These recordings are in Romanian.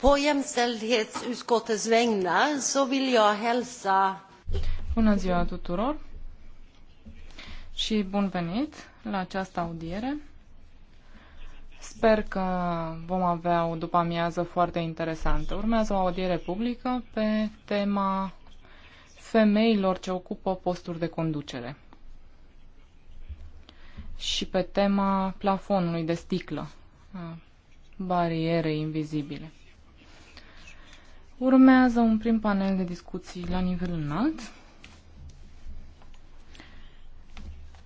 På jämställdhetsutskottets vägnar så vill jag hälsa... Bună ziua tuturor și bun venit la această audiere. Sper că vom avea o după-amiază foarte interesantă. Urmează o audiere publică pe tema femeilor ce ocupă posturi de conducere și pe tema plafonului de sticlă, barierei invizibile. Urmează un prim panel de discuții la nivel înalt.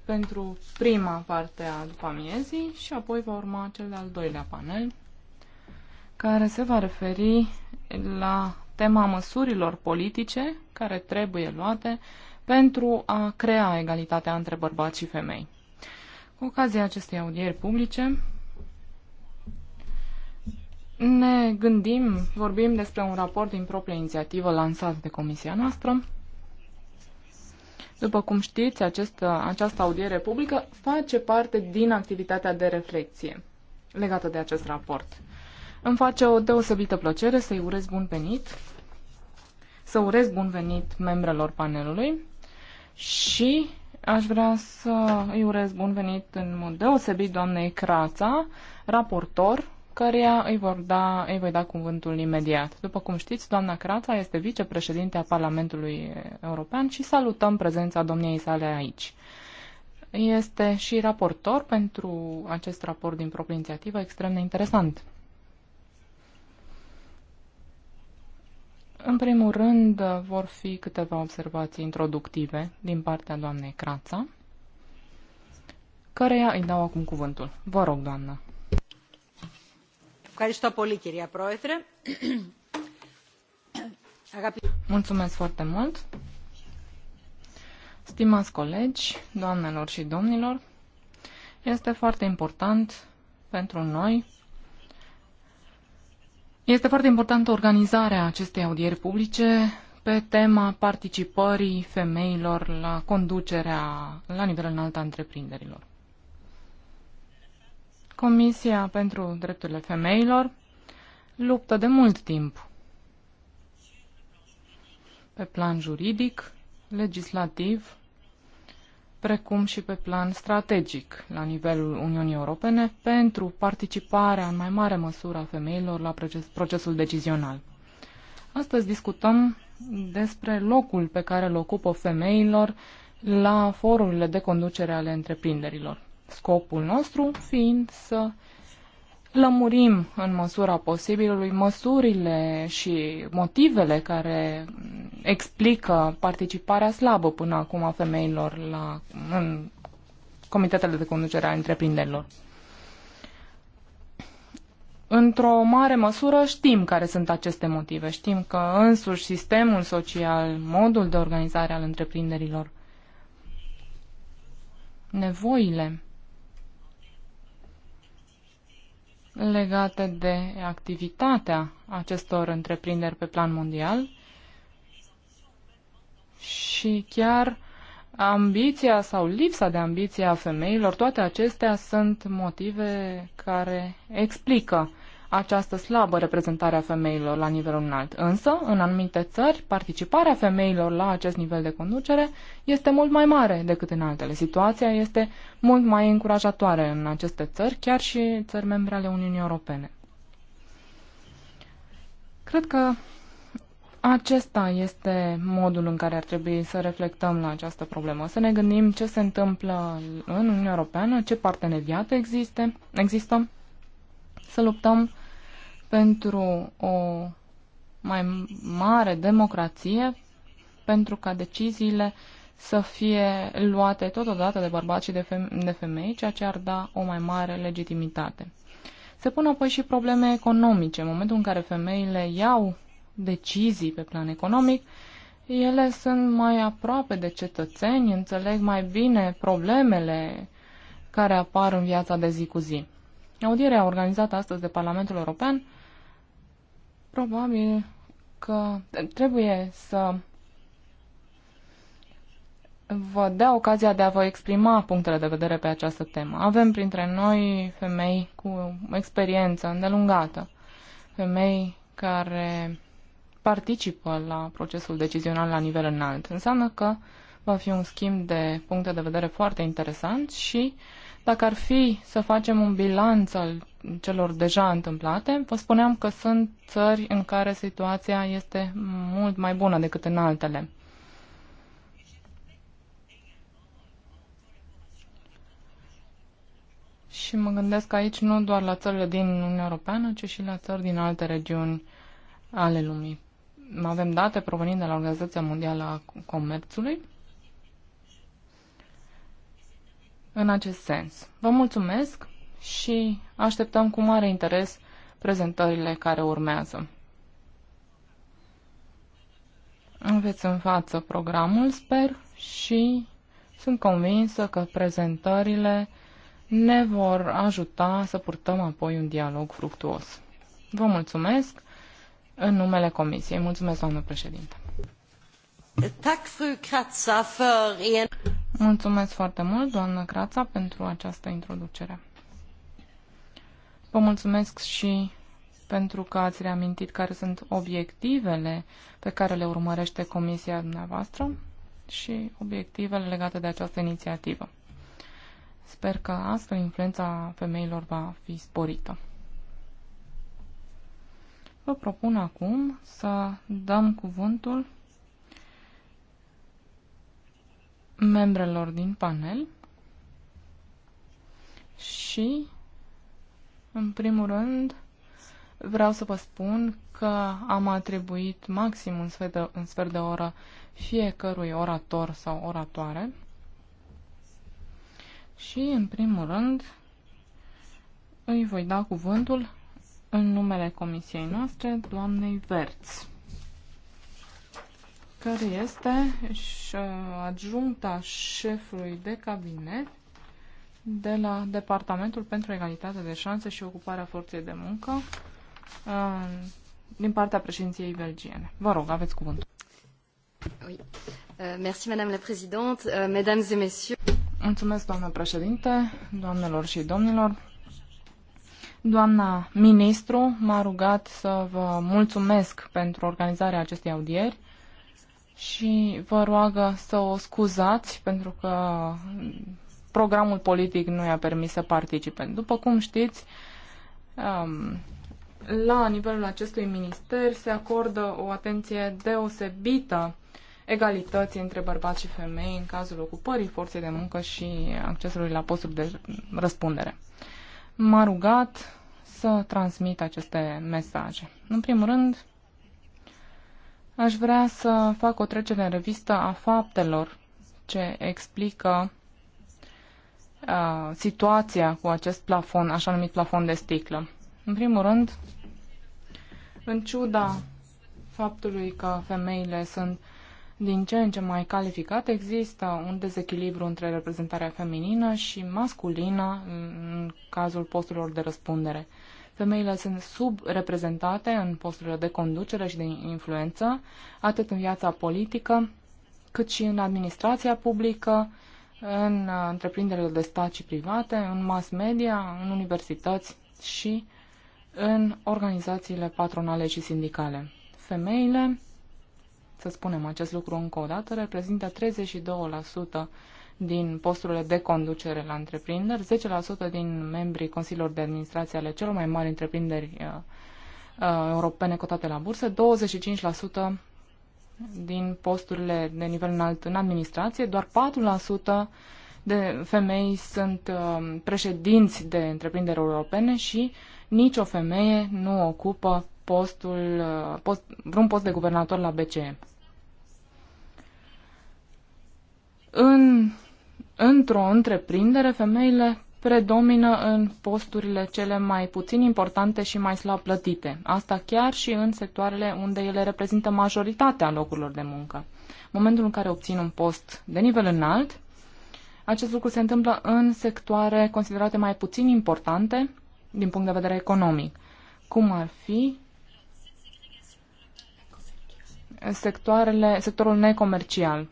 pentru prima parte a după amiezii și apoi va urma cel de-al doilea panel care se va referi la tema măsurilor politice care trebuie luate pentru a crea egalitatea între bărbați și femei. Cu ocazia acestei audieri publice, ne gândim, vorbim despre un raport din proprie inițiativă lansat de comisia noastră. După cum știți, această, această audiere publică face parte din activitatea de reflexie legată de acest raport. Îmi face o deosebită plăcere să-i urez bun venit, să urez bun venit membrelor panelului și aș vrea să îi urez bun venit în mod deosebit doamnei Crața, raportor căreia îi, vor da, îi voi da cuvântul imediat. După cum știți, doamna Crața este vicepreședinte a Parlamentului European și salutăm prezența domniei sale aici. Este și raportor pentru acest raport din proprie inițiativă extrem de interesant. În primul rând, vor fi câteva observații introductive din partea doamnei Crața, căreia îi dau acum cuvântul. Vă rog, doamnă. Mulțumesc foarte mult. Stimați colegi, doamnelor și domnilor, este foarte important pentru noi este foarte importantă organizarea acestei audieri publice pe tema participării femeilor la conducerea la nivel înalt a întreprinderilor. Comisia pentru Drepturile Femeilor luptă de mult timp pe plan juridic, legislativ, precum și pe plan strategic la nivelul Uniunii Europene pentru participarea în mai mare măsură a femeilor la proces, procesul decizional. Astăzi discutăm despre locul pe care îl ocupă femeilor la forurile de conducere ale întreprinderilor scopul nostru fiind să lămurim în măsura posibilului măsurile și motivele care explică participarea slabă până acum a femeilor la, în comitetele de conducere a întreprinderilor. Într-o mare măsură știm care sunt aceste motive. Știm că însuși sistemul social, modul de organizare al întreprinderilor, nevoile legate de activitatea acestor întreprinderi pe plan mondial și chiar ambiția sau lipsa de ambiție a femeilor, toate acestea sunt motive care explică această slabă reprezentare a femeilor la nivelul înalt. Însă, în anumite țări, participarea femeilor la acest nivel de conducere este mult mai mare decât în altele. Situația este mult mai încurajatoare în aceste țări, chiar și țări membre ale Uniunii Europene. Cred că acesta este modul în care ar trebui să reflectăm la această problemă, să ne gândim ce se întâmplă în Uniunea Europeană, ce parteneriate există, există să luptăm pentru o mai mare democrație, pentru ca deciziile să fie luate totodată de bărbați și de, feme- de femei, ceea ce ar da o mai mare legitimitate. Se pun apoi și probleme economice. În momentul în care femeile iau decizii pe plan economic, ele sunt mai aproape de cetățeni, înțeleg mai bine problemele care apar în viața de zi cu zi. Audierea organizată astăzi de Parlamentul European Probabil că trebuie să vă dea ocazia de a vă exprima punctele de vedere pe această temă. Avem printre noi femei cu experiență îndelungată, femei care participă la procesul decizional la nivel înalt. Înseamnă că va fi un schimb de puncte de vedere foarte interesant și dacă ar fi să facem un bilanț al celor deja întâmplate, vă spuneam că sunt țări în care situația este mult mai bună decât în altele. Și mă gândesc aici nu doar la țările din Uniunea Europeană, ci și la țări din alte regiuni ale lumii. Avem date provenind de la Organizația Mondială a Comerțului în acest sens. Vă mulțumesc! și așteptăm cu mare interes prezentările care urmează. Aveți în față programul, sper, și sunt convinsă că prezentările ne vor ajuta să purtăm apoi un dialog fructuos. Vă mulțumesc în numele Comisiei. Mulțumesc, doamnă președinte. Mulțumesc foarte mult, doamnă Crața, pentru această introducere. Vă mulțumesc și pentru că ați reamintit care sunt obiectivele pe care le urmărește comisia dumneavoastră și obiectivele legate de această inițiativă. Sper că astfel influența femeilor va fi sporită. Vă propun acum să dăm cuvântul membrelor din panel și în primul rând, vreau să vă spun că am atribuit maxim un sfert de, un sfert de oră fiecărui orator sau oratoare. Și, în primul rând, îi voi da cuvântul în numele comisiei noastre, doamnei Verț, care este adjuncta șefului de cabinet de la Departamentul pentru Egalitate de Șanse și Ocuparea Forței de Muncă uh, din partea președinției belgiene. Vă rog, aveți cuvântul. Oui. Euh, merci, Madame la Présidente, euh, Mesdames et Messieurs. Mulțumesc, doamnă președinte, doamnelor și domnilor. Doamna ministru m-a rugat să vă mulțumesc pentru organizarea acestei audieri și vă roagă să o scuzați pentru că programul politic nu i-a permis să participe. După cum știți, um, la nivelul acestui minister se acordă o atenție deosebită egalității între bărbați și femei în cazul ocupării forței de muncă și accesului la posturi de răspundere. M-a rugat să transmit aceste mesaje. În primul rând, aș vrea să fac o trecere în revistă a faptelor ce explică Uh, situația cu acest plafon, așa numit plafon de sticlă. În primul rând, în ciuda faptului că femeile sunt din ce în ce mai calificate, există un dezechilibru între reprezentarea feminină și masculină în cazul posturilor de răspundere. Femeile sunt subreprezentate în posturile de conducere și de influență, atât în viața politică, cât și în administrația publică, în uh, întreprinderile de stat și private, în mass media, în universități și în organizațiile patronale și sindicale. Femeile, să spunem acest lucru încă o dată, reprezintă 32% din posturile de conducere la întreprinderi, 10% din membrii consiliilor de administrație ale celor mai mari întreprinderi uh, uh europene cotate la bursă, 25% din posturile de nivel înalt în administrație, doar 4% de femei sunt um, președinți de întreprinderi europene și nicio femeie nu ocupă postul, uh, post, vreun post de guvernator la BCE. În, într-o întreprindere, femeile predomină în posturile cele mai puțin importante și mai slab plătite. Asta chiar și în sectoarele unde ele reprezintă majoritatea locurilor de muncă. În momentul în care obțin un post de nivel înalt, acest lucru se întâmplă în sectoare considerate mai puțin importante din punct de vedere economic, cum ar fi sectoarele, sectorul necomercial.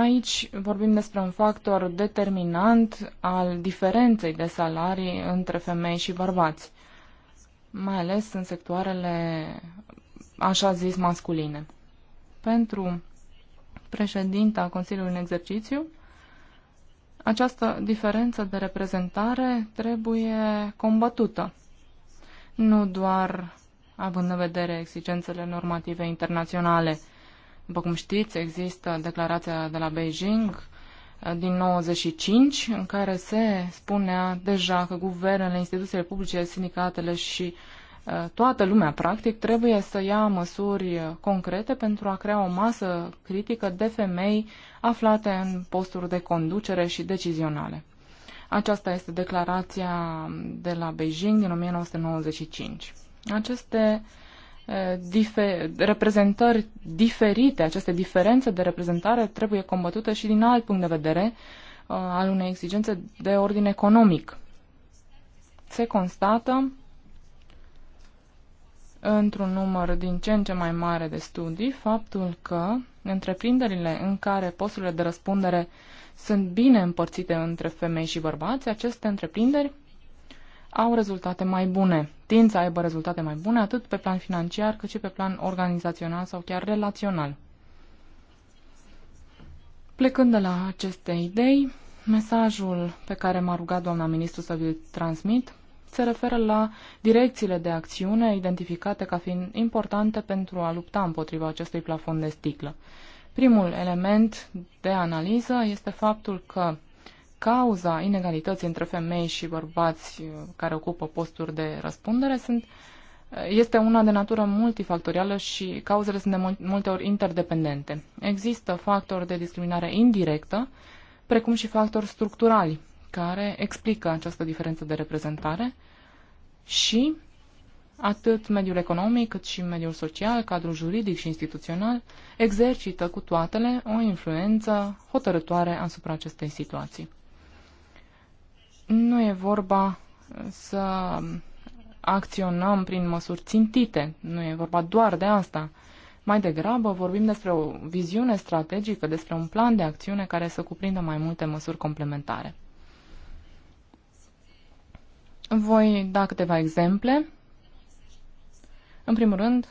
Aici vorbim despre un factor determinant al diferenței de salarii între femei și bărbați, mai ales în sectoarele așa zis masculine. Pentru președinta Consiliului în exercițiu, această diferență de reprezentare trebuie combătută, nu doar având în vedere exigențele normative internaționale, după cum știți, există declarația de la Beijing eh, din 95, în care se spunea deja că guvernele, instituțiile publice, sindicatele și eh, toată lumea, practic, trebuie să ia măsuri eh, concrete pentru a crea o masă critică de femei aflate în posturi de conducere și decizionale. Aceasta este declarația de la Beijing din 1995. Aceste reprezentări diferite, aceste diferențe de reprezentare trebuie combătute și din alt punct de vedere uh, al unei exigențe de ordin economic. Se constată într-un număr din ce în ce mai mare de studii faptul că întreprinderile în care posturile de răspundere sunt bine împărțite între femei și bărbați, aceste întreprinderi au rezultate mai bune. Tind să aibă rezultate mai bune atât pe plan financiar cât și pe plan organizațional sau chiar relațional. Plecând de la aceste idei, mesajul pe care m-a rugat doamna ministru să vi-l transmit se referă la direcțiile de acțiune identificate ca fiind importante pentru a lupta împotriva acestui plafon de sticlă. Primul element de analiză este faptul că cauza inegalității între femei și bărbați uh, care ocupă posturi de răspundere sunt, uh, este una de natură multifactorială și cauzele sunt de multe ori interdependente. Există factori de discriminare indirectă, precum și factori structurali care explică această diferență de reprezentare și atât mediul economic cât și mediul social, cadrul juridic și instituțional, exercită cu toatele o influență hotărătoare asupra acestei situații. Nu e vorba să acționăm prin măsuri țintite, nu e vorba doar de asta. Mai degrabă vorbim despre o viziune strategică, despre un plan de acțiune care să cuprindă mai multe măsuri complementare. Voi da câteva exemple. În primul rând,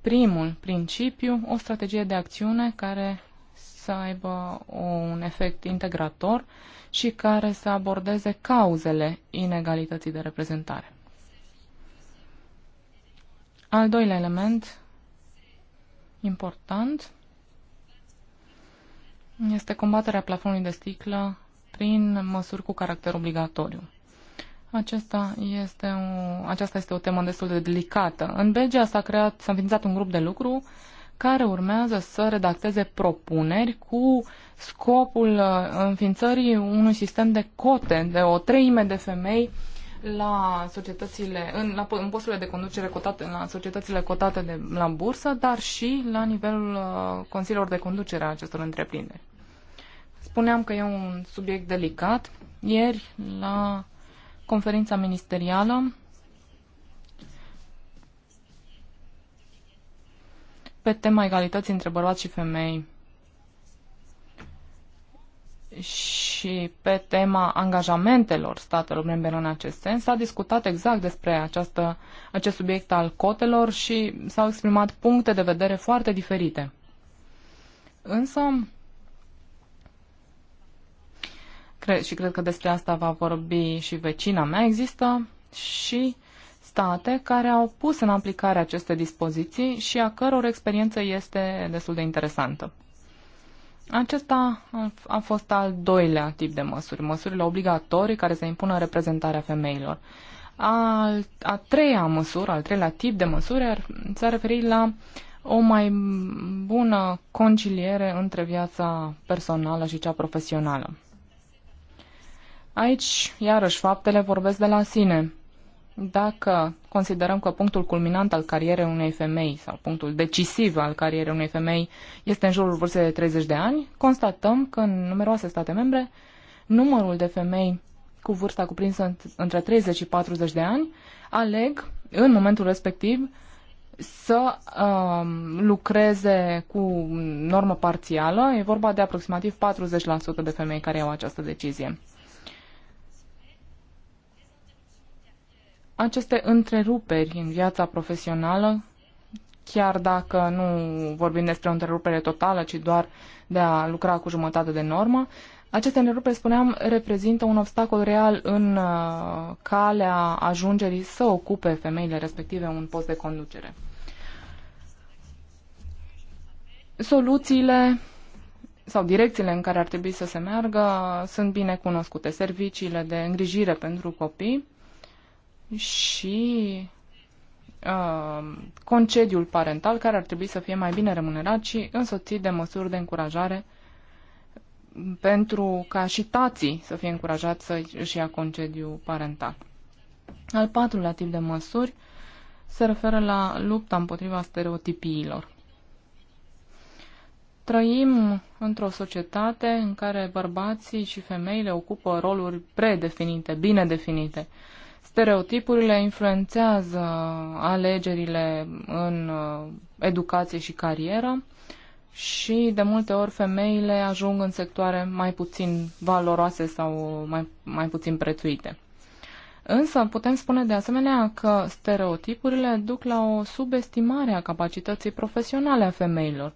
primul principiu, o strategie de acțiune care să aibă un efect integrator și care să abordeze cauzele inegalității de reprezentare. Al doilea element important este combaterea plafonului de sticlă prin măsuri cu caracter obligatoriu. Acesta este o, aceasta este o temă destul de delicată. În Belgia s-a creat, s-a înființat un grup de lucru care urmează să redacteze propuneri cu scopul uh, înființării unui sistem de cote de o treime de femei la societățile, în, la, în posturile de conducere cotate, la societățile cotate de, la bursă, dar și la nivelul uh, consiliilor de conducere a acestor întreprinderi. Spuneam că e un subiect delicat. Ieri, la conferința ministerială, pe tema egalității între bărbați și femei și pe tema angajamentelor statelor membre în acest sens, s-a discutat exact despre această, acest subiect al cotelor și s-au exprimat puncte de vedere foarte diferite. Însă, cred, și cred că despre asta va vorbi și vecina mea, există și state care au pus în aplicare aceste dispoziții și a căror experiență este destul de interesantă. Acesta a fost al doilea tip de măsuri, măsurile obligatorii care se impună reprezentarea femeilor. Al, a treia măsură, al treilea tip de măsuri s-a referit la o mai bună conciliere între viața personală și cea profesională. Aici, iarăși, faptele vorbesc de la sine. Dacă considerăm că punctul culminant al carierei unei femei sau punctul decisiv al carierei unei femei este în jurul vârstei de 30 de ani, constatăm că în numeroase state membre numărul de femei cu vârsta cuprinsă între 30 și 40 de ani aleg în momentul respectiv să uh, lucreze cu normă parțială. E vorba de aproximativ 40% de femei care au această decizie. aceste întreruperi în viața profesională, chiar dacă nu vorbim despre o întrerupere totală, ci doar de a lucra cu jumătate de normă, aceste întreruperi, spuneam, reprezintă un obstacol real în uh, calea ajungerii să ocupe femeile respective un post de conducere. Soluțiile sau direcțiile în care ar trebui să se meargă sunt bine cunoscute. Serviciile de îngrijire pentru copii, și uh, concediul parental, care ar trebui să fie mai bine remunerat și însoțit de măsuri de încurajare pentru ca și tații să fie încurajați să își ia concediu parental. Al patrulea tip de măsuri se referă la lupta împotriva stereotipiilor. Trăim într-o societate în care bărbații și femeile ocupă roluri predefinite, bine definite. Uh, Stereotipurile influențează alegerile în uh, educație și carieră și de multe ori femeile ajung în sectoare mai puțin valoroase sau mai, mai puțin prețuite. Însă putem spune de asemenea că stereotipurile duc la o subestimare a capacității profesionale a femeilor,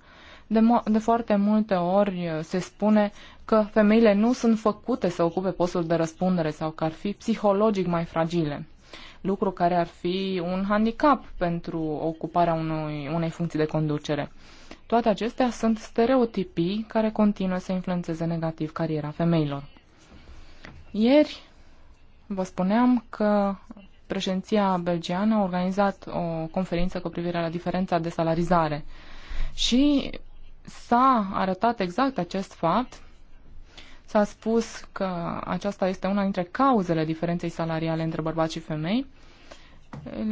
de, de foarte multe ori uh, se spune că femeile nu sunt făcute să ocupe postul de răspundere sau că ar fi psihologic mai fragile, lucru care ar fi un handicap pentru ocuparea unui, unei funcții de conducere. Toate acestea sunt stereotipii care continuă să influențeze negativ cariera femeilor. Ieri vă spuneam că președinția belgiană a organizat o conferință cu privire la diferența de salarizare și S-a arătat exact acest fapt. S-a spus că aceasta este una dintre cauzele diferenței salariale între bărbați și femei,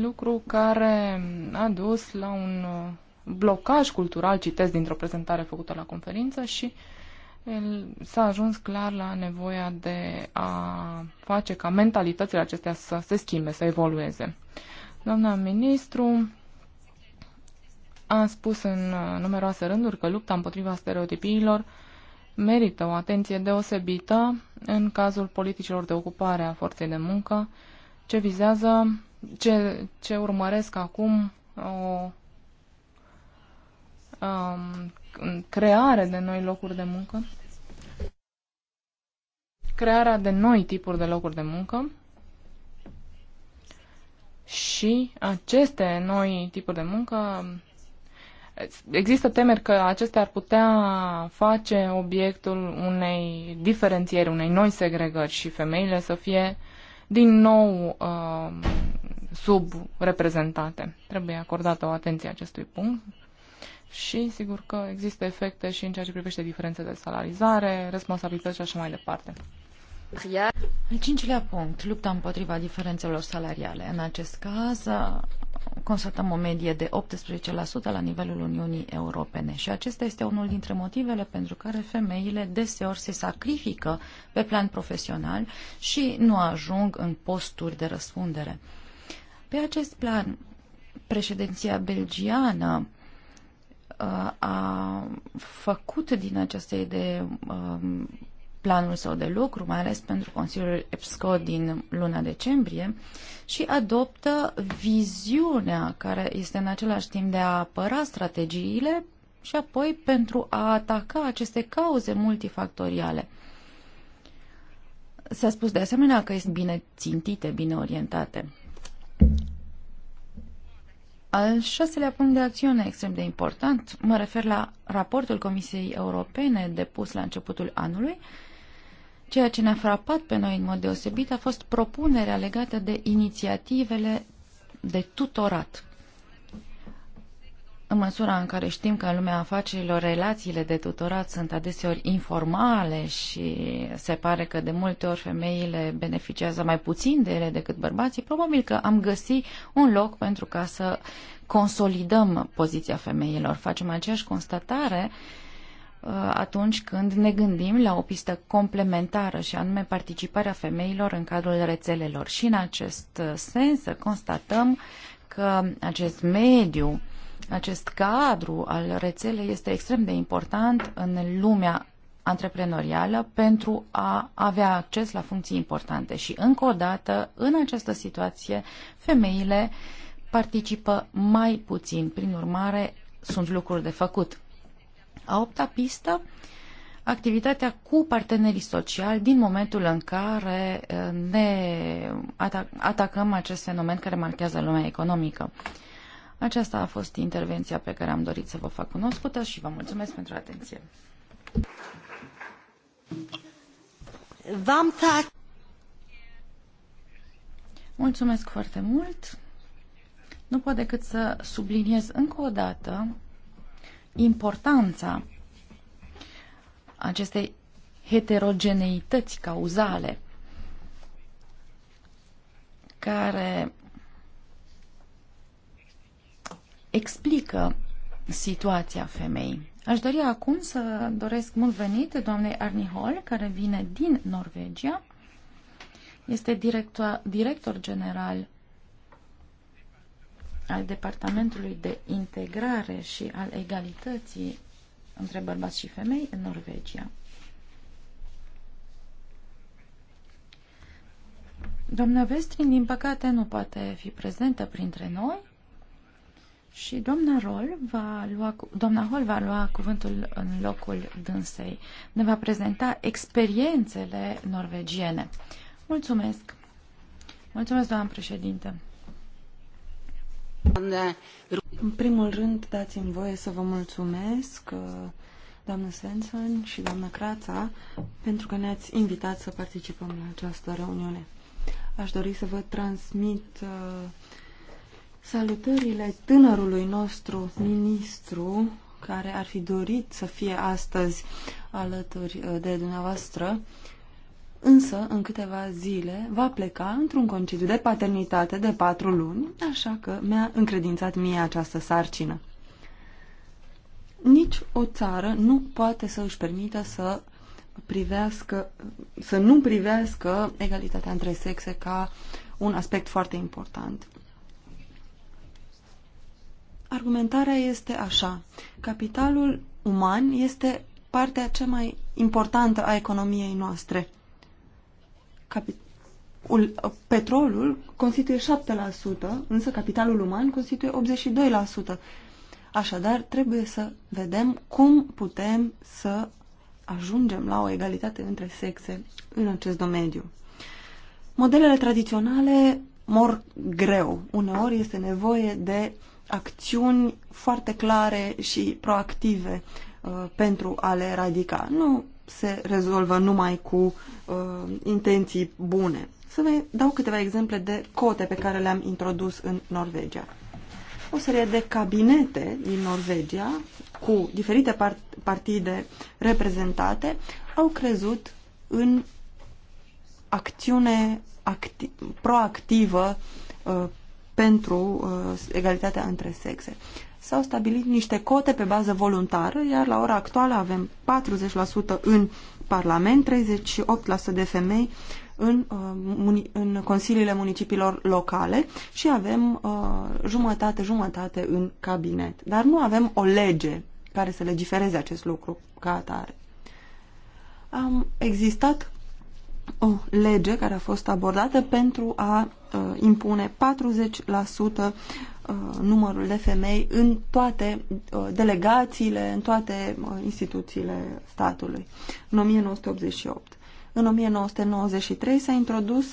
lucru care a dus la un uh, blocaj cultural, citesc dintr-o prezentare făcută la conferință și s-a ajuns clar la nevoia de a face ca mentalitățile acestea să se schimbe, să evolueze. Doamna ministru am spus în uh, numeroase rânduri că lupta împotriva stereotipiilor merită o atenție deosebită în cazul politicilor de ocupare a forței de muncă, ce vizează, ce, ce urmăresc acum o um, creare de noi locuri de muncă, crearea de noi tipuri de locuri de muncă și aceste noi tipuri de muncă Există temeri că acestea ar putea face obiectul unei diferențieri, unei noi segregări și femeile să fie din nou uh, subreprezentate. Trebuie acordată o atenție acestui punct și sigur că există efecte și în ceea ce privește diferențe de salarizare, responsabilități și așa mai departe. Al cincilea punct, lupta împotriva diferențelor salariale. În acest caz, constatăm o medie de 18% la nivelul Uniunii Europene și acesta este unul dintre motivele pentru care femeile deseori se sacrifică pe plan profesional și nu ajung în posturi de răspundere. Pe acest plan, președinția belgiană uh, a făcut din această idee um, planul său de lucru, mai ales pentru Consiliul EPSCO din luna decembrie, și adoptă viziunea care este în același timp de a apăra strategiile și apoi pentru a ataca aceste cauze multifactoriale. S-a spus de asemenea că este bine țintite, bine orientate. Al șaselea punct de acțiune extrem de important, mă refer la raportul Comisiei Europene depus la începutul anului, Ceea ce ne-a frapat pe noi în mod deosebit a fost propunerea legată de inițiativele de tutorat. În măsura în care știm că în lumea afacerilor relațiile de tutorat sunt adeseori informale și se pare că de multe ori femeile beneficiază mai puțin de ele decât bărbații, probabil că am găsit un loc pentru ca să consolidăm poziția femeilor. Facem aceeași constatare uh, Uh, atunci când ne gândim la o pistă complementară și anume participarea femeilor în cadrul rețelelor. Și în acest uh, sens constatăm că acest mediu, acest cadru al rețelei este extrem de important în lumea antreprenorială pentru a avea acces la funcții importante. Și încă o dată, în această situație, femeile participă mai puțin. Prin urmare, sunt lucruri de făcut. A opta pistă, activitatea cu partenerii sociali din momentul în care uh, ne atacăm acest fenomen care marchează lumea economică. Aceasta a fost intervenția pe care am dorit să vă fac cunoscută și vă mulțumesc pentru atenție. V-am Mulțumesc foarte mult. Nu pot decât să subliniez încă o dată importanța acestei heterogeneități cauzale care explică situația femeii. Aș dori acum să doresc mult venit doamnei Arni Hall, care vine din Norvegia. Este director, director general al Departamentului de Integrare și al Egalității între bărbați și femei în Norvegia. Doamna Vestrin, din păcate, nu poate fi prezentă printre noi și doamna, Rol va lua, doamna Hol va lua cuvântul în locul dânsei. Ne va prezenta experiențele norvegiene. Mulțumesc! Mulțumesc, doamna președinte! În primul rând, dați-mi voie să vă mulțumesc, uh, doamnă Svensson și doamnă Crața, pentru că ne-ați invitat să participăm la această reuniune. Aș dori să vă transmit uh, salutările tânărului nostru ministru, care ar fi dorit să fie astăzi alături uh, de dumneavoastră însă în câteva zile va pleca într-un concediu de paternitate de patru luni, așa că mi-a încredințat mie această sarcină. Nici o țară nu poate să își permită să privească, să nu privească egalitatea între sexe ca un aspect foarte important. Argumentarea este așa. Capitalul uman este partea cea mai importantă a economiei noastre capitalul, petrolul constituie 7%, însă capitalul uman constituie 82%. Așadar, trebuie să vedem cum putem să ajungem la o egalitate între sexe în acest domeniu. Modelele tradiționale mor greu. Uneori este nevoie de acțiuni foarte clare și proactive uh, pentru a le eradica. Nu se rezolvă numai cu uh, intenții bune. Să vă dau câteva exemple de cote pe care le-am introdus în Norvegia. O serie de cabinete din Norvegia, cu diferite part- partide reprezentate, au crezut în acțiune acti- proactivă uh, pentru uh, egalitatea între sexe s-au stabilit niște cote pe bază voluntară, iar la ora actuală avem 40% în Parlament, 38% de femei în, uh, în consiliile municipiilor locale și avem jumătate-jumătate uh, în cabinet. Dar nu avem o lege care să legifereze acest lucru ca atare. Am existat o lege care a fost abordată pentru a uh, impune 40% Uh, numărul de femei în toate uh, delegațiile, în toate uh, instituțiile statului, în 1988. În 1993 s-a introdus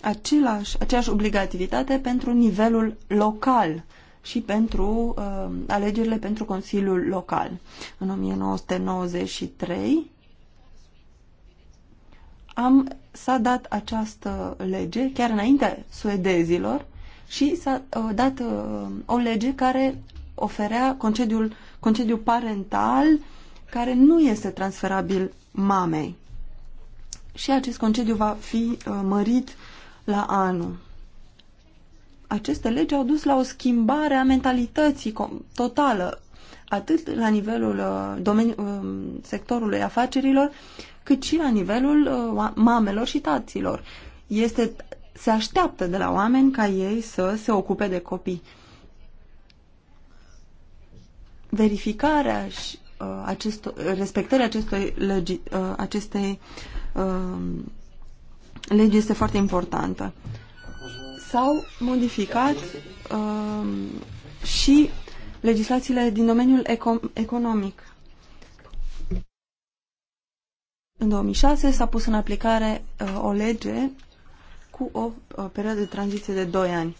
același, aceeași obligativitate pentru nivelul local și pentru uh, alegerile pentru Consiliul Local. În 1993 am, s-a dat această lege, chiar înainte suedezilor, și s-a uh, dat uh, o lege care oferea concediul, concediul parental care nu este transferabil mamei. Și acest concediu va fi uh, mărit la anul. Aceste legi au dus la o schimbare a mentalității totală, atât la nivelul sectorului afacerilor, cât și la nivelul mamelor și taților. Este se așteaptă de la oameni ca ei să se ocupe de copii. Verificarea și uh, acestor, respectarea acestui legi, uh, acestei um, legi este foarte importantă. S-au modificat um, și legislațiile din domeniul econ economic. În 2006 s-a pus în aplicare uh, o lege cu o, o perioadă de tranziție de 2 ani.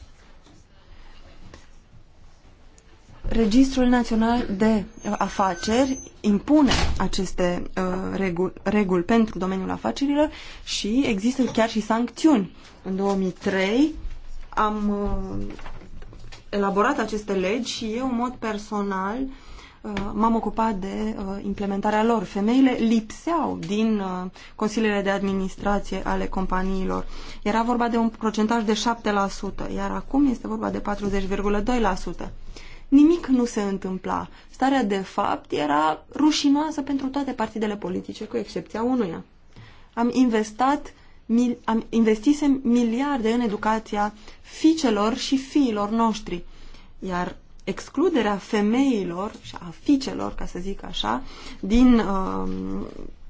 Registrul Național de uh, Afaceri impune aceste uh, reguli, reguli pentru domeniul afacerilor și există chiar și sancțiuni. În 2003 am uh, elaborat aceste legi și eu, în mod personal, uh, Uh, m-am ocupat de uh, implementarea lor. Femeile lipseau din uh, consiliile de administrație ale companiilor. Era vorba de un procentaj de 7%, iar acum este vorba de 40,2%. Nimic nu se întâmpla. Starea de fapt era rușinoasă pentru toate partidele politice, cu excepția unuia. Am investat am investise miliarde în educația fiicelor și fiilor noștri. Iar excluderea femeilor și a ficelor, ca să zic așa, din uh,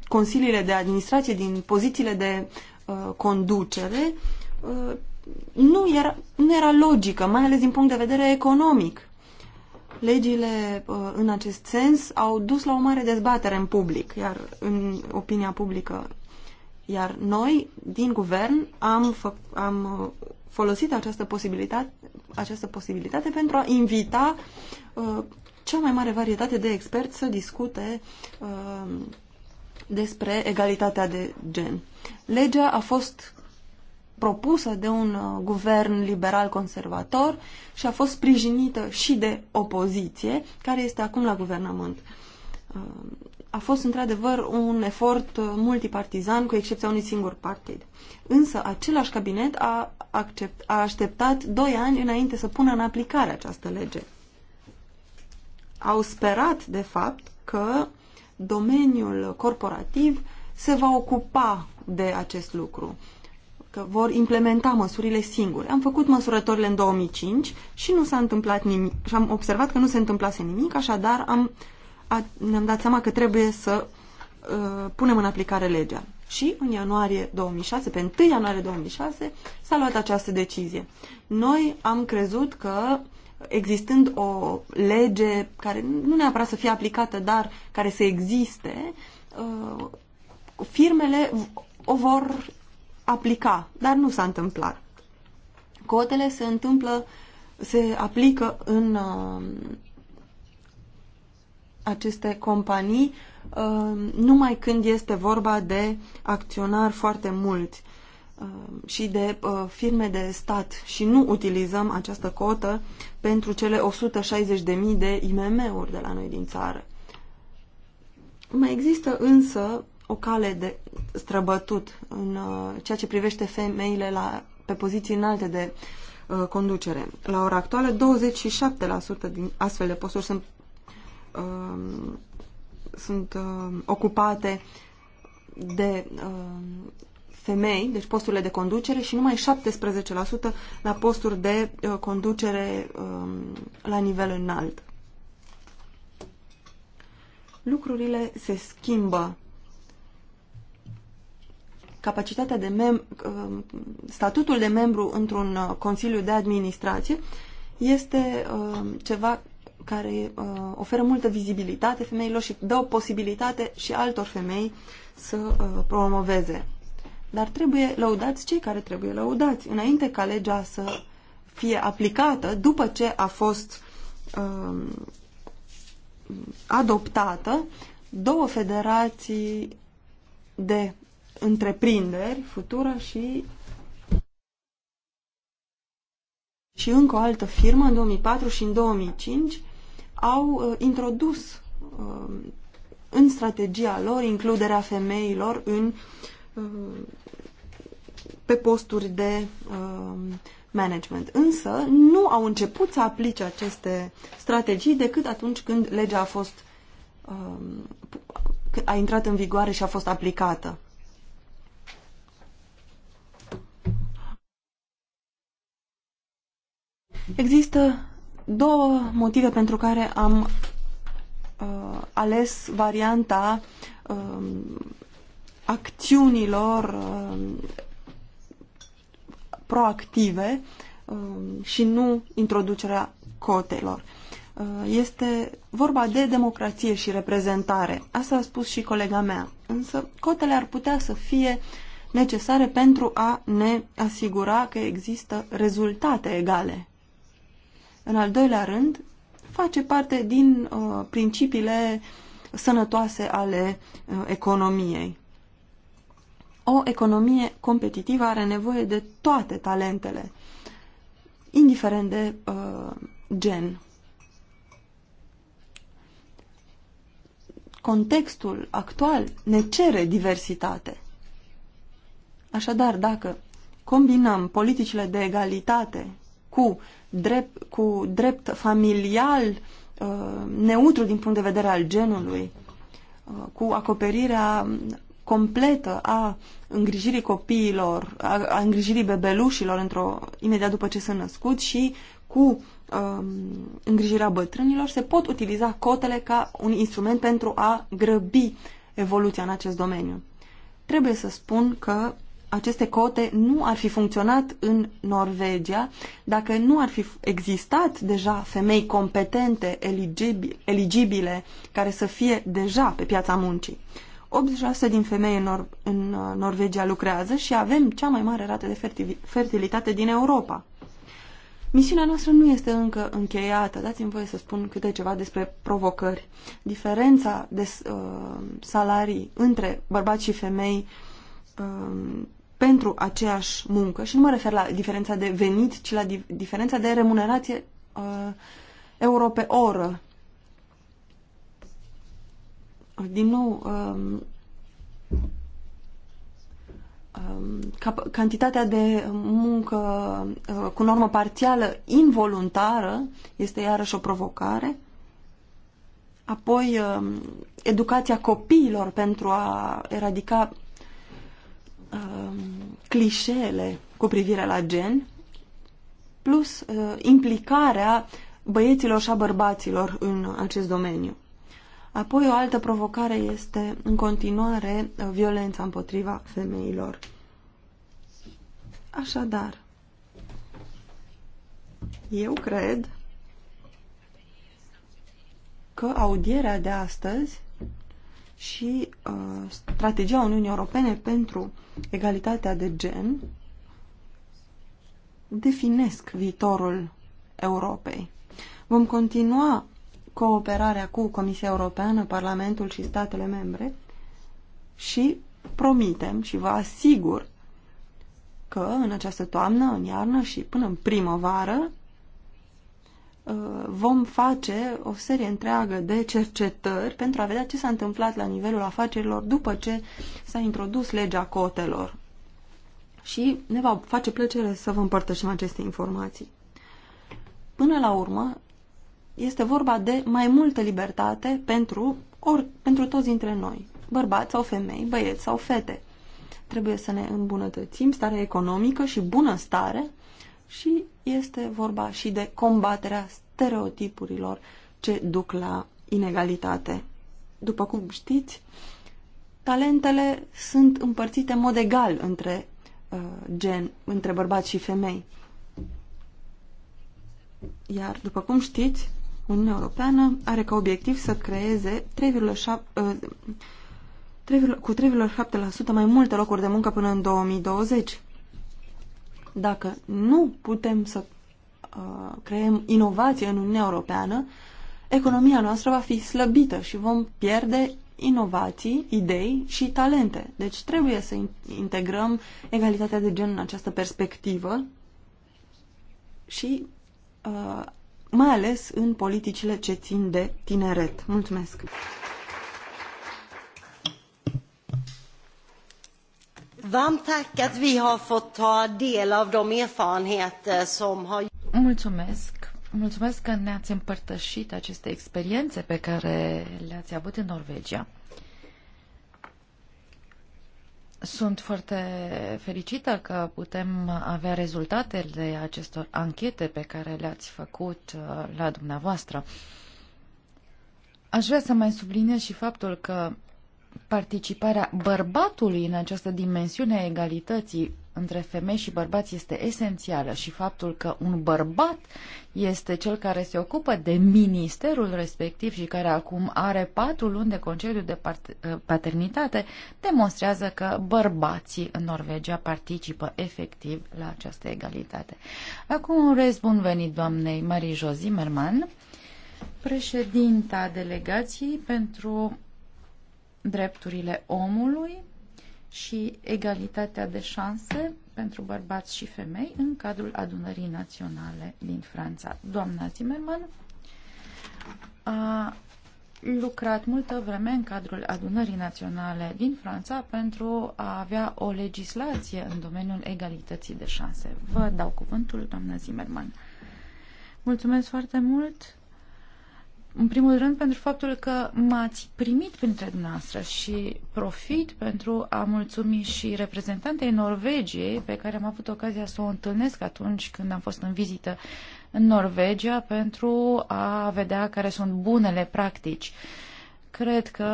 consiliile de administrație, din pozițiile de uh, conducere, uh, nu, era, nu era logică, mai ales din punct de vedere economic. Legile uh, în acest sens au dus la o mare dezbatere în public, iar în opinia publică. Iar noi, din guvern, am, fă, am uh, folosit această posibilitate, această posibilitate pentru a invita uh, cea mai mare varietate de experți să discute uh, despre egalitatea de gen. Legea a fost propusă de un uh, guvern liberal-conservator și a fost sprijinită și de opoziție, care este acum la guvernământ. Uh, a fost într-adevăr un efort uh, multipartizan, cu excepția unui singur partid. Însă, același cabinet a, accept, a așteptat doi ani înainte să pună în aplicare această lege. Au sperat, de fapt, că domeniul corporativ se va ocupa de acest lucru, că vor implementa măsurile singure. Am făcut măsurătorile în 2005 și nu s-a întâmplat nimic. Și am observat că nu se întâmplase nimic, așadar am uh, ne-am dat seama că trebuie să uh, punem în aplicare legea. Și în ianuarie 2006, pe 1 ianuarie 2006, s-a luat această decizie. Noi am crezut că existând o lege care nu neapărat să fie aplicată, dar care să existe, uh, firmele o vor aplica, dar nu s-a întâmplat. Cotele se întâmplă, se aplică în uh, aceste companii uh, numai când este vorba de acționari foarte mulți uh, și de uh, firme de stat și nu utilizăm această cotă pentru cele 160.000 de IMM-uri de la noi din țară. Mai există însă o cale de străbătut în ceea ce privește femeile la, pe poziții înalte de conducere. La ora actuală, 27% din astfel de posturi sunt Um, sunt uh, ocupate de uh, femei, deci posturile de conducere și numai 17% la posturi de uh, conducere uh, la nivel înalt. Lucrurile se schimbă. Capacitatea de mem uh, statutul de membru într-un uh, consiliu de administrație este ceva care uh, oferă multă vizibilitate femeilor și dă o posibilitate și altor femei să uh, promoveze. Dar trebuie lăudați cei care trebuie lăudați. Înainte ca legea să fie aplicată, după ce a fost uh, adoptată, două federații de întreprinderi, Futura și și încă o altă firmă în 2004 și în 2005 au uh, introdus uh, în strategia lor includerea femeilor în, uh, pe posturi de management. Însă nu au început să aplice aceste strategii decât atunci când legea a fost a intrat în vigoare și a fost aplicată. Există două motive pentru care am uh, ales varianta uh, acțiunilor uh, proactive uh, și nu introducerea cotelor. Uh, este vorba de democrație și reprezentare. Asta a spus și colega mea. Însă cotele ar putea să fie necesare pentru a ne asigura că există rezultate egale în al doilea rând, face parte din uh, principiile sănătoase ale uh, economiei. O economie competitivă are nevoie de toate talentele, indiferent de uh, gen. Contextul actual ne cere diversitate. Așadar, dacă combinăm politicile de egalitate cu drept, cu drept familial uh, neutru din punct de vedere al genului, uh, cu acoperirea completă a îngrijirii copiilor, a, îngrijirii bebelușilor într-o, imediat după ce sunt născut și cu um, îngrijirea bătrânilor, se pot utiliza cotele ca un instrument pentru a grăbi evoluția în acest domeniu. Trebuie să spun că aceste cote nu ar fi funcționat în Norvegia dacă nu ar fi existat deja femei competente, eligibile, care să fie deja pe piața muncii. 86 din femei în, Nor în uh, Norvegia lucrează și avem cea mai mare rată de fertilitate din Europa. Misiunea noastră nu este încă încheiată. Dați-mi voie să spun câte ceva despre provocări. Diferența de uh, salarii între bărbați și femei uh, pentru aceeași muncă și nu mă refer la diferența de venit, ci la diferența de remunerație uh, euro pe oră. Din nou, um, um, cantitatea de muncă uh, cu normă parțială involuntară este iarăși o provocare. Apoi, um, educația copiilor pentru a eradica um, clișeele cu privire la gen, plus uh, implicarea băieților și a bărbaților în acest domeniu. Apoi o altă provocare este în continuare uh, violența împotriva femeilor. Așadar, eu cred că audierea de astăzi și uh, strategia Uniunii Europene pentru egalitatea de gen definesc viitorul Europei. Vom continua cooperarea cu Comisia Europeană, Parlamentul și statele membre și promitem și vă asigur că în această toamnă, în iarnă și până în primăvară vom face o serie întreagă de cercetări pentru a vedea ce s-a întâmplat la nivelul afacerilor după ce s-a introdus legea cotelor. Și ne va face plăcere să vă împărtășim aceste informații. Până la urmă, este vorba de mai multă libertate pentru, ori, pentru toți dintre noi, bărbați sau femei, băieți sau fete. Trebuie să ne îmbunătățim starea economică și bunăstare și este vorba și de combaterea stereotipurilor ce duc la inegalitate. După cum știți, talentele sunt împărțite în mod egal între uh, gen, între bărbați și femei. Iar, după cum știți, Uniunea Europeană are ca obiectiv să creeze 3,7 uh, 3, cu 3,7% mai multe locuri de muncă până în 2020. Dacă nu putem să uh, creăm inovație în Uniunea Europeană, economia noastră va fi slăbită și vom pierde inovații, idei și talente. Deci trebuie să integrăm egalitatea de gen în această perspectivă și uh, mai ales în politicile ce țin de tineret. Mulțumesc! Varmt tack att vi har fått ta del av de erfarenheter som har... Mulțumesc! Mulțumesc că ne-ați împărtășit aceste experiențe pe care le-ați avut în Norvegia. Sunt foarte fericită că putem avea rezultatele acestor anchete pe care le-ați făcut uh, la dumneavoastră. Aș vrea să mai subliniez și faptul că participarea bărbatului în această dimensiune a egalității între femei și bărbați este esențială și faptul că un bărbat este cel care se ocupă de ministerul respectiv și care acum are patru luni de concediu de eh, paternitate, demonstrează că bărbații în Norvegia participă efectiv la această egalitate. Acum urez bun venit doamnei Marie Josimerman, președinta delegației pentru drepturile omului și egalitatea de șanse pentru bărbați și femei în cadrul adunării naționale din Franța. Doamna Zimmerman a lucrat multă vreme în cadrul adunării naționale din Franța pentru a avea o legislație în domeniul egalității de șanse. Vă dau cuvântul, doamna Zimmerman. Mulțumesc foarte mult, în primul rând pentru faptul că m-ați primit printre dumneavoastră și profit pentru a mulțumi și reprezentantei Norvegiei pe care am avut ocazia să o întâlnesc atunci când am fost în vizită în Norvegia pentru a vedea care sunt bunele practici. Cred că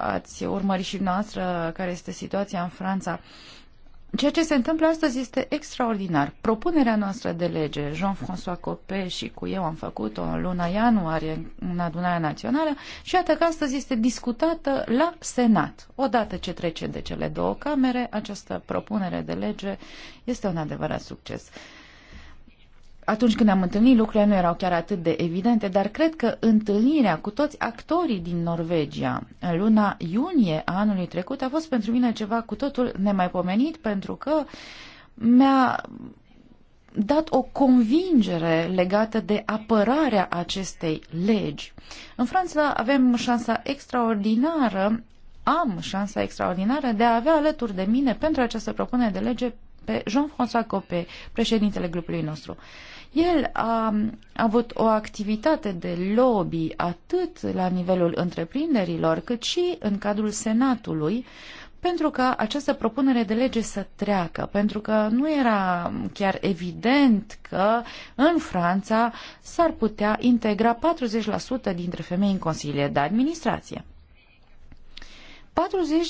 ați urmărit și noastră care este situația în Franța Ceea ce se întâmplă astăzi este extraordinar. Propunerea noastră de lege, Jean-François Copé și cu eu am făcut-o în luna ianuarie în adunarea națională și iată că astăzi este discutată la Senat. Odată ce trece de cele două camere, această propunere de lege este un adevărat succes atunci când am întâlnit, lucrurile nu erau chiar atât de evidente, dar cred că întâlnirea cu toți actorii din Norvegia în luna iunie a anului trecut a fost pentru mine ceva cu totul nemaipomenit, pentru că mi-a dat o convingere legată de apărarea acestei legi. În Franța avem șansa extraordinară, am șansa extraordinară de a avea alături de mine pentru această propunere de lege pe Jean-François Copé, președintele grupului nostru. Uh, el a avut o activitate de lobby atât la nivelul întreprinderilor cât și în cadrul Senatului pentru ca această propunere de lege să treacă, pentru că nu era chiar evident că în Franța s-ar putea integra 40% dintre femei în consiliile de administrație. 40%,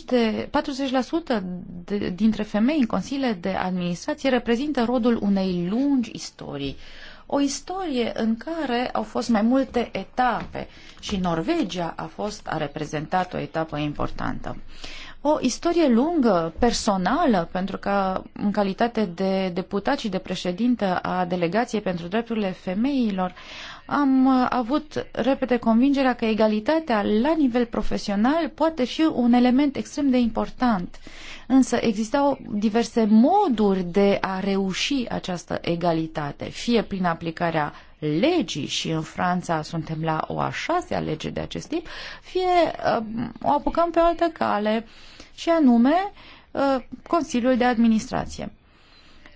de, 40 de, dintre femei în consiliile de administrație reprezintă rodul unei lungi istorii. O istorie în care au fost mai multe etape și Norvegia a fost a reprezentat o etapă importantă. O istorie lungă, personală, pentru că în calitate de deputat și de președintă a Delegației pentru Drepturile Femeilor am uh, avut repede convingerea că egalitatea la nivel profesional poate fi un element extrem de important. Însă existau diverse moduri de a reuși această egalitate, fie prin aplicarea legii și în Franța suntem la o a șasea lege de acest tip, fie uh, o apucăm pe o altă cale și anume uh, Consiliul de Administrație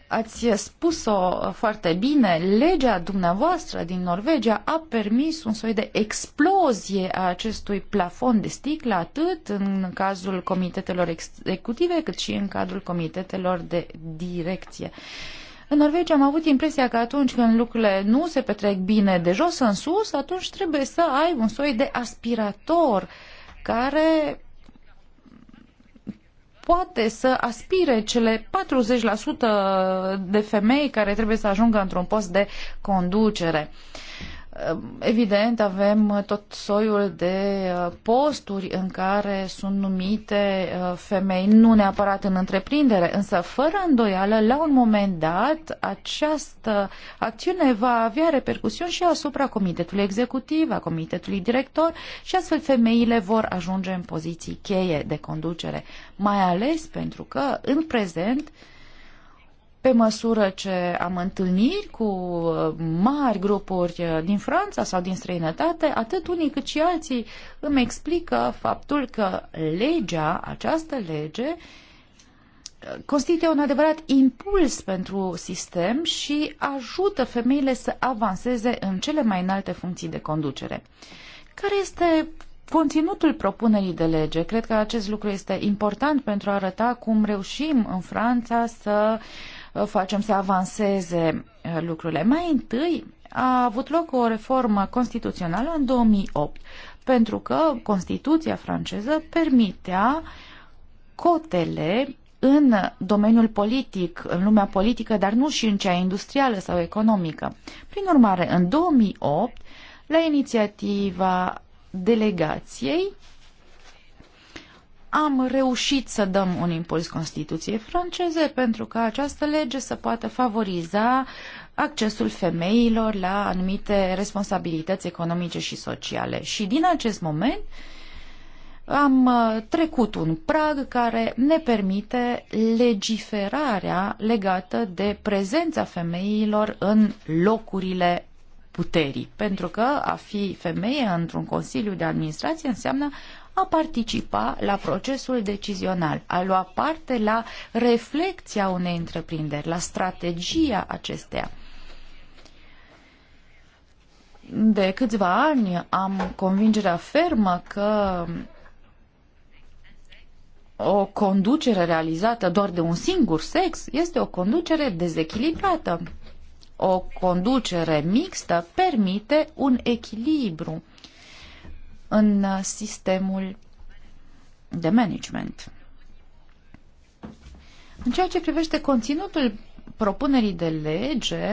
ați spus-o foarte bine, legea dumneavoastră din Norvegia a permis un soi de explozie a acestui plafon de sticlă, atât în cazul comitetelor executive, cât și în cadrul comitetelor de direcție. În Norvegia am avut impresia că atunci când lucrurile nu se petrec bine de jos în sus, atunci trebuie să ai un soi de aspirator care poate să aspire cele 40% de femei care trebuie să ajungă într-un post de conducere. Uh, Ehm, evident, avem uh, tot soiul de uh, posturi în care sunt numite uh, femei, nu neapărat în întreprindere, însă fără îndoială, la un moment dat, această acțiune va avea repercusiuni și asupra comitetului executiv, a comitetului director și astfel femeile vor ajunge în poziții cheie de conducere, mai ales pentru că, în prezent, pe măsură ce am întâlniri cu uh, mari grupuri uh, din Franța sau din străinătate, atât unii cât și alții îmi explică faptul că legea, această lege, uh, constituie un adevărat impuls pentru sistem și ajută femeile să avanseze în cele mai înalte funcții de conducere. Care este conținutul propunerii de lege. Cred că acest lucru este important pentru a arăta cum reușim în Franța să uh, Uh, facem să avanseze uh, lucrurile. Mai întâi a avut loc o reformă constituțională în 2008, pentru că Constituția franceză permitea cotele în domeniul politic, în lumea politică, dar nu și în cea industrială sau economică. Prin urmare, în 2008, la inițiativa delegației, am reușit să dăm un impuls Constituției franceze pentru ca această lege să poată favoriza accesul femeilor la anumite responsabilități economice și sociale. Și din acest moment am uh, trecut un prag care ne permite legiferarea legată de prezența femeilor în locurile puterii. Pentru că a fi femeie într-un consiliu de administrație înseamnă a participa la procesul decizional, a lua parte la reflexia unei întreprinderi, la strategia acesteia. De câțiva ani am convingerea fermă că o conducere realizată doar de un singur sex este o conducere dezechilibrată. O conducere mixtă permite un echilibru în uh, sistemul de management. În ceea ce privește conținutul propunerii de lege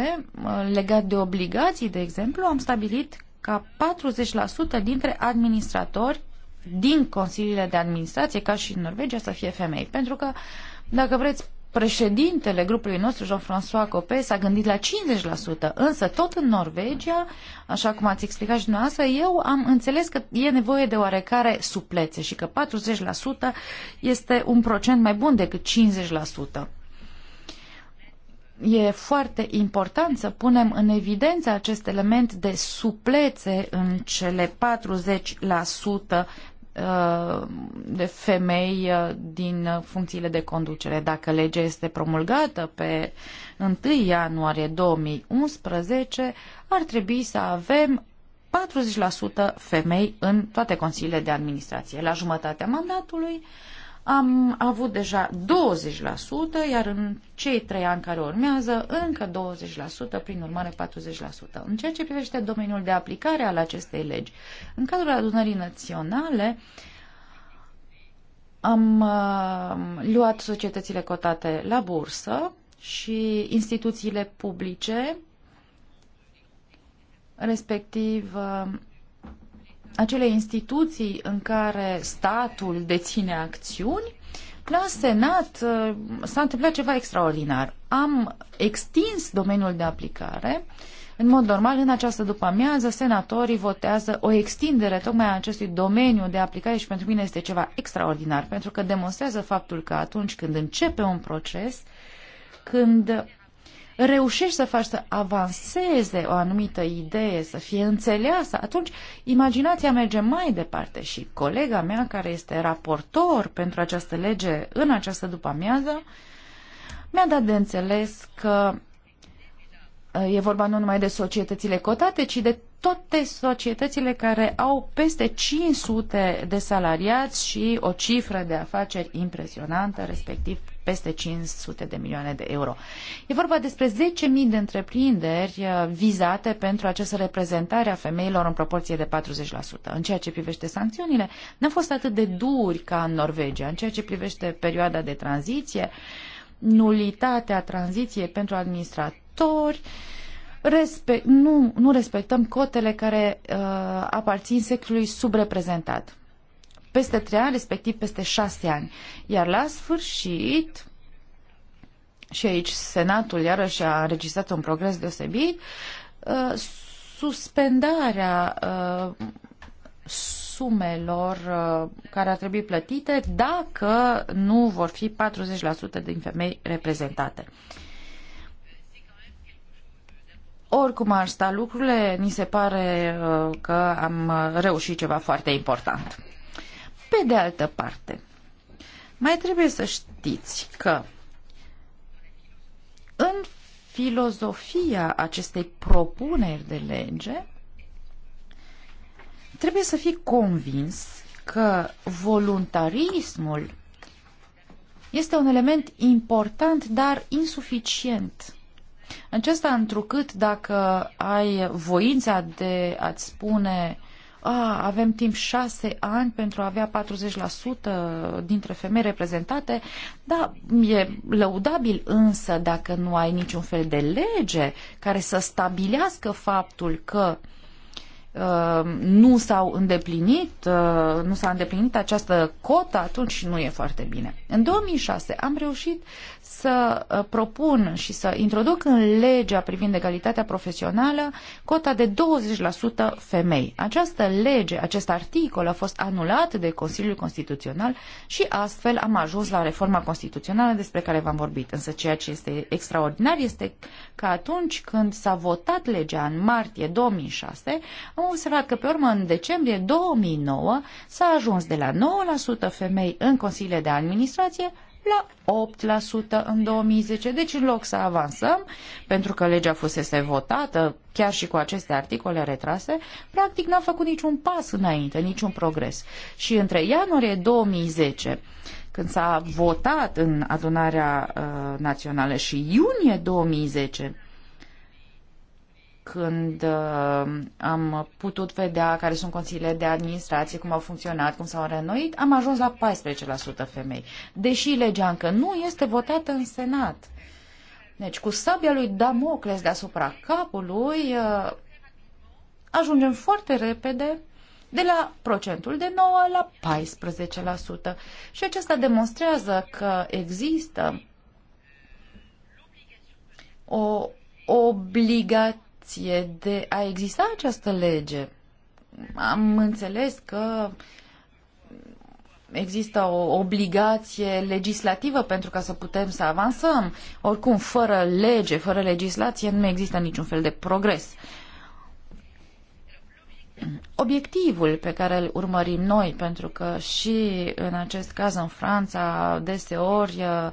uh, legat de obligații, de exemplu, am stabilit ca 40% dintre administratori din consiliile de administrație, ca și în Norvegia, să fie femei. Pentru că, dacă vreți, Președintele grupului nostru, Jean-François Copé, s-a gândit la 50%, însă tot în Norvegia, așa cum ați explicat și dumneavoastră, eu am înțeles că e nevoie de oarecare suplețe și că 40% este un procent mai bun decât 50%. E foarte important să punem în evidență acest element de suplețe în cele 40% Uh, de femei uh, din funcțiile de conducere. Dacă legea este promulgată pe 1 ianuarie 2011, ar trebui să avem 40% femei în toate consiliile de administrație. La jumătatea mandatului am avut deja 20%, iar în cei trei ani care urmează, încă 20%, prin urmare 40%. În ceea ce privește domeniul de aplicare al acestei legi, în cadrul adunării naționale, am uh, luat societățile cotate la bursă și instituțiile publice, respectiv uh, acele instituții în care statul deține acțiuni, la Senat uh, s-a întâmplat ceva extraordinar. Am extins domeniul de aplicare. În mod normal, în această după-amiază, senatorii votează o extindere tocmai a acestui domeniu de aplicare și pentru mine este ceva extraordinar, pentru că demonstrează faptul că atunci când începe un proces, când reușești să faci să avanseze o anumită idee, să fie înțeleasă, atunci imaginația merge mai departe și colega mea care este raportor pentru această lege în această după-amiază mi-a dat de înțeles că e vorba nu numai de societățile cotate, ci de toate societățile care au peste 500 de salariați și o cifră de afaceri impresionantă, respectiv peste 500 de milioane de euro. E vorba despre 10.000 de întreprinderi uh, vizate pentru această reprezentare a femeilor în proporție de 40%. În ceea ce privește sancțiunile, n au fost atât de duri ca în Norvegia. În ceea ce privește perioada de tranziție, nulitatea tranziției pentru administratori, respect, nu, nu respectăm cotele care uh, aparțin sexului subreprezentat peste trei ani, respectiv peste șase ani. Iar la sfârșit, și aici Senatul iarăși a înregistrat un progres deosebit, uh, suspendarea uh, sumelor uh, care ar trebui plătite dacă nu vor fi 40% din femei reprezentate. Oricum ar sta lucrurile, ni se pare că am reușit ceva foarte important. Pe de altă parte, mai trebuie să știți că în filozofia acestei propuneri de lege trebuie să fii convins că voluntarismul este un element important, dar insuficient. Acesta întrucât dacă ai voința de a-ți spune a, avem timp șase ani pentru a avea 40% dintre femei reprezentate, da, e lăudabil însă dacă nu ai niciun fel de lege care să stabilească faptul că uh, nu s-au îndeplinit, uh, nu s-a îndeplinit această cotă, atunci nu e foarte bine. În 2006 am reușit să uh, propun și să introduc în legea privind egalitatea profesională cota de 20% femei. Această lege, acest articol a fost anulat de Consiliul Constituțional și astfel am ajuns la reforma constituțională despre care v-am vorbit. Însă ceea ce este extraordinar este că atunci când s-a votat legea în martie 2006, am observat că pe urmă în decembrie 2009 s-a ajuns de la 9% femei în consiliile de administrație la 8% în 2010. Deci în loc să avansăm, pentru că legea fusese votată, chiar și cu aceste articole retrase, practic n-am făcut niciun pas înainte, niciun progres. Și între ianuarie 2010 când s-a votat în adunarea uh, națională și iunie 2010, când uh, am putut vedea care sunt consiliile de administrație, cum au funcționat, cum s-au renoit, am ajuns la 14% femei, deși legea încă nu este votată în Senat. Deci cu sabia lui Damocles deasupra capului uh, ajungem foarte repede de la procentul de 9 la 14%. Și acesta demonstrează că există o obligat situație de a exista această lege. Am înțeles că există o obligație legislativă pentru ca să putem să avansăm. Oricum, fără lege, fără legislație, nu există niciun fel de progres obiectivul pe care îl urmărim noi, pentru că și în acest caz în Franța deseori uh,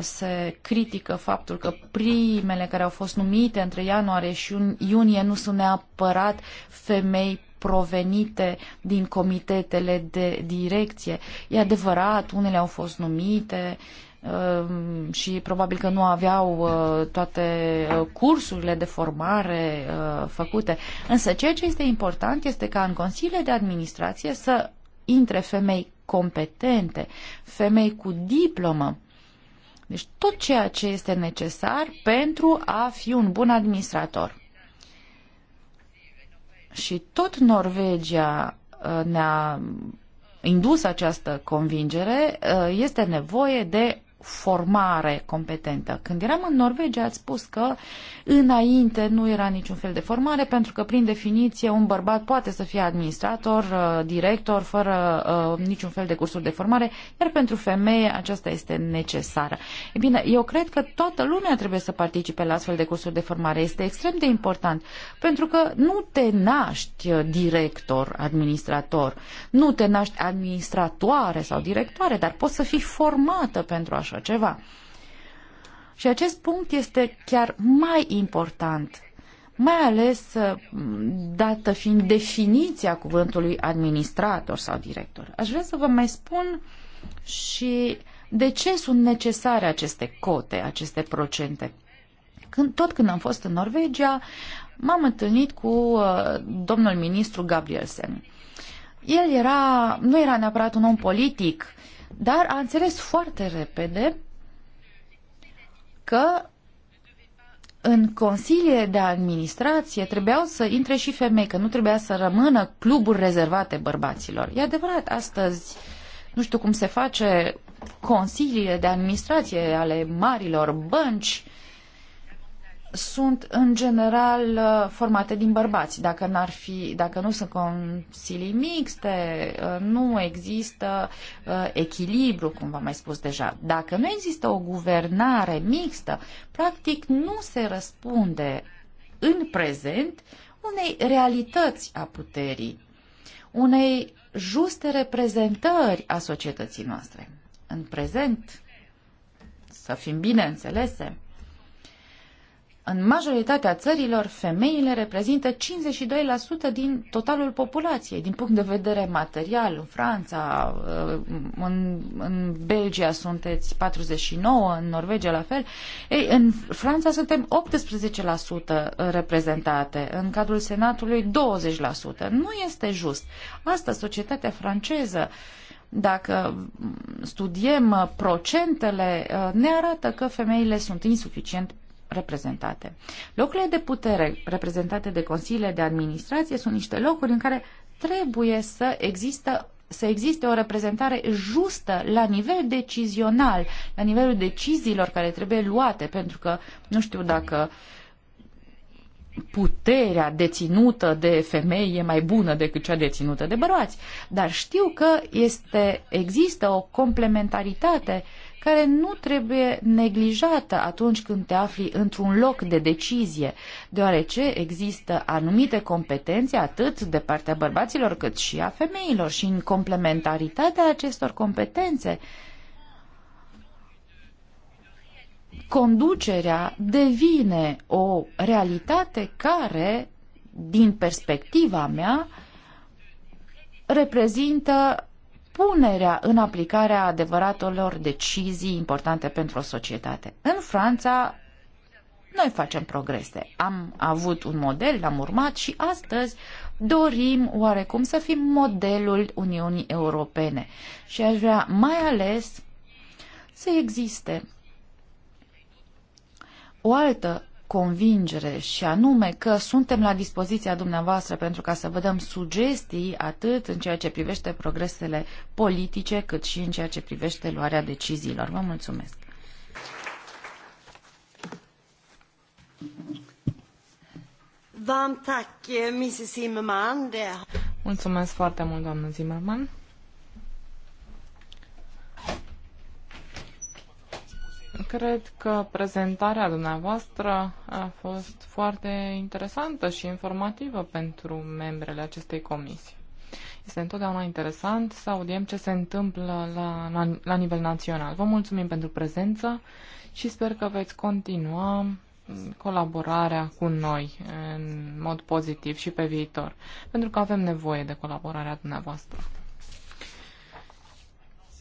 se critică faptul că primele care au fost numite între ianuarie și iunie nu sunt neapărat femei provenite din comitetele de direcție. E adevărat, unele au fost numite, uh, Ehm, și probabil că nu aveau eh, toate eh, cursurile de formare eh, făcute. Însă ceea ce este important este ca în consiliile de administrație să intre femei competente, femei cu diplomă. Deci tot ceea ce este necesar pentru a fi un bun administrator. Și tot Norvegia ne-a indus această convingere, este nevoie de formare competentă. Când eram în Norvegia, ați spus că înainte nu era niciun fel de formare, pentru că, prin definiție, un bărbat poate să fie administrator, uh, director, fără uh, niciun fel de cursuri de formare, iar pentru femeie aceasta este necesară. E bine, eu cred că toată lumea trebuie să participe la astfel de cursuri de formare. Este extrem de important, pentru că nu te naști uh, director, administrator, nu te naști administratoare sau directoare, dar poți să fii formată pentru așa așa ceva. Și acest punct este chiar mai important, mai ales uh, dată fiind definiția cuvântului administrator sau director. Aș vrea să vă mai spun și de ce sunt necesare aceste cote, aceste procente. Când, tot când am fost în Norvegia, m-am întâlnit cu uh, domnul ministru Gabrielsen. El era, nu era neapărat un om politic, uh, dar a înțeles foarte repede că în consiliile de administrație trebuiau să intre și femei, că nu trebuia să rămână cluburi rezervate bărbaților. E adevărat, astăzi nu știu cum se face consiliile de administrație ale marilor bănci sunt în general uh, formate din bărbați. Dacă, n-ar fi, dacă nu sunt consilii mixte, uh, nu există uh, echilibru, cum v-am mai spus deja. Dacă nu există o guvernare mixtă, practic nu se răspunde în prezent unei realități a puterii, unei juste reprezentări a societății noastre. În prezent, să fim bine înțelese, în majoritatea țărilor, femeile reprezintă 52% din totalul populației, din punct de vedere material. În Franța, uh, în, în Belgia sunteți 49, în Norvegia la fel. Ei, în Franța suntem 18% reprezentate, în cadrul Senatului 20%. Nu este just. Asta societatea franceză dacă studiem procentele, uh, ne arată că femeile sunt insuficient reprezentate. Locurile de putere reprezentate de consiliile de administrație sunt niște locuri în care trebuie să există să existe o reprezentare justă la nivel decizional, la nivelul deciziilor care trebuie luate, pentru că nu știu dacă puterea deținută de femei e mai bună decât cea deținută de bărbați, dar știu că este, există o complementaritate uh, care nu trebuie neglijată atunci când te afli într-un loc de decizie, deoarece există anumite competențe atât de partea bărbaților cât și a femeilor și în complementaritatea acestor competențe conducerea devine o realitate care, din perspectiva mea, reprezintă punerea în aplicare a adevăratelor decizii importante pentru o societate. În Franța, noi facem progrese. Am avut un model, l-am urmat și astăzi dorim oarecum să fim modelul Uniunii Europene. Și aș vrea mai ales să existe o altă convingere și anume că suntem la dispoziția dumneavoastră pentru ca să vă dăm sugestii atât în ceea ce privește progresele politice cât și în ceea ce privește luarea deciziilor. Vă mulțumesc! Eh, mulțumesc foarte mult, doamnă Zimmerman. Cred că prezentarea dumneavoastră a fost foarte interesantă și informativă pentru membrele acestei comisii. Este întotdeauna interesant să audiem ce se întâmplă la, la, la nivel național. Vă mulțumim pentru prezență și sper că veți continua colaborarea cu noi în mod pozitiv și pe viitor, pentru că avem nevoie de colaborarea dumneavoastră.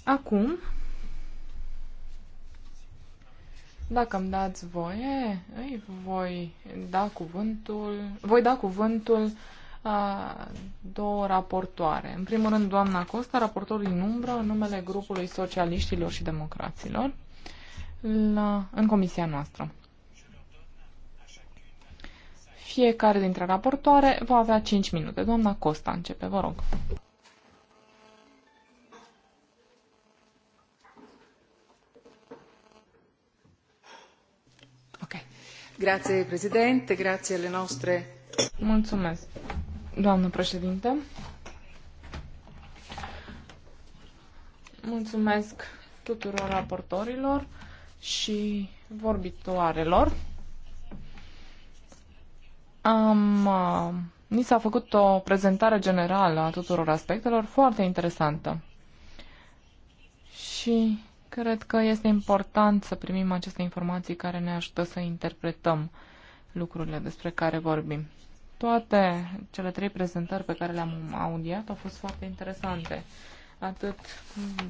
Acum Dacă îmi dați voie, îi voi da cuvântul, voi da cuvântul a două raportoare. În primul rând, doamna Costa, raportorul în umbră, în numele grupului socialiștilor și democraților, la, în comisia noastră. Fiecare dintre raportoare va avea 5 minute. Doamna Costa începe, vă rog. Mulțumesc, Mulțumesc tuturor raportorilor și vorbitoarelor. Am, uh, ni s-a făcut o prezentare generală a tuturor aspectelor foarte interesantă. Și Cred că este important să primim aceste informații care ne ajută să interpretăm lucrurile despre care vorbim. Toate cele trei prezentări pe care le-am audiat au fost foarte interesante, atât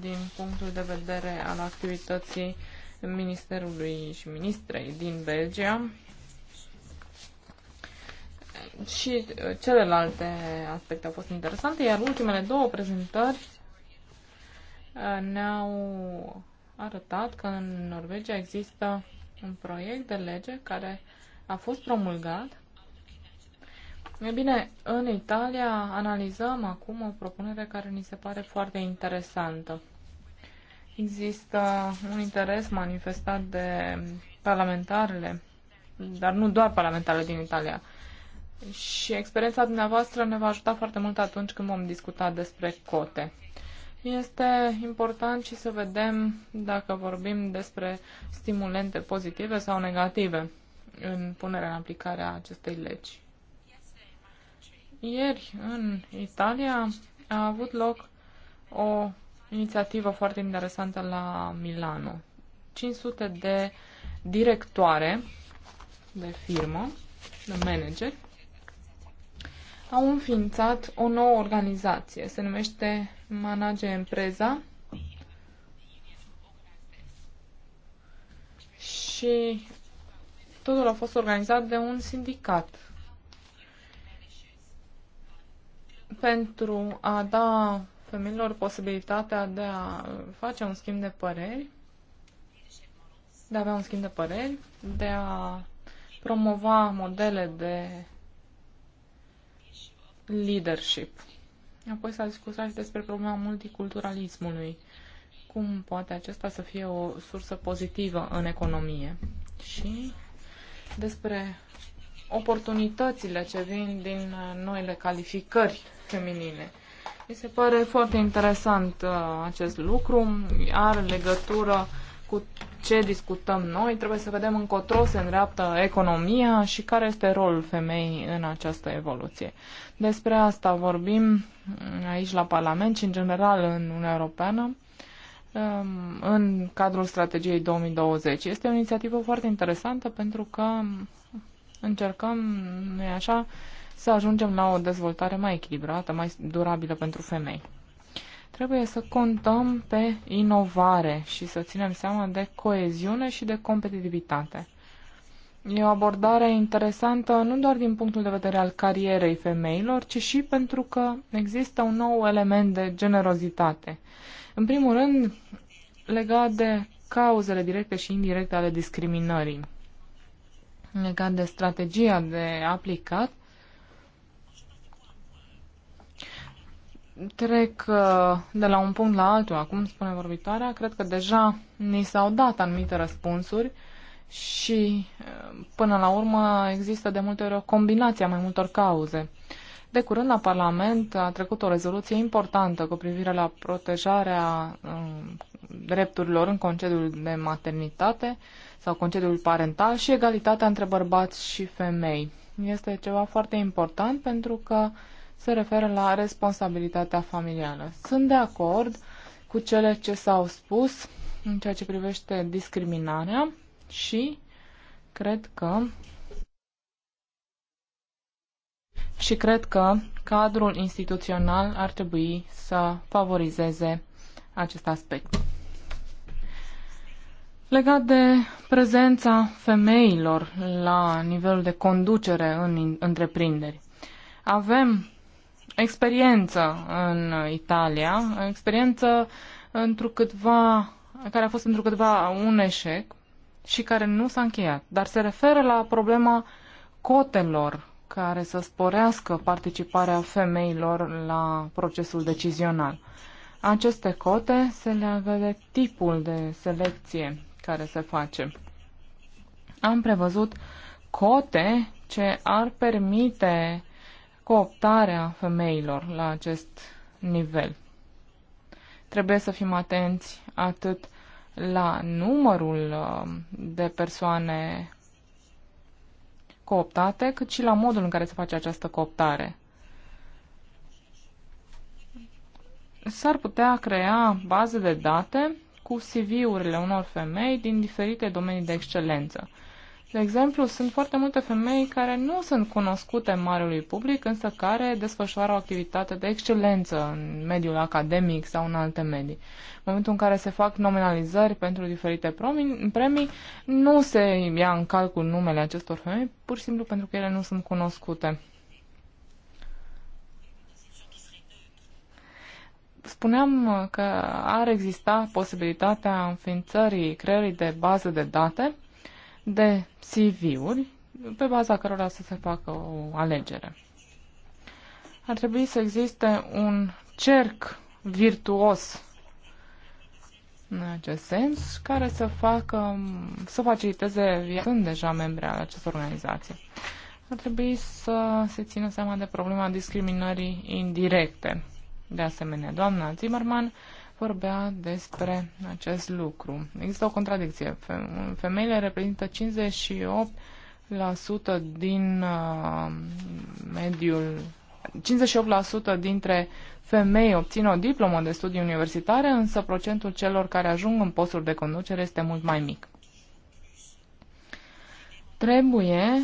din punctul de vedere al activității Ministerului și Ministrei din Belgia, și celelalte aspecte au fost interesante, iar ultimele două prezentări ne-au arătat că în Norvegia există un proiect de lege care a fost promulgat. E bine, în Italia analizăm acum o propunere care ni se pare foarte interesantă. Există un interes manifestat de parlamentarele, dar nu doar parlamentarele din Italia. Și experiența dumneavoastră ne va ajuta foarte mult atunci când vom discuta despre cote. Este important și să vedem dacă vorbim despre stimulente pozitive sau negative în punerea în aplicare a acestei legi. Ieri, în Italia, a avut loc o inițiativă foarte interesantă la Milano. 500 de directoare de firmă, de manageri, au înființat o nouă organizație, se numește Manage Empreza și totul a fost organizat de un sindicat pentru a da femeilor posibilitatea de a face un schimb de păreri, de a avea un schimb de păreri, de a promova modele de leadership. Apoi s-a discutat și despre problema multiculturalismului. Cum poate acesta să fie o sursă pozitivă în economie? Și despre oportunitățile ce vin din noile calificări feminine. Mi se pare foarte interesant uh, acest lucru. Are legătură cu ce discutăm noi, trebuie să vedem încotro se îndreaptă economia și care este rolul femeii în această evoluție. Despre asta vorbim aici la Parlament și în general în Uniunea Europeană um, în cadrul strategiei 2020. Este o inițiativă foarte interesantă pentru că încercăm, nu așa, să ajungem la o dezvoltare mai echilibrată, mai durabilă pentru femei. Trebuie să contăm pe inovare și să ținem seama de coeziune și de competitivitate. E o abordare interesantă nu doar din punctul de vedere al carierei femeilor, ci și pentru că există un nou element de generozitate. În primul rând, legat de cauzele directe și indirecte ale discriminării, legat de strategia de aplicat Trec uh, de la un punct la altul, acum spune vorbitoarea. Cred că deja ni s-au dat anumite răspunsuri și uh, până la urmă există de multe ori o combinație a mai multor cauze. De curând la Parlament a trecut o rezoluție importantă cu privire la protejarea um, drepturilor în concediul de maternitate sau concediul parental și egalitatea între bărbați și femei. Este ceva foarte important pentru că uh, se referă la responsabilitatea familială. Sunt de acord cu cele ce s-au spus în ceea ce privește discriminarea și cred că și cred că cadrul instituțional ar trebui să favorizeze acest aspect. Legat de prezența femeilor la nivelul de conducere în întreprinderi, avem experiență în Italia, o experiență întrucâtva, care a fost întrucâtva un eșec și care nu s-a încheiat, dar se referă la problema cotelor care să sporească participarea femeilor la procesul decizional. Aceste cote se leagă de tipul de selecție care se face. Am prevăzut cote ce ar permite cooptarea femeilor la acest nivel. Trebuie să fim atenți atât la numărul uh, de persoane cooptate, cât și la modul în care se face această cooptare. S-ar putea crea baze de date cu CV-urile unor femei din diferite domenii de excelență. De exemplu, sunt foarte multe femei care nu sunt cunoscute marelui public, însă care desfășoară o activitate de excelență în mediul academic sau în alte medii. În momentul în care se fac nominalizări pentru diferite premii, nu se ia în calcul numele acestor femei, pur și simplu pentru că ele nu sunt cunoscute. Spuneam că ar exista posibilitatea înființării creării de bază de date de CV-uri pe baza cărora să se facă o alegere. Ar trebui să existe un cerc virtuos în acest sens, care să facă, să faciliteze viața. Sunt deja membre ale acestor organizații. Ar trebui să se țină seama de problema discriminării indirecte. De asemenea, doamna Zimmerman vorbea despre acest lucru. Există o contradicție. Femeile reprezintă 58 din uh, mediul 58% dintre femei obțin o diplomă de studii universitare, însă procentul celor care ajung în posturi de conducere este mult mai mic. Trebuie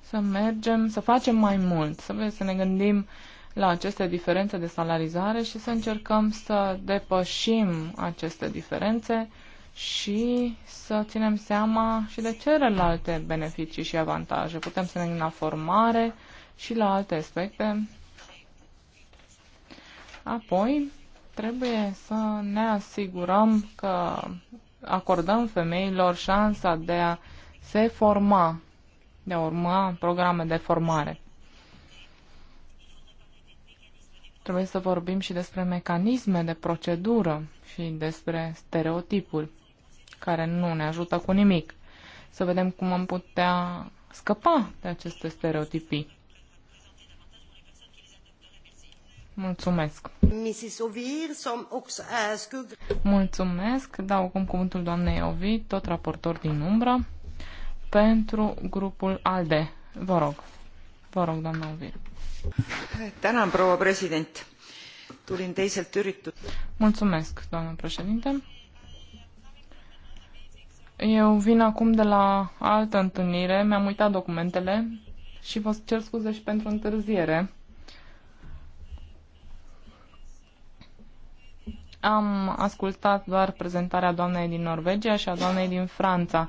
să mergem, să facem mai mult, să, să ne gândim uh, la aceste diferențe de salarizare și să încercăm să depășim aceste diferențe și să ținem seama și de celelalte beneficii și avantaje. Putem să ne gândim la formare și la alte aspecte. Apoi, trebuie să ne asigurăm că acordăm femeilor șansa de a se forma, de a urma programe de formare. trebuie să vorbim și despre mecanisme de procedură și despre stereotipuri care nu ne ajută cu nimic. Să vedem cum am putea scăpa de aceste stereotipii. Mulțumesc. Mrs. Ovir, som också är skugg... Mulțumesc. Dau acum cuvântul doamnei Ovi, tot raportor din umbră, pentru grupul ALDE. Vă rog președinte. Eu vin acum de la altă întâlnire, mi-am uitat documentele și vă cer scuze și pentru întârziere. Am ascultat doar prezentarea doamnei din Norvegia și a doamnei din Franța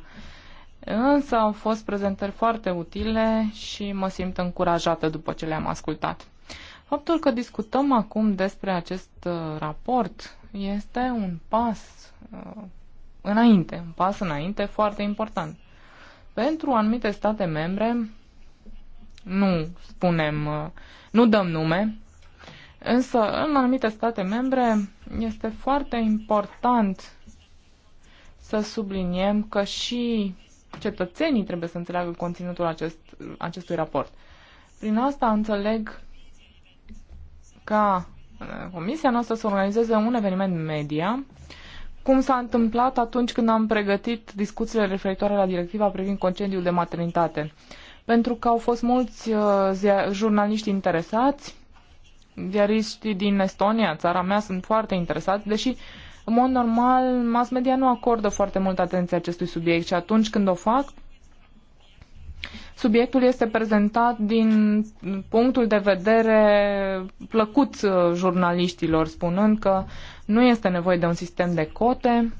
Însă au fost prezentări foarte utile și mă simt încurajată după ce le-am ascultat. Faptul că discutăm acum despre acest uh, raport este un pas uh, înainte, un pas înainte foarte important. Pentru anumite state membre, nu spunem, uh, nu dăm nume, însă în anumite state membre este foarte important să subliniem că și cetățenii trebuie să înțeleagă conținutul acest, acestui raport. Prin asta înțeleg ca uh, comisia noastră să organizeze un eveniment media, cum s-a întâmplat atunci când am pregătit discuțiile referitoare la directiva privind concediul de maternitate. Pentru că au fost mulți uh, jurnaliști interesați, ziariștii din Estonia, țara mea, sunt foarte interesați, deși uh, în mod normal, mass media nu acordă foarte multă atenție acestui subiect și atunci când o fac, subiectul este prezentat din punctul de vedere plăcut uh, jurnaliștilor, spunând că nu este nevoie de un sistem de cote,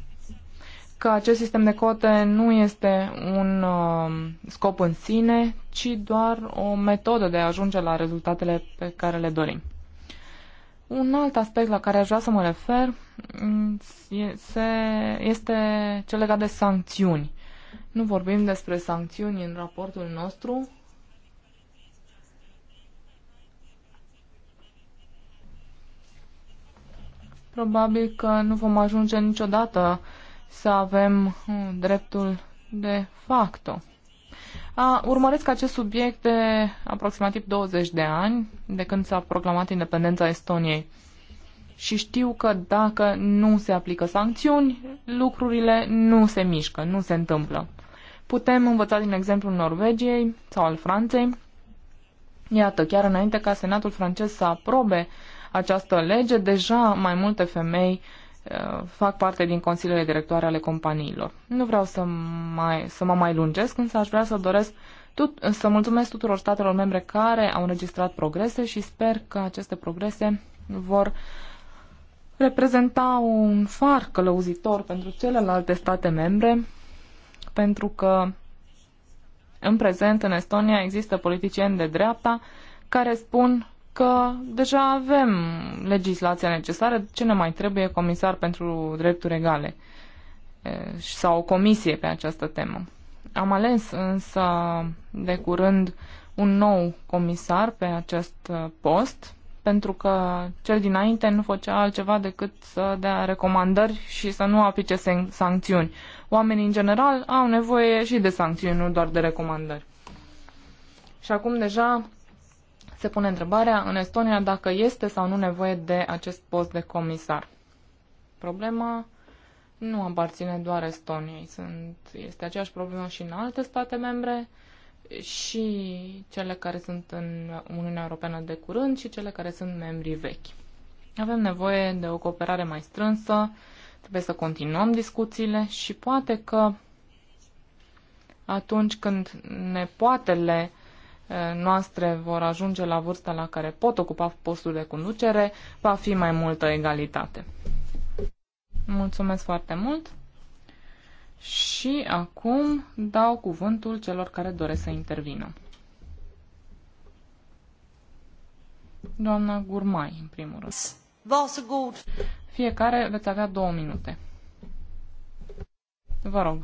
că acest sistem de cote nu este un uh, scop în sine, ci doar o metodă de a ajunge la rezultatele pe care le dorim. Un alt aspect la care aș vrea să mă refer mm, este cel legat de sancțiuni. Nu vorbim despre sancțiuni în raportul nostru. Probabil că nu vom ajunge niciodată să avem mm, dreptul de facto. A, urmăresc acest subiect de aproximativ 20 de ani, de când s-a proclamat independența Estoniei. Și știu că dacă nu se aplică sancțiuni, lucrurile nu se mișcă, nu se întâmplă. Putem învăța din exemplul Norvegiei sau al Franței. Iată, chiar înainte ca Senatul francez să aprobe această lege, deja mai multe femei uh, Uh, fac parte din consiliile directoare ale companiilor. Nu vreau să, mai, să mă mai lungesc, însă aș vrea să doresc tut, să mulțumesc tuturor statelor membre care au înregistrat progrese și sper că aceste progrese vor reprezenta un far călăuzitor pentru celelalte state membre, pentru că în prezent în Estonia există politicieni de dreapta care spun că deja avem legislația necesară, ce ne mai trebuie comisar pentru drepturi egale sau o comisie pe această temă. Am ales însă de curând un nou comisar pe acest post, pentru că cel dinainte nu făcea altceva decât să dea recomandări și să nu aplice sancțiuni. Oamenii, în general, au nevoie și de sancțiuni, nu doar de recomandări. Și acum deja se pune întrebarea în Estonia dacă este sau nu nevoie de acest post de comisar. Problema nu aparține doar Estoniei. Sunt, este aceeași problemă și în alte state membre, și cele care sunt în Uniunea Europeană de curând și cele care sunt membrii vechi. Avem nevoie de o cooperare mai strânsă, trebuie să continuăm discuțiile și poate că atunci când nepoatele Eh, noastre vor ajunge la vârsta la care pot ocupa postul de conducere, va fi mai multă egalitate. Mulțumesc foarte mult și acum dau cuvântul celor care doresc să intervină. Doamna Gurmai, în primul rând. Fiecare veți avea două minute. Vă rog.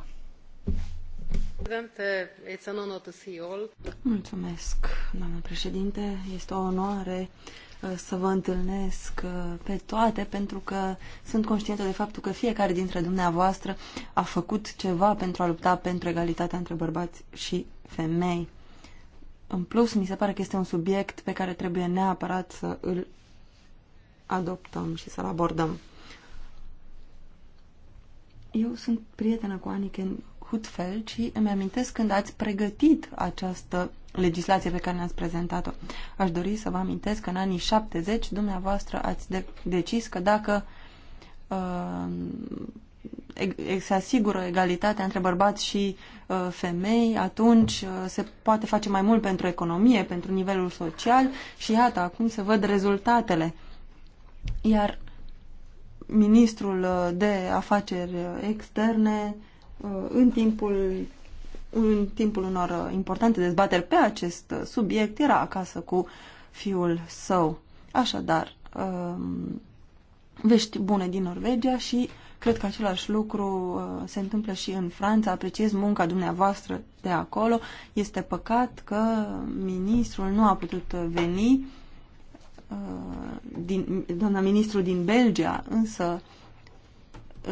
Mulțumesc, doamnă președinte. Este o onoare uh, să vă întâlnesc uh, pe toate, pentru că sunt conștientă de faptul că fiecare dintre dumneavoastră a făcut ceva pentru a lupta pentru egalitatea între bărbați și femei. În plus, mi se pare că este un subiect pe care trebuie neapărat să îl adoptăm și să-l abordăm. Eu sunt prietenă cu Aniken Hutfel, și îmi amintesc când ați pregătit această legislație pe care ne-ați prezentat-o. Aș dori să vă amintesc că în anii 70 dumneavoastră ați de- decis că dacă uh, se asigură egalitatea între bărbați și uh, femei, atunci uh, se poate face mai mult pentru economie, pentru nivelul social și iată, acum se văd rezultatele. Iar ministrul uh, de afaceri uh, externe uh, Uh, în timpul, în timpul unor uh, importante dezbateri pe acest uh, subiect, era acasă cu fiul său. Așadar, um, vești bune din Norvegia și cred că același lucru se întâmplă și în Franța. Apreciez munca dumneavoastră de acolo. Este păcat că ministrul nu a putut veni, din, doamna ministru din Belgia, însă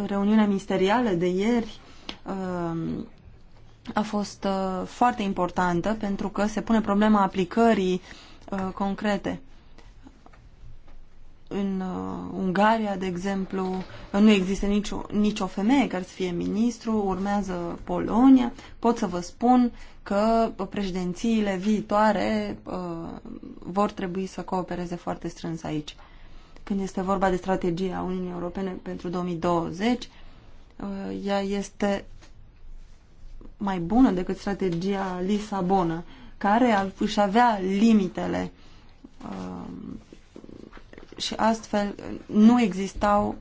reuniunea ministerială de ieri Um, a fost uh, foarte importantă pentru că se pune problema aplicării uh, concrete. În uh, Ungaria, de exemplu, nu există nicio, nicio femeie care să fie ministru, urmează Polonia. Pot să vă spun că președințiile viitoare vor trebui să coopereze foarte strâns aici. Când este vorba de strategia Uniunii Europene pentru 2020, ea este mai bună decât strategia Lisabona, care își avea limitele um, și astfel nu existau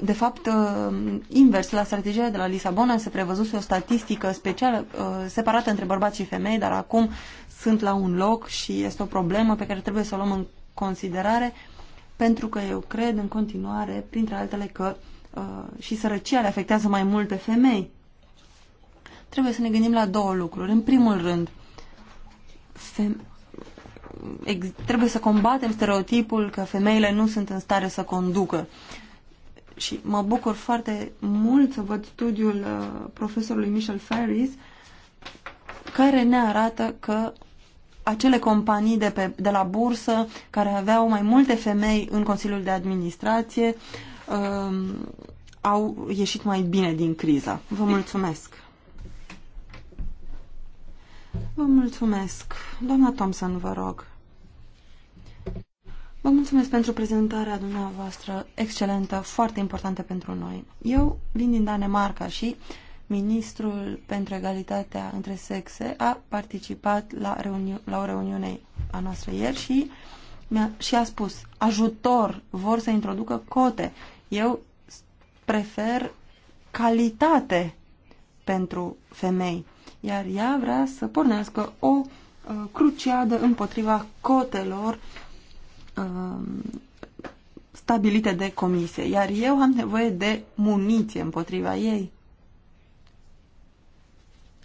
de fapt, um, invers, la strategia de la Lisabona se prevăzuse o statistică specială, uh, separată între bărbați și femei, dar acum sunt la un loc și este o problemă pe care trebuie să o luăm în considerare, pentru că eu cred în continuare, printre altele, că uh, și sărăcia le afectează mai multe femei trebuie să ne gândim la două lucruri. În primul rând, trebuie să combatem stereotipul că femeile nu sunt în stare să conducă. Și mă bucur foarte mult să văd studiul uh, profesorului Michel Ferris care ne arată că acele companii de, pe, de la bursă care aveau mai multe femei în Consiliul de Administrație uh, au ieșit mai bine din criză. Vă mulțumesc! Vă mulțumesc. Doamna Thompson, vă rog. Vă mulțumesc pentru prezentarea dumneavoastră excelentă, foarte importantă pentru noi. Eu vin din Danemarca și ministrul pentru egalitatea între sexe a participat la, reuni la o reuniune a noastră ieri și mi-a, și a spus ajutor, vor să introducă cote. Eu prefer calitate pentru femei iar ea vrea să pornească o uh, cruciadă împotriva cotelor uh, stabilite de comisie, iar eu am nevoie de muniție împotriva ei.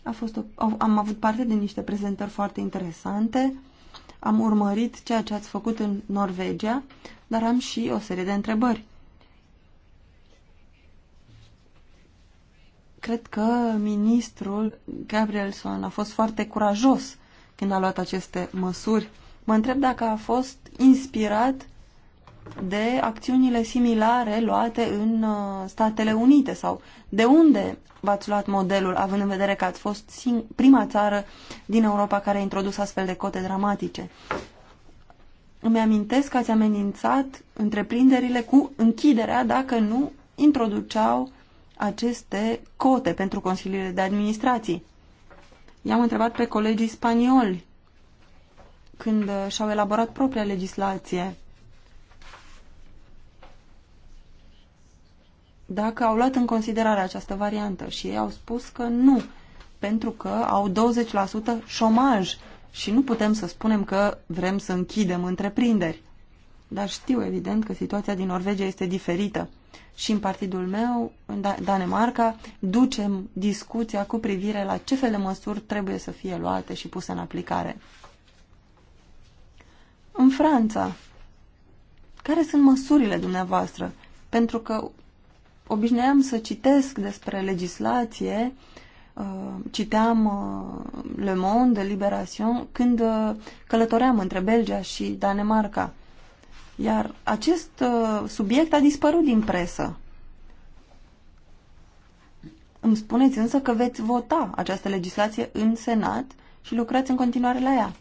A fost o, am avut parte de niște prezentări foarte interesante, am urmărit ceea ce ați făcut în Norvegia, dar am și o serie de întrebări. Cred că ministrul Gabrielson a fost foarte curajos când a luat aceste măsuri. Mă întreb dacă a fost inspirat de acțiunile similare luate în uh, Statele Unite sau de unde v-ați luat modelul, având în vedere că ați fost prima țară din Europa care a introdus astfel de cote dramatice. Îmi amintesc că ați amenințat întreprinderile cu închiderea dacă nu introduceau aceste cote pentru consiliile de administrații. I-am întrebat pe colegii spanioli când uh, și-au elaborat propria legislație dacă au luat în considerare această variantă și ei au spus că nu, pentru că au 20% șomaj și nu putem să spunem că vrem să închidem întreprinderi. Dar știu evident că situația din Norvegia este diferită și în partidul meu, în da- Danemarca, ducem discuția cu privire la ce fel de măsuri trebuie să fie luate și puse în aplicare. În Franța, care sunt măsurile dumneavoastră? Pentru că obișnuiam să citesc despre legislație, uh, citeam uh, Le Monde, Liberation, când uh, călătoream între Belgia și Danemarca. Iar acest uh, subiect a dispărut din presă. Îmi spuneți însă că veți vota această legislație în Senat și lucrați în continuare la ea.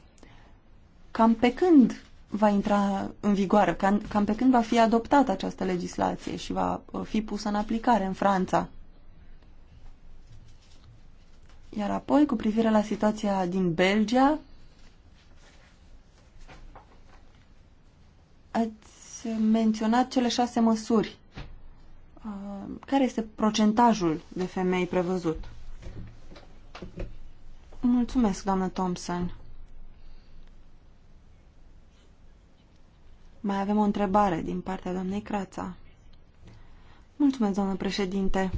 Cam pe când va intra în vigoare, cam, cam pe când va fi adoptată această legislație și va uh, fi pusă în aplicare în Franța? Iar apoi, cu privire la situația din Belgia, Ați menționat cele șase măsuri. Uh, care este procentajul de femei prevăzut? Mulțumesc, doamnă Thompson. Mai avem o întrebare din partea doamnei Crața. Mulțumesc, doamnă președinte.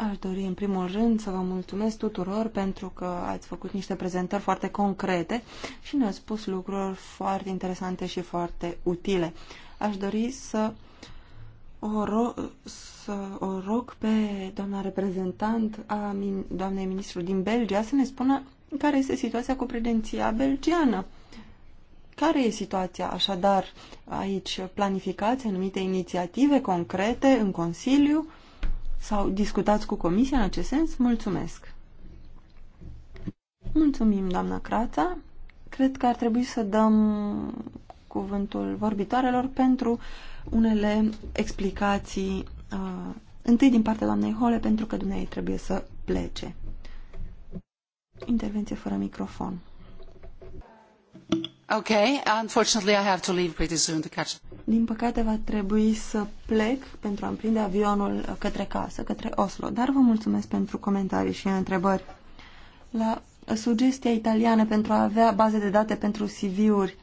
Aș dori în primul rând să vă mulțumesc tuturor pentru că ați făcut niște prezentări foarte concrete și ne-ați spus lucruri foarte interesante și foarte utile. Aș dori să o, ro- să o rog pe doamna reprezentant a min- doamnei ministru din Belgia să ne spună care este situația cu prezenția belgiană. Care e situația? Așadar, aici planificați anumite inițiative concrete în Consiliu sau discutați cu Comisia în acest sens? Mulțumesc! Mulțumim, doamna Crața. Cred că ar trebui să dăm cuvântul vorbitoarelor pentru unele explicații uh, întâi din partea doamnei Hole, pentru că dumneavoastră trebuie să plece. Intervenție fără microfon. Okay, unfortunately I have to leave pretty soon to catch. Din păcate va trebui să plec pentru a-mi prinde avionul către casă, către Oslo, dar vă mulțumesc pentru comentarii și întrebări. La sugestia italiană pentru a avea baze de date pentru CV-uri,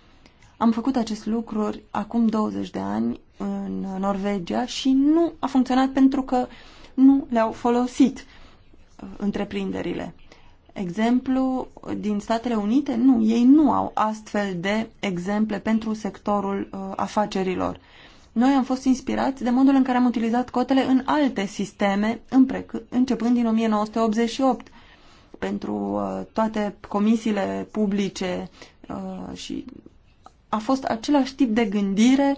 am făcut acest lucru acum 20 de ani în Norvegia și nu a funcționat pentru că nu le-au folosit uh, întreprinderile exemplu din Statele Unite? Nu, ei nu au astfel de exemple pentru sectorul uh, afacerilor. Noi am fost inspirați de modul în care am utilizat cotele în alte sisteme, începând din 1988, pentru uh, toate comisiile publice uh, și a fost același tip de gândire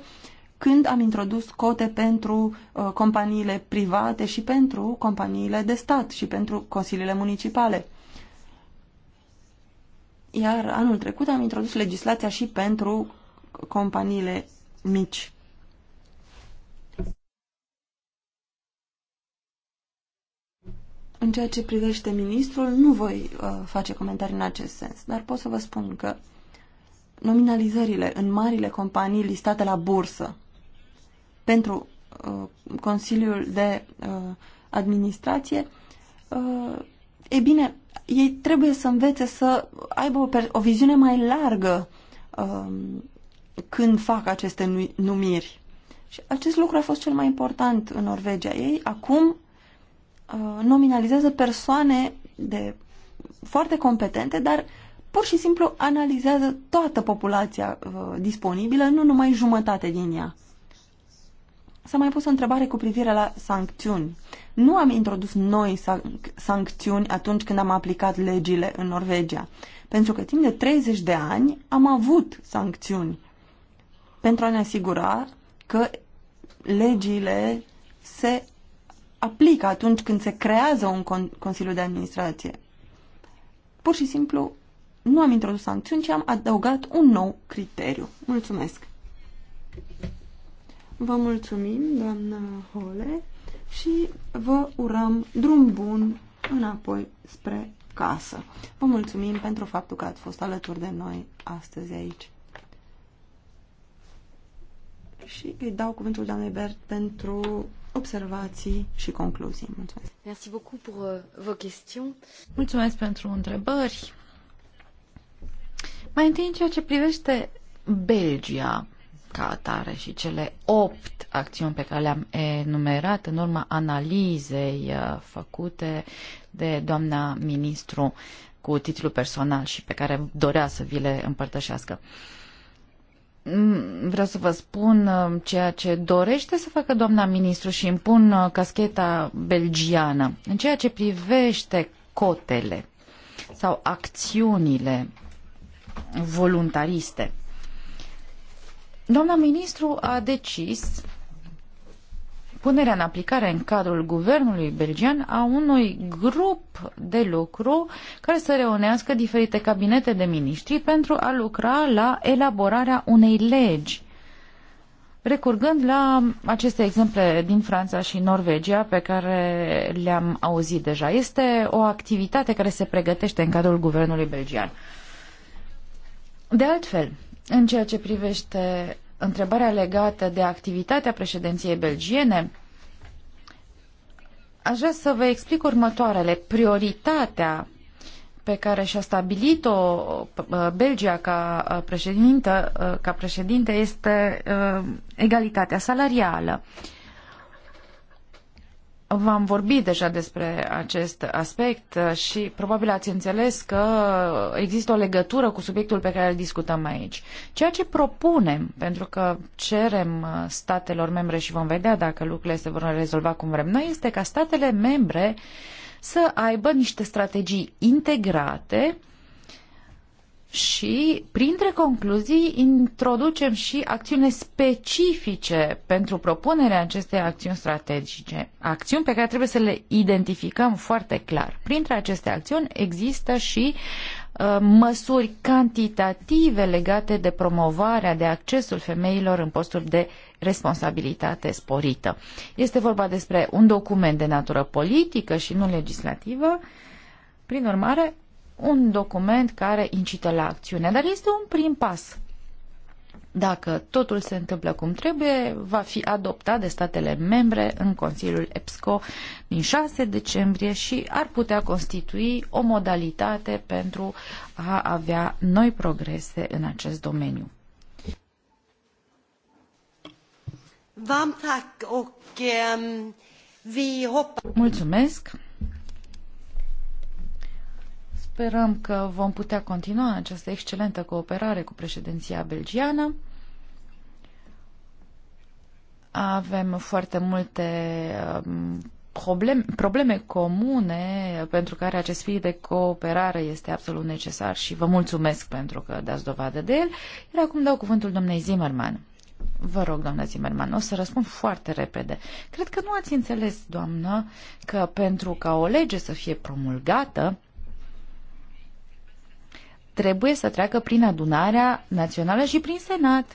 când am introdus cote pentru uh, companiile private și pentru companiile de stat și pentru consiliile municipale. Iar anul trecut am introdus legislația și pentru companiile mici. În ceea ce privește ministrul, nu voi uh, face comentarii în acest sens, dar pot să vă spun că nominalizările în marile companii listate la bursă pentru uh, Consiliul de uh, Administrație, uh, e bine, ei trebuie să învețe să aibă o, o viziune mai largă um, când fac aceste numiri. Și acest lucru a fost cel mai important în Norvegia. Ei acum uh, nominalizează persoane de foarte competente, dar pur și simplu analizează toată populația uh, disponibilă, nu numai jumătate din ea. S-a mai pus o întrebare cu privire la sancțiuni. Nu am introdus noi sanc sancțiuni atunci când am aplicat legile în Norvegia, pentru că timp de 30 de ani am avut sancțiuni pentru a ne asigura că legile se aplică atunci când se creează un con Consiliu de Administrație. Pur și simplu nu am introdus sancțiuni, ci am adăugat un nou criteriu. Mulțumesc! Vă mulțumim, doamnă Hole, și vă urăm drum bun înapoi spre casă. Vă mulțumim pentru faptul că ați fost alături de noi astăzi aici. Și îi dau cuvântul doamnei Bert pentru observații și concluzii. Mulțumesc. Merci beaucoup pour uh, vos questions. Mulțumesc pentru întrebări. Mai întâi în ceea ce privește Belgia ca atare și cele opt acțiuni pe care le-am enumerat în urma analizei uh, făcute de doamna ministru cu titlu personal și pe care dorea să vi le împărtășească. Mm, vreau să vă spun uh, ceea ce dorește să facă doamna ministru și îmi pun uh, cascheta belgiană. În ceea ce privește cotele sau acțiunile voluntariste Doamna ministru a decis punerea în aplicare în cadrul guvernului belgian a unui grup de lucru care să reunească diferite cabinete de miniștri pentru a lucra la elaborarea unei legi. Recurgând la aceste exemple din Franța și Norvegia pe care le-am auzit deja, este o activitate care se pregătește în cadrul guvernului belgian. De altfel, în ceea ce privește întrebarea legată de activitatea președinției belgiene, aș vrea să vă explic următoarele. Prioritatea pe care și-a stabilit-o uh, Belgia ca uh, președintă, uh, ca președinte este egalitatea salarială. V-am vorbit deja despre acest aspect și probabil ați înțeles că există o legătură cu subiectul pe care îl discutăm aici. Ceea ce propunem, pentru că cerem statelor membre și vom vedea dacă lucrurile se vor rezolva cum vrem noi, este ca statele membre să aibă niște strategii integrate uh, și printre concluzii introducem și acțiune specifice pentru propunerea acestei acțiuni strategice, acțiuni pe care trebuie să le identificăm foarte clar. Printre aceste acțiuni există și uh, măsuri cantitative legate de promovarea de accesul femeilor în posturi de responsabilitate sporită. Este vorba despre un document de natură politică și nu legislativă. Prin urmare, un document care incită la acțiune, dar este un prim pas. Dacă totul se întâmplă cum trebuie, va fi adoptat de statele membre în Consiliul EPSCO din 6 decembrie și ar putea constitui o modalitate pentru a avea noi progrese în acest domeniu. Ehm, Mulțumesc! Sperăm că vom putea continua această excelentă cooperare cu președinția belgiană. Avem foarte multe um, probleme, probleme comune pentru care acest spirit de cooperare este absolut necesar și vă mulțumesc pentru că dați dovadă de el. Iar acum dau cuvântul domnei Zimmerman. Vă rog, doamna Zimmerman, o să răspund foarte repede. Cred că nu ați înțeles, doamnă, că pentru ca o lege să fie promulgată, trebuie să treacă prin adunarea națională și prin Senat.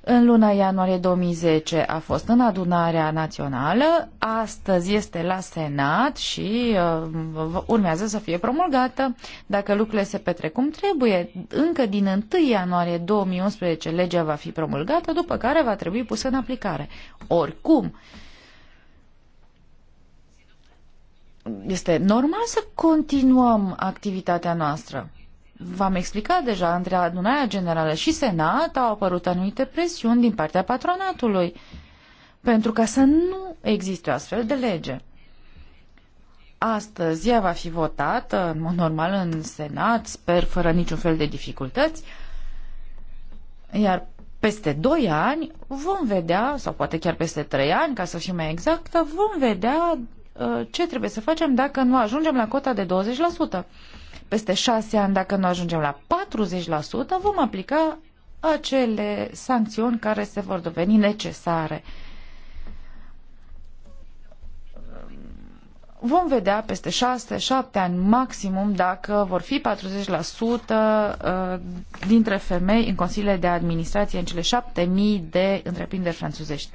În luna ianuarie 2010 a fost în adunarea națională, astăzi este la Senat și uh, urmează să fie promulgată. Dacă lucrurile se petrec cum trebuie, încă din 1 ianuarie 2011 legea va fi promulgată, după care va trebui pusă în aplicare. Oricum, este normal să continuăm activitatea noastră. V-am explicat deja, între adunarea generală și senat au apărut anumite presiuni din partea patronatului pentru ca să nu existe o astfel de lege. Astăzi ea va fi votată, în mod normal, în Senat, sper, fără niciun fel de dificultăți, iar peste 2 ani vom vedea, sau poate chiar peste 3 ani, ca să fiu mai exactă, vom vedea uh, ce trebuie să facem dacă nu ajungem la cota de 20%. Peste șase ani, dacă nu ajungem la 40%, vom aplica acele sancțiuni care se vor deveni necesare. Vom vedea peste 6-7 ani maximum dacă vor fi 40% uh, dintre femei în consiliile de administrație în cele 7000 de întreprinderi franțuzești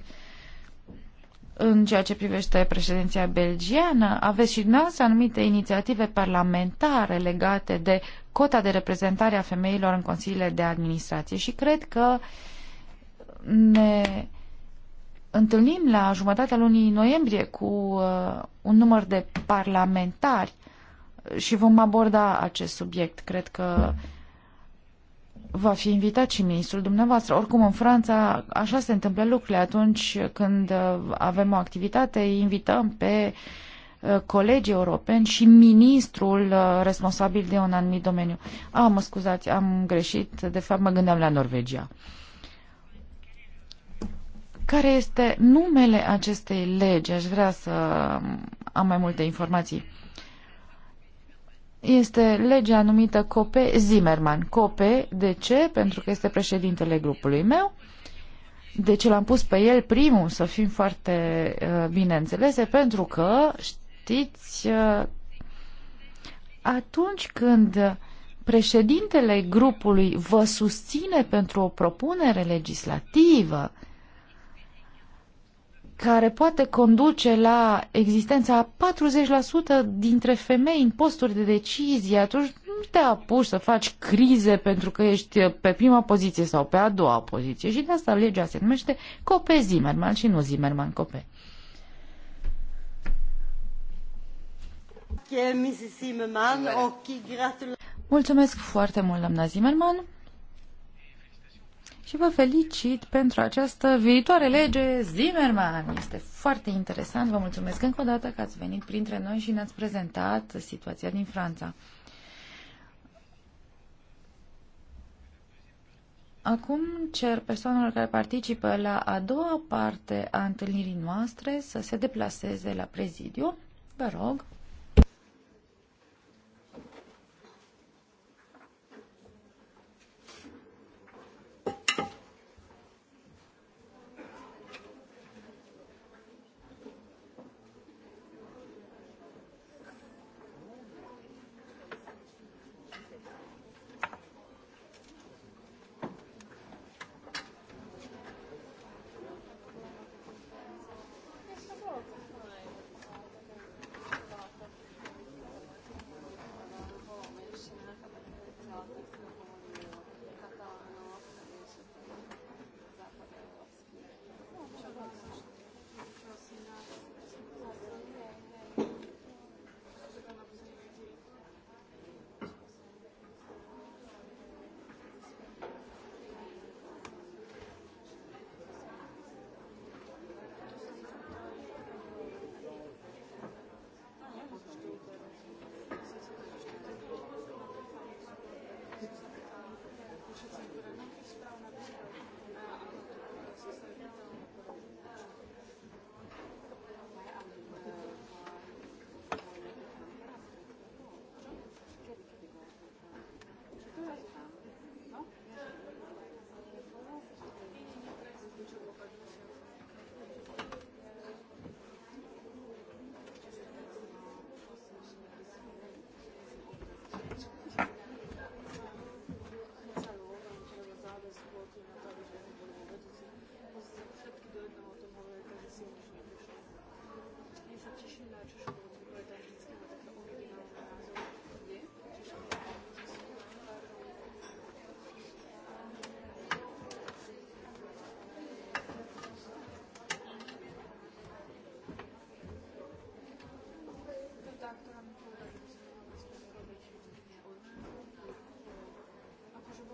în ceea ce privește președinția belgiană, aveți și dumneavoastră anumite inițiative parlamentare legate de cota de reprezentare a femeilor în consiliile de administrație și cred că ne întâlnim la jumătatea lunii noiembrie cu uh, un număr de parlamentari și vom aborda acest subiect. Cred că va fi invitat și ministrul dumneavoastră. Oricum, în Franța așa se întâmplă lucrurile. Atunci când uh, avem o activitate, invităm pe uh, colegii europeni și ministrul uh, responsabil de un anumit domeniu. A, ah, mă scuzați, am greșit. De fapt, mă gândeam la Norvegia. Care este numele acestei legi? Aș vrea să am mai multe informații este legea numită Cope Zimmerman. Cope, de ce? Pentru că este președintele grupului meu. Deci l-am pus pe el primul, să fim foarte uh, bineînțelese, pentru că, știți, uh, atunci când președintele grupului vă susține pentru o propunere legislativă, care poate conduce la existența a 40% dintre femei în posturi de decizie, atunci nu te apuci să faci crize pentru că ești pe prima poziție sau pe a doua poziție. Și de asta legea se numește Cope Zimmerman și nu Zimmerman Cope. Mulțumesc foarte mult, doamna Zimmerman și vă felicit pentru această viitoare lege Zimmerman. Este foarte interesant. Vă mulțumesc încă o dată că ați venit printre noi și ne-ați prezentat situația din Franța. Acum cer persoanelor care participă la a doua parte a întâlnirii noastre să se deplaseze la prezidiu. Vă rog.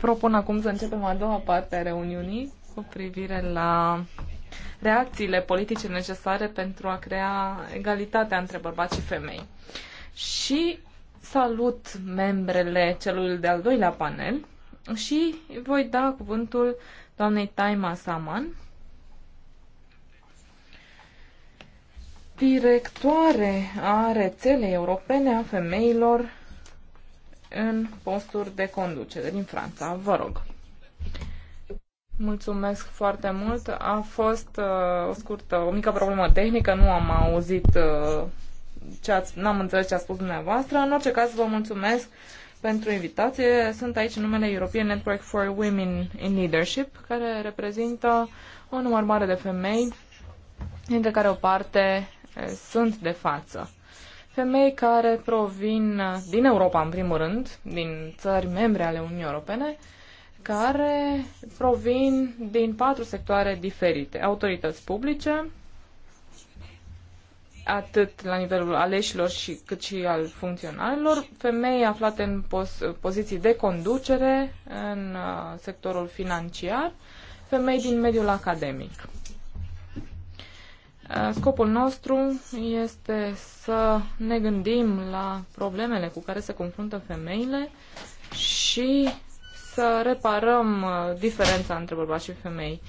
Propun acum să începem a doua parte a reuniunii cu privire la reacțiile politice necesare pentru a crea egalitatea între bărbați și femei. Și salut membrele celui de-al doilea panel și voi da cuvântul doamnei Taima Saman, directoare a rețelei europene a femeilor în posturi de conducere din Franța. Vă rog. Mulțumesc foarte mult. A fost uh, o scurtă, o mică problemă tehnică. Nu am auzit uh, ce ați, n-am înțeles ce a spus dumneavoastră. În orice caz, vă mulțumesc pentru invitație. Sunt aici în numele European Network for Women in Leadership, care reprezintă un număr mare de femei, dintre care o parte uh, sunt de față femei care provin din Europa, în primul rând, din țări membre ale Uniunii Europene, care provin din patru sectoare diferite. Autorități publice, atât la nivelul aleșilor și, cât și al funcționarilor, femei aflate în pos- poziții de conducere în uh, sectorul financiar, femei din mediul academic. Scopul nostru este să ne gândim la problemele cu care se confruntă femeile și să reparăm uh, diferența între bărbați și femei.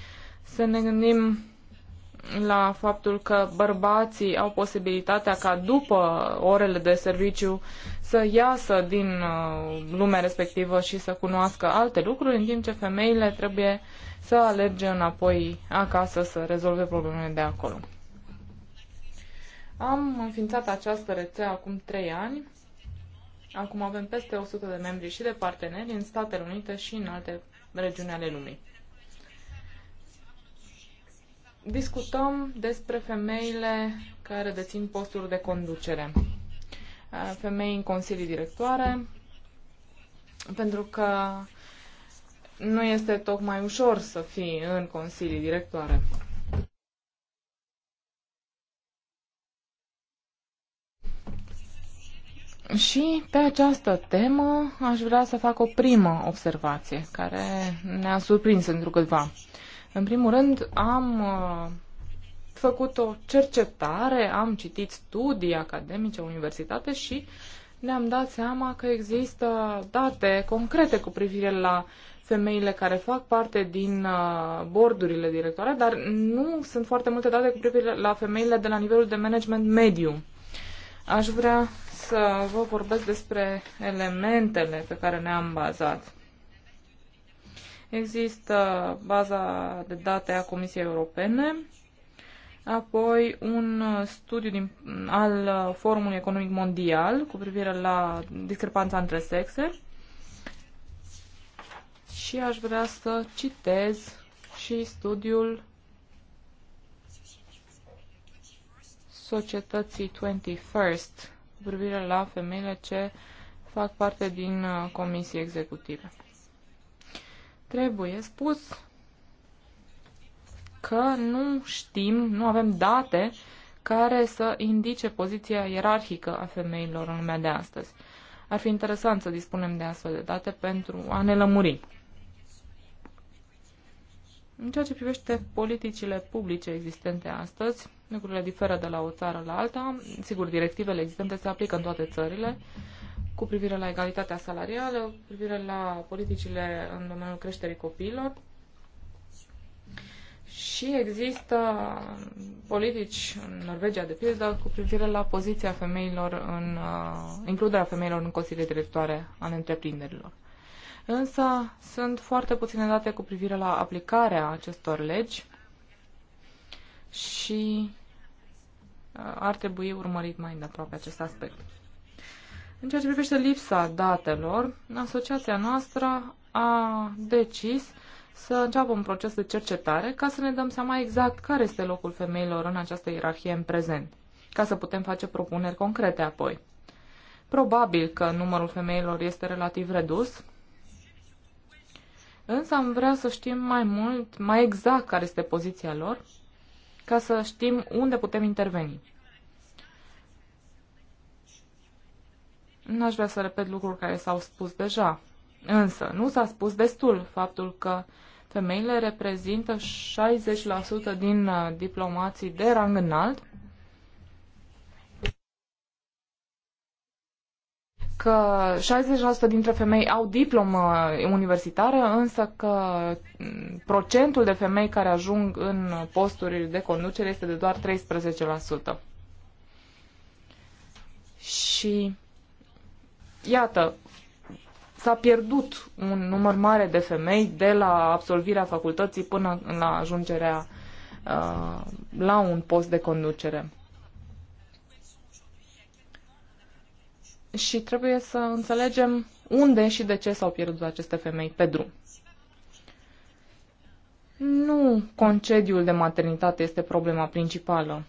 Să ne gândim la faptul că bărbații au posibilitatea ca după orele de serviciu să iasă din uh, lumea respectivă și să cunoască alte lucruri, în timp ce femeile trebuie să alerge înapoi acasă să rezolve problemele de acolo. Am înființat această rețea acum trei ani. Acum avem peste 100 de membri și de parteneri în Statele Unite și în alte regiuni ale lumii. Discutăm despre femeile care dețin posturi de conducere. Femei în consilii directoare, pentru că nu este tocmai ușor să fii în consilii directoare. Și pe această temă aș vrea să fac o primă observație care ne-a surprins într-una câtva. În primul rând, am uh, făcut o cercetare, am citit studii academice, universitate și ne-am dat seama că există date concrete cu privire la femeile care fac parte din uh, bordurile directoare, dar nu sunt foarte multe date cu privire la femeile de la nivelul de management mediu. Aș vrea să vă vorbesc despre elementele pe care ne-am bazat. Există baza de date a Comisiei Europene, apoi un studiu din, al Forumului Economic Mondial cu privire la discrepanța între sexe și aș vrea să citez și studiul societății 21st privire la femeile ce fac parte din uh, comisii executive. Trebuie spus că nu știm, nu avem date care să indice poziția ierarhică a femeilor în lumea de astăzi. Ar fi interesant să dispunem de astfel de date pentru a ne lămuri. În ceea ce privește politicile publice existente astăzi, lucrurile diferă de la o țară la alta. Sigur, directivele existente se aplică în toate țările cu privire la egalitatea salarială, cu privire la politicile în domeniul creșterii copiilor. Și există politici în Norvegia, de pildă, cu privire la poziția femeilor în, uh, includerea femeilor în consiliile directoare ale întreprinderilor însă sunt foarte puține date cu privire la aplicarea acestor legi și uh, ar trebui urmărit mai îndeaproape acest aspect. În ceea ce privește lipsa datelor, asociația noastră a decis să înceapă un proces de cercetare ca să ne dăm seama exact care este locul femeilor în această ierarhie în prezent, ca să putem face propuneri concrete apoi. Probabil că numărul femeilor este relativ redus, Însă am vrea să știm mai mult, mai exact care este poziția lor, ca să știm unde putem interveni. N-aș vrea să repet lucruri care s-au spus deja, însă nu s-a spus destul faptul că femeile reprezintă 60% din uh, diplomații de rang înalt că 60% dintre femei au diplomă universitară, însă că procentul de femei care ajung în posturi de conducere este de doar 13%. Și iată, s-a pierdut un număr mare de femei de la absolvirea facultății până la ajungerea uh, la un post de conducere. și trebuie să înțelegem unde și de ce s-au pierdut aceste femei pe drum. Nu concediul de maternitate este problema principală.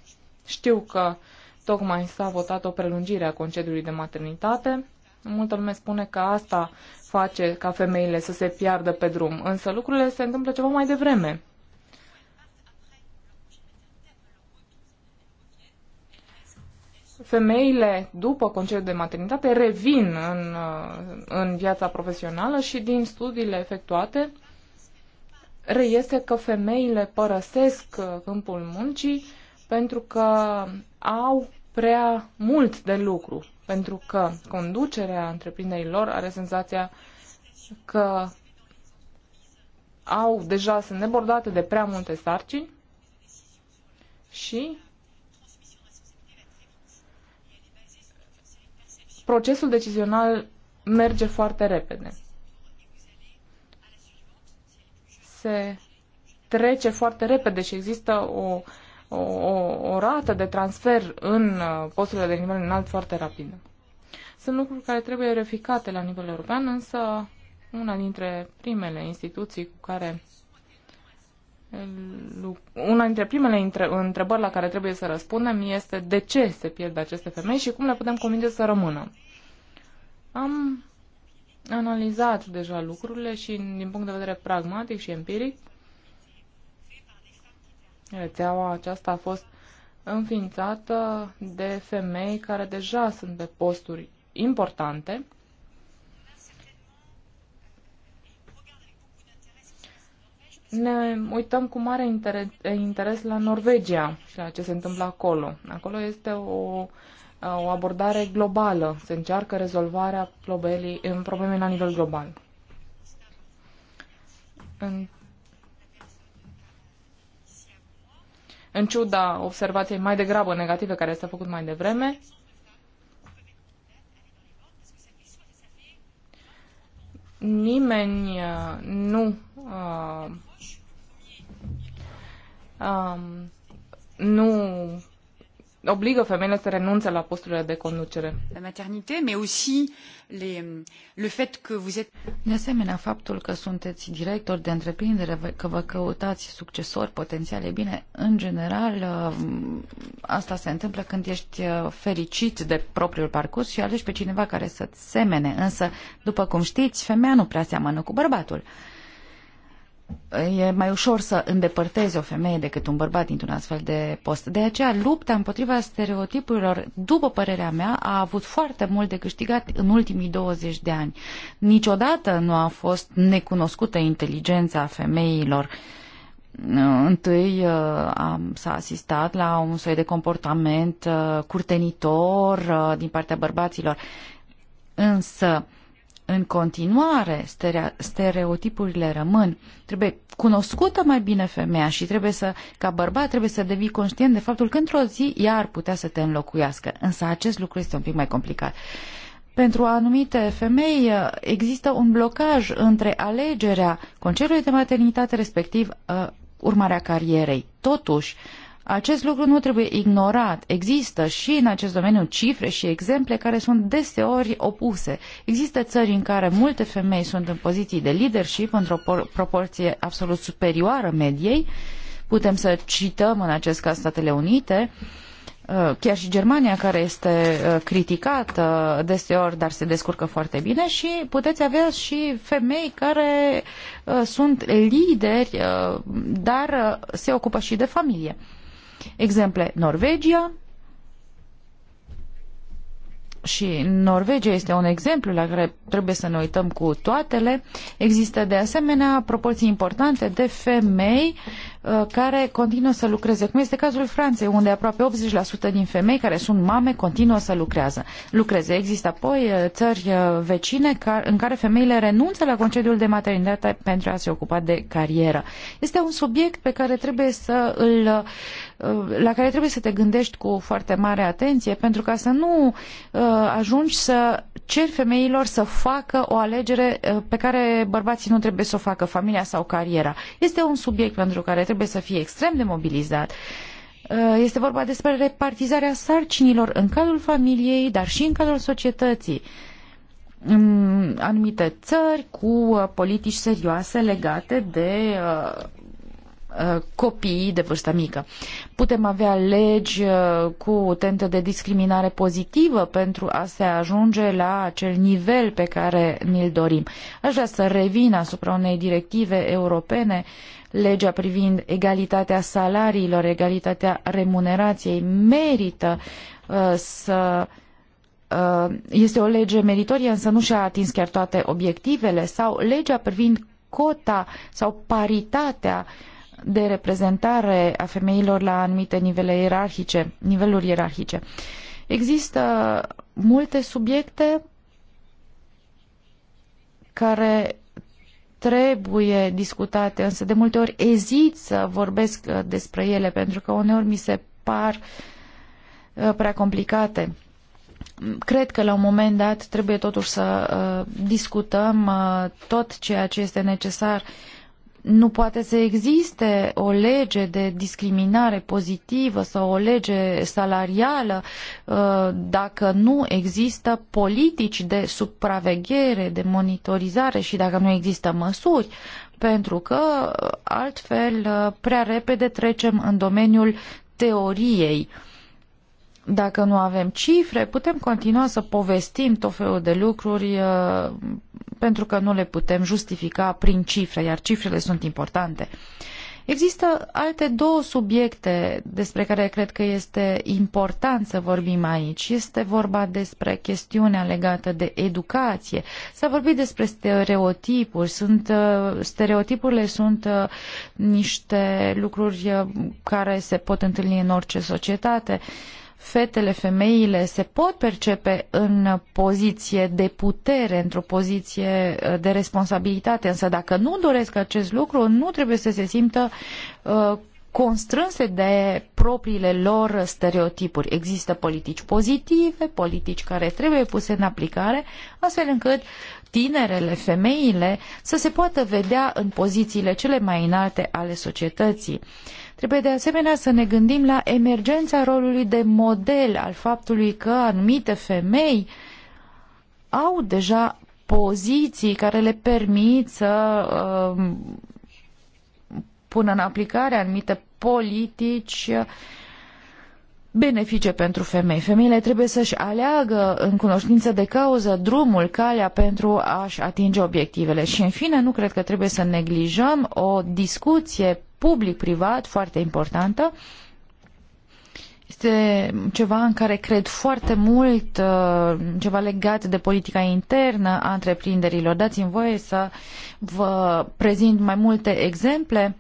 Știu că tocmai s-a votat o prelungire a concediului de maternitate. Multă lume spune că asta face ca femeile să se piardă pe drum, însă lucrurile se întâmplă ceva mai devreme. femeile după concediu de maternitate revin în, în viața profesională și din studiile efectuate reiese că femeile părăsesc câmpul muncii pentru că au prea mult de lucru, pentru că conducerea întreprinderii lor are senzația că au deja, sunt nebordate de prea multe sarcini și procesul decizional merge foarte repede. Se trece foarte repede și există o, o, o, rată de transfer în uh, posturile de nivel înalt foarte rapidă. Sunt lucruri care trebuie verificate la nivel european, însă una dintre primele instituții cu care una dintre primele întrebări la care trebuie să răspundem este de ce se pierd aceste femei și cum le putem convinge să rămână. Am analizat deja lucrurile și din punct de vedere pragmatic și empiric, rețeaua aceasta a fost înființată de femei care deja sunt pe posturi importante ne uităm cu mare interes la Norvegia și la ce se întâmplă acolo. Acolo este o, o abordare globală. Se încearcă rezolvarea problemei la nivel global. În, în ciuda observației mai degrabă negative care s-a făcut mai devreme, nimeni uh, nu uh, um, nu obligă femeile să renunțe la posturile de conducere. La maternité, mais aussi les, le fait que vous êtes... De asemenea, faptul că sunteți director de întreprindere, că vă căutați succesori potențiale, bine, în general, um, asta se întâmplă când ești uh, fericit de propriul parcurs și alegi pe cineva care să-ți semene, însă, după cum știți, femeia nu prea seamănă cu bărbatul e mai ușor să îndepărtezi o femeie decât un bărbat dintr-un astfel de post. De aceea, lupta împotriva stereotipurilor, după părerea mea, a avut foarte mult de câștigat în ultimii 20 de ani. Niciodată nu a fost necunoscută inteligența femeilor. Întâi uh, am, s-a asistat la un soi de comportament uh, curtenitor uh, din partea bărbaților. Însă, în continuare stere- stereotipurile rămân. Trebuie cunoscută mai bine femeia și trebuie să, ca bărbat, trebuie să devii conștient de faptul că într-o zi ea ar putea să te înlocuiască. Însă acest lucru este un pic mai complicat. Pentru anumite femei uh, există un blocaj între alegerea concertului de maternitate respectiv uh, urmarea carierei. Totuși, uh, acest lucru nu trebuie ignorat. Există și în acest domeniu cifre și exemple care sunt deseori opuse. Există țări în care multe femei sunt în poziții de leadership într-o proporție absolut superioară mediei. Putem să cităm în acest caz Statele Unite, uh, chiar și Germania care este uh, criticată deseori, dar se descurcă foarte bine și puteți avea și femei care uh, sunt lideri, dar se ocupă și de familie. Exemple, Norvegia, și Norvegia este un exemplu la care trebuie să ne uităm cu toatele, există de asemenea proporții importante de femei Uh, care continuă să lucreze, cum este cazul Franței, unde aproape 80% din femei care sunt mame continuă să lucrează. lucreze. Există apoi uh, țări uh, vecine în care femeile renunță la concediul de maternitate pentru a se ocupa de carieră. Este un subiect pe care trebuie să îl la care trebuie să te gândești cu foarte mare atenție pentru ca să nu ajungi să ceri femeilor să facă o alegere pe care bărbații nu trebuie să o facă, familia sau cariera. Este un subiect pentru care trebuie să fie extrem de mobilizat. Uh, este vorba despre repartizarea sarcinilor în cadrul familiei, dar și în cadrul societății în anumite țări cu uh, politici serioase legate de uh, Uh, copiii de vârstă mică. Putem avea legi uh, cu tentă de discriminare pozitivă pentru a se ajunge la acel nivel pe care ni-l dorim. Aș vrea să revin asupra unei directive europene, legea privind egalitatea salariilor, egalitatea remunerației, merită uh, să uh, este o lege meritorie, însă nu și-a atins chiar toate obiectivele, sau legea privind cota sau paritatea uh, de reprezentare a femeilor la anumite nivele ierarhice, niveluri ierarhice. Există multe subiecte care trebuie discutate, însă de multe ori ezit să vorbesc uh, despre ele pentru că uneori mi se par uh, prea complicate. Cred că la un moment dat trebuie totuși să uh, discutăm tot ceea ce este necesar uh, nu poate să existe o lege de discriminare pozitivă sau o lege salarială uh, dacă nu există politici de supraveghere, de monitorizare și dacă nu există măsuri, pentru că uh, altfel uh, prea repede trecem în domeniul teoriei. Dacă nu avem cifre, putem continua să povestim tot felul de lucruri pentru că nu le putem justifica prin cifre, iar cifrele sunt importante. Există alte două subiecte despre care cred că este important să vorbim aici. Este vorba despre chestiunea legată de educație. S-a vorbit despre stereotipuri. Sunt, uh, stereotipurile sunt uh, niște lucruri uh, care se pot întâlni în orice societate fetele, femeile se pot percepe în poziție de putere, într-o poziție uh, de responsabilitate, însă dacă nu doresc acest lucru, nu trebuie să se simtă uh, constrânse de propriile lor stereotipuri. Există politici pozitive, politici care trebuie puse în aplicare, astfel încât tinerele, femeile să se poată vedea în pozițiile cele mai înalte ale societății. Uh, Trebuie de asemenea să ne gândim la emergența rolului de model al faptului că anumite femei au deja poziții care le permit să uh, pună în aplicare anumite politici benefice pentru femei. Femeile trebuie să-și aleagă în cunoștință de cauză drumul, calea pentru a-și atinge obiectivele. Și în fine, nu cred că trebuie să neglijăm o discuție public-privat foarte importantă. Este ceva în care cred foarte mult, uh, ceva legat de politica internă a întreprinderilor. Dați-mi voie să vă prezint mai multe exemple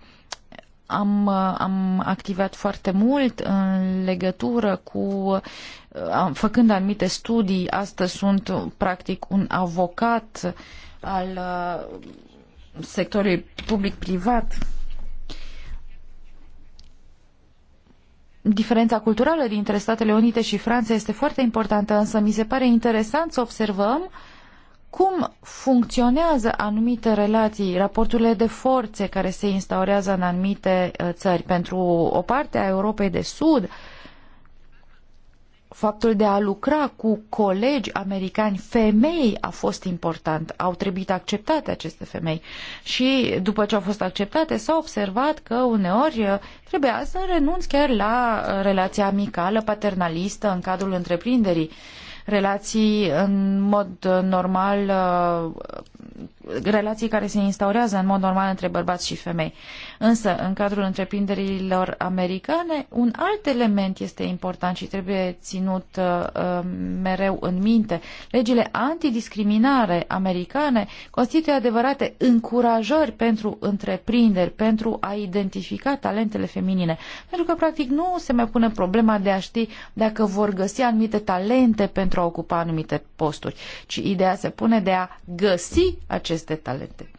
am, uh, am activat foarte mult în legătură cu uh, am, făcând anumite studii, astăzi sunt practic un avocat al sectorului public-privat Diferența culturală dintre Statele Unite și Franța este foarte importantă, însă mi se pare interesant să observăm cum funcționează anumite relații, raporturile de forțe care se instaurează în anumite uh, țări. Pentru o parte a Europei de Sud, uh, Faptul de a lucra cu colegi americani, femei, a fost important. Au trebuit acceptate aceste femei. Și după ce au fost acceptate, s-a observat că uneori uh, trebuia să renunți chiar la uh, relația amicală, paternalistă în cadrul întreprinderii relații în mod uh, normal relații care se instaurează în mod normal între bărbați și femei. Însă, în cadrul întreprinderilor americane, un alt element este important și trebuie ținut uh, uh, mereu în minte. Legile antidiscriminare americane constituie adevărate încurajări pentru întreprinderi, pentru a identifica talentele feminine. Pentru că, practic, nu se mai pune problema de a ști dacă vor găsi anumite talente pentru a ocupa anumite posturi, ci ideea se pune de a găsi aceste talente.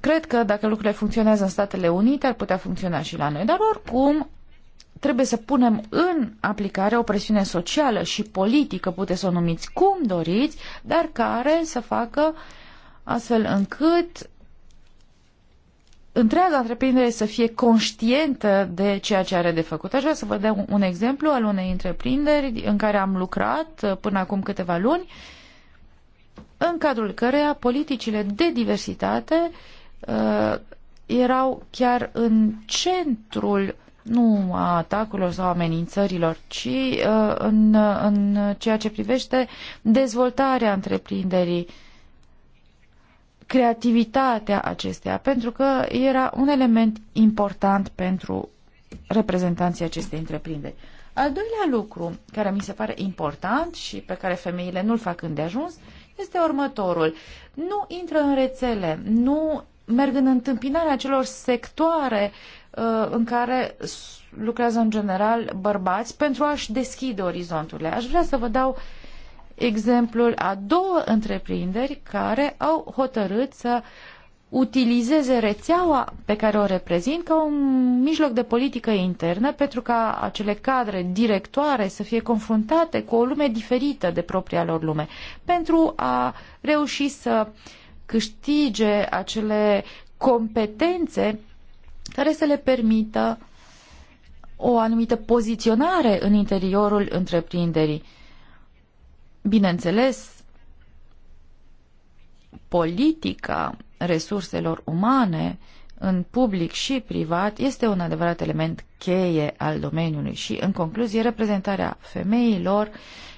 Cred că dacă lucrurile funcționează în Statele Unite, ar putea funcționa și la noi, dar oricum trebuie să punem în aplicare o presiune socială și politică, puteți să o numiți cum doriți, dar care să facă astfel încât întreaga întreprindere să fie conștientă de ceea ce are de făcut. Aș vrea să vă dau un exemplu al unei întreprinderi în care am lucrat până acum câteva luni în cadrul căreia politicile de diversitate uh, erau chiar în centrul nu a atacurilor sau amenințărilor, ci uh, în, în ceea ce privește dezvoltarea întreprinderii, creativitatea acesteia, pentru că era un element important pentru reprezentanții acestei întreprinderi. Al doilea lucru care mi se pare important și pe care femeile nu-l fac îndeajuns ajuns este următorul. Nu intră în rețele, nu merg în întâmpinarea celor sectoare uh, în care lucrează în general bărbați pentru a-și deschide orizonturile. Aș vrea să vă dau exemplul a două întreprinderi care au hotărât să uh, utilizeze rețeaua pe care o reprezint ca un mijloc de politică internă pentru ca acele cadre directoare să fie confruntate cu o lume diferită de propria lor lume, pentru a reuși să câștige acele competențe care să le permită o anumită poziționare în interiorul întreprinderii. Bineînțeles, politica resurselor umane în public și privat este un adevărat element cheie al domeniului și, în concluzie, reprezentarea femeilor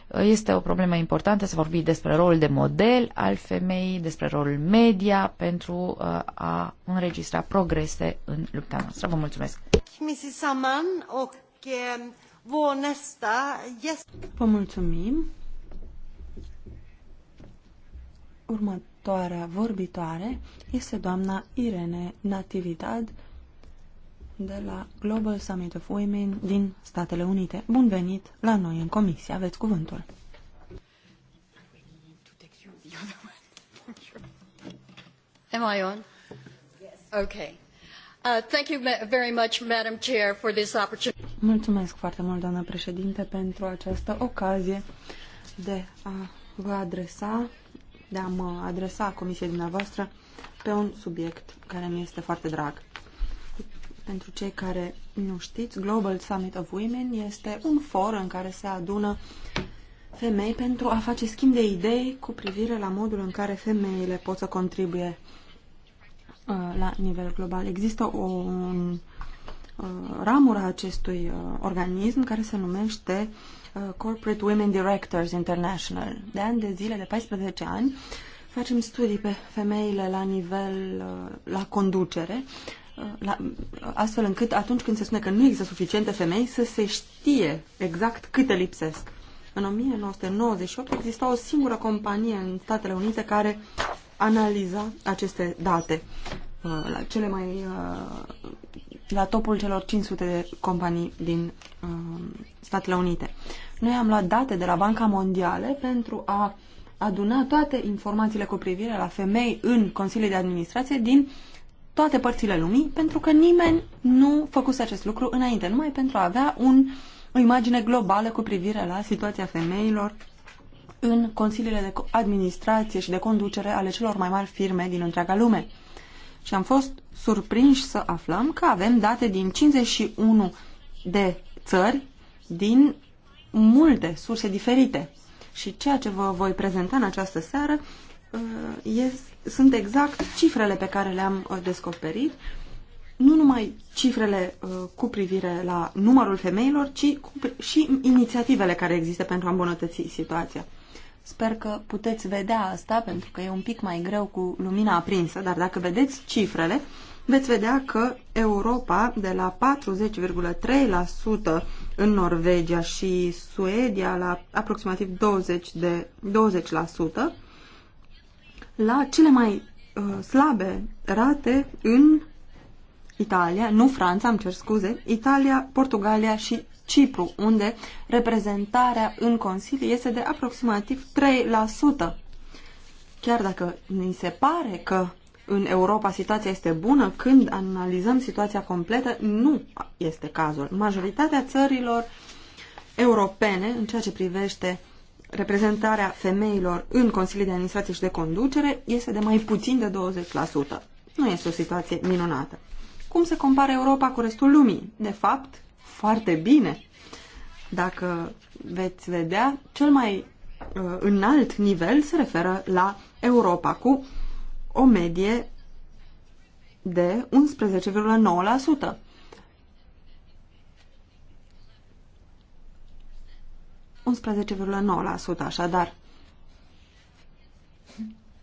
uh, este o problemă importantă. să vorbi despre rolul de model al femeii, despre rolul media pentru uh, a înregistra progrese în lupta noastră. Vă mulțumesc! Eh, Vă mulțumim! Următ Următoarea vorbitoare este doamna Irene Natividad de la Global Summit of Women din Statele Unite. Bun venit la noi în comisie. Aveți cuvântul. Am I on? Yes. Okay. Uh, thank you very much, Madam Chair, for this opportunity. Mulțumesc foarte mult, doamnă președinte, pentru această ocazie de a vă adresa de a mă adresa comisiei dumneavoastră pe un subiect care mi este foarte drag. Pentru cei care nu știți, Global Summit of Women este un for în care se adună femei pentru a face schimb de idei cu privire la modul în care femeile pot să contribuie uh, la nivel global. Există o uh, ramură a acestui uh, organism care se numește uh, Uh, Corporate Women Directors International. De ani de zile, de 14 ani, facem studii pe femeile la nivel, uh, la conducere, uh, la, astfel încât atunci când se spune că nu există suficiente femei, să se știe exact câte lipsesc. În 1998 exista o singură companie în Statele Unite care analiza aceste date. Cele mai la topul celor 500 de companii din uh, Statele Unite. Noi am luat date de la Banca Mondială pentru a aduna toate informațiile cu privire la femei în Consiliul de Administrație din toate părțile lumii, pentru că nimeni nu făcuse acest lucru înainte, numai pentru a avea un, o imagine globală cu privire la situația femeilor în consiliile de administrație și de conducere ale celor mai mari firme din întreaga lume și am fost surprinși să aflăm că avem date din 51 de țări din multe surse diferite. Și ceea ce vă voi prezenta în această seară uh, e, sunt exact cifrele pe care le-am uh, descoperit, nu numai cifrele uh, cu privire la numărul femeilor, ci și inițiativele care există pentru a îmbunătăți situația. Sper că puteți vedea asta, pentru că e un pic mai greu cu lumina aprinsă, dar dacă vedeți cifrele, veți vedea că Europa, de la 40,3% în Norvegia și Suedia, la aproximativ 20%, de, 20% la cele mai uh, slabe rate în Italia, nu Franța, îmi cer scuze, Italia, Portugalia și Cipru, unde reprezentarea în Consiliu este de aproximativ 3%. Chiar dacă ni se pare că în Europa situația este bună, când analizăm situația completă, nu este cazul. Majoritatea țărilor europene, în ceea ce privește reprezentarea femeilor în Consiliul de Administrație și de Conducere, este de mai puțin de 20%. Nu este o situație minunată. Cum se compară Europa cu restul lumii? De fapt, foarte bine. Dacă veți vedea, cel mai uh, înalt nivel se referă la Europa cu o medie de 11,9%. așadar.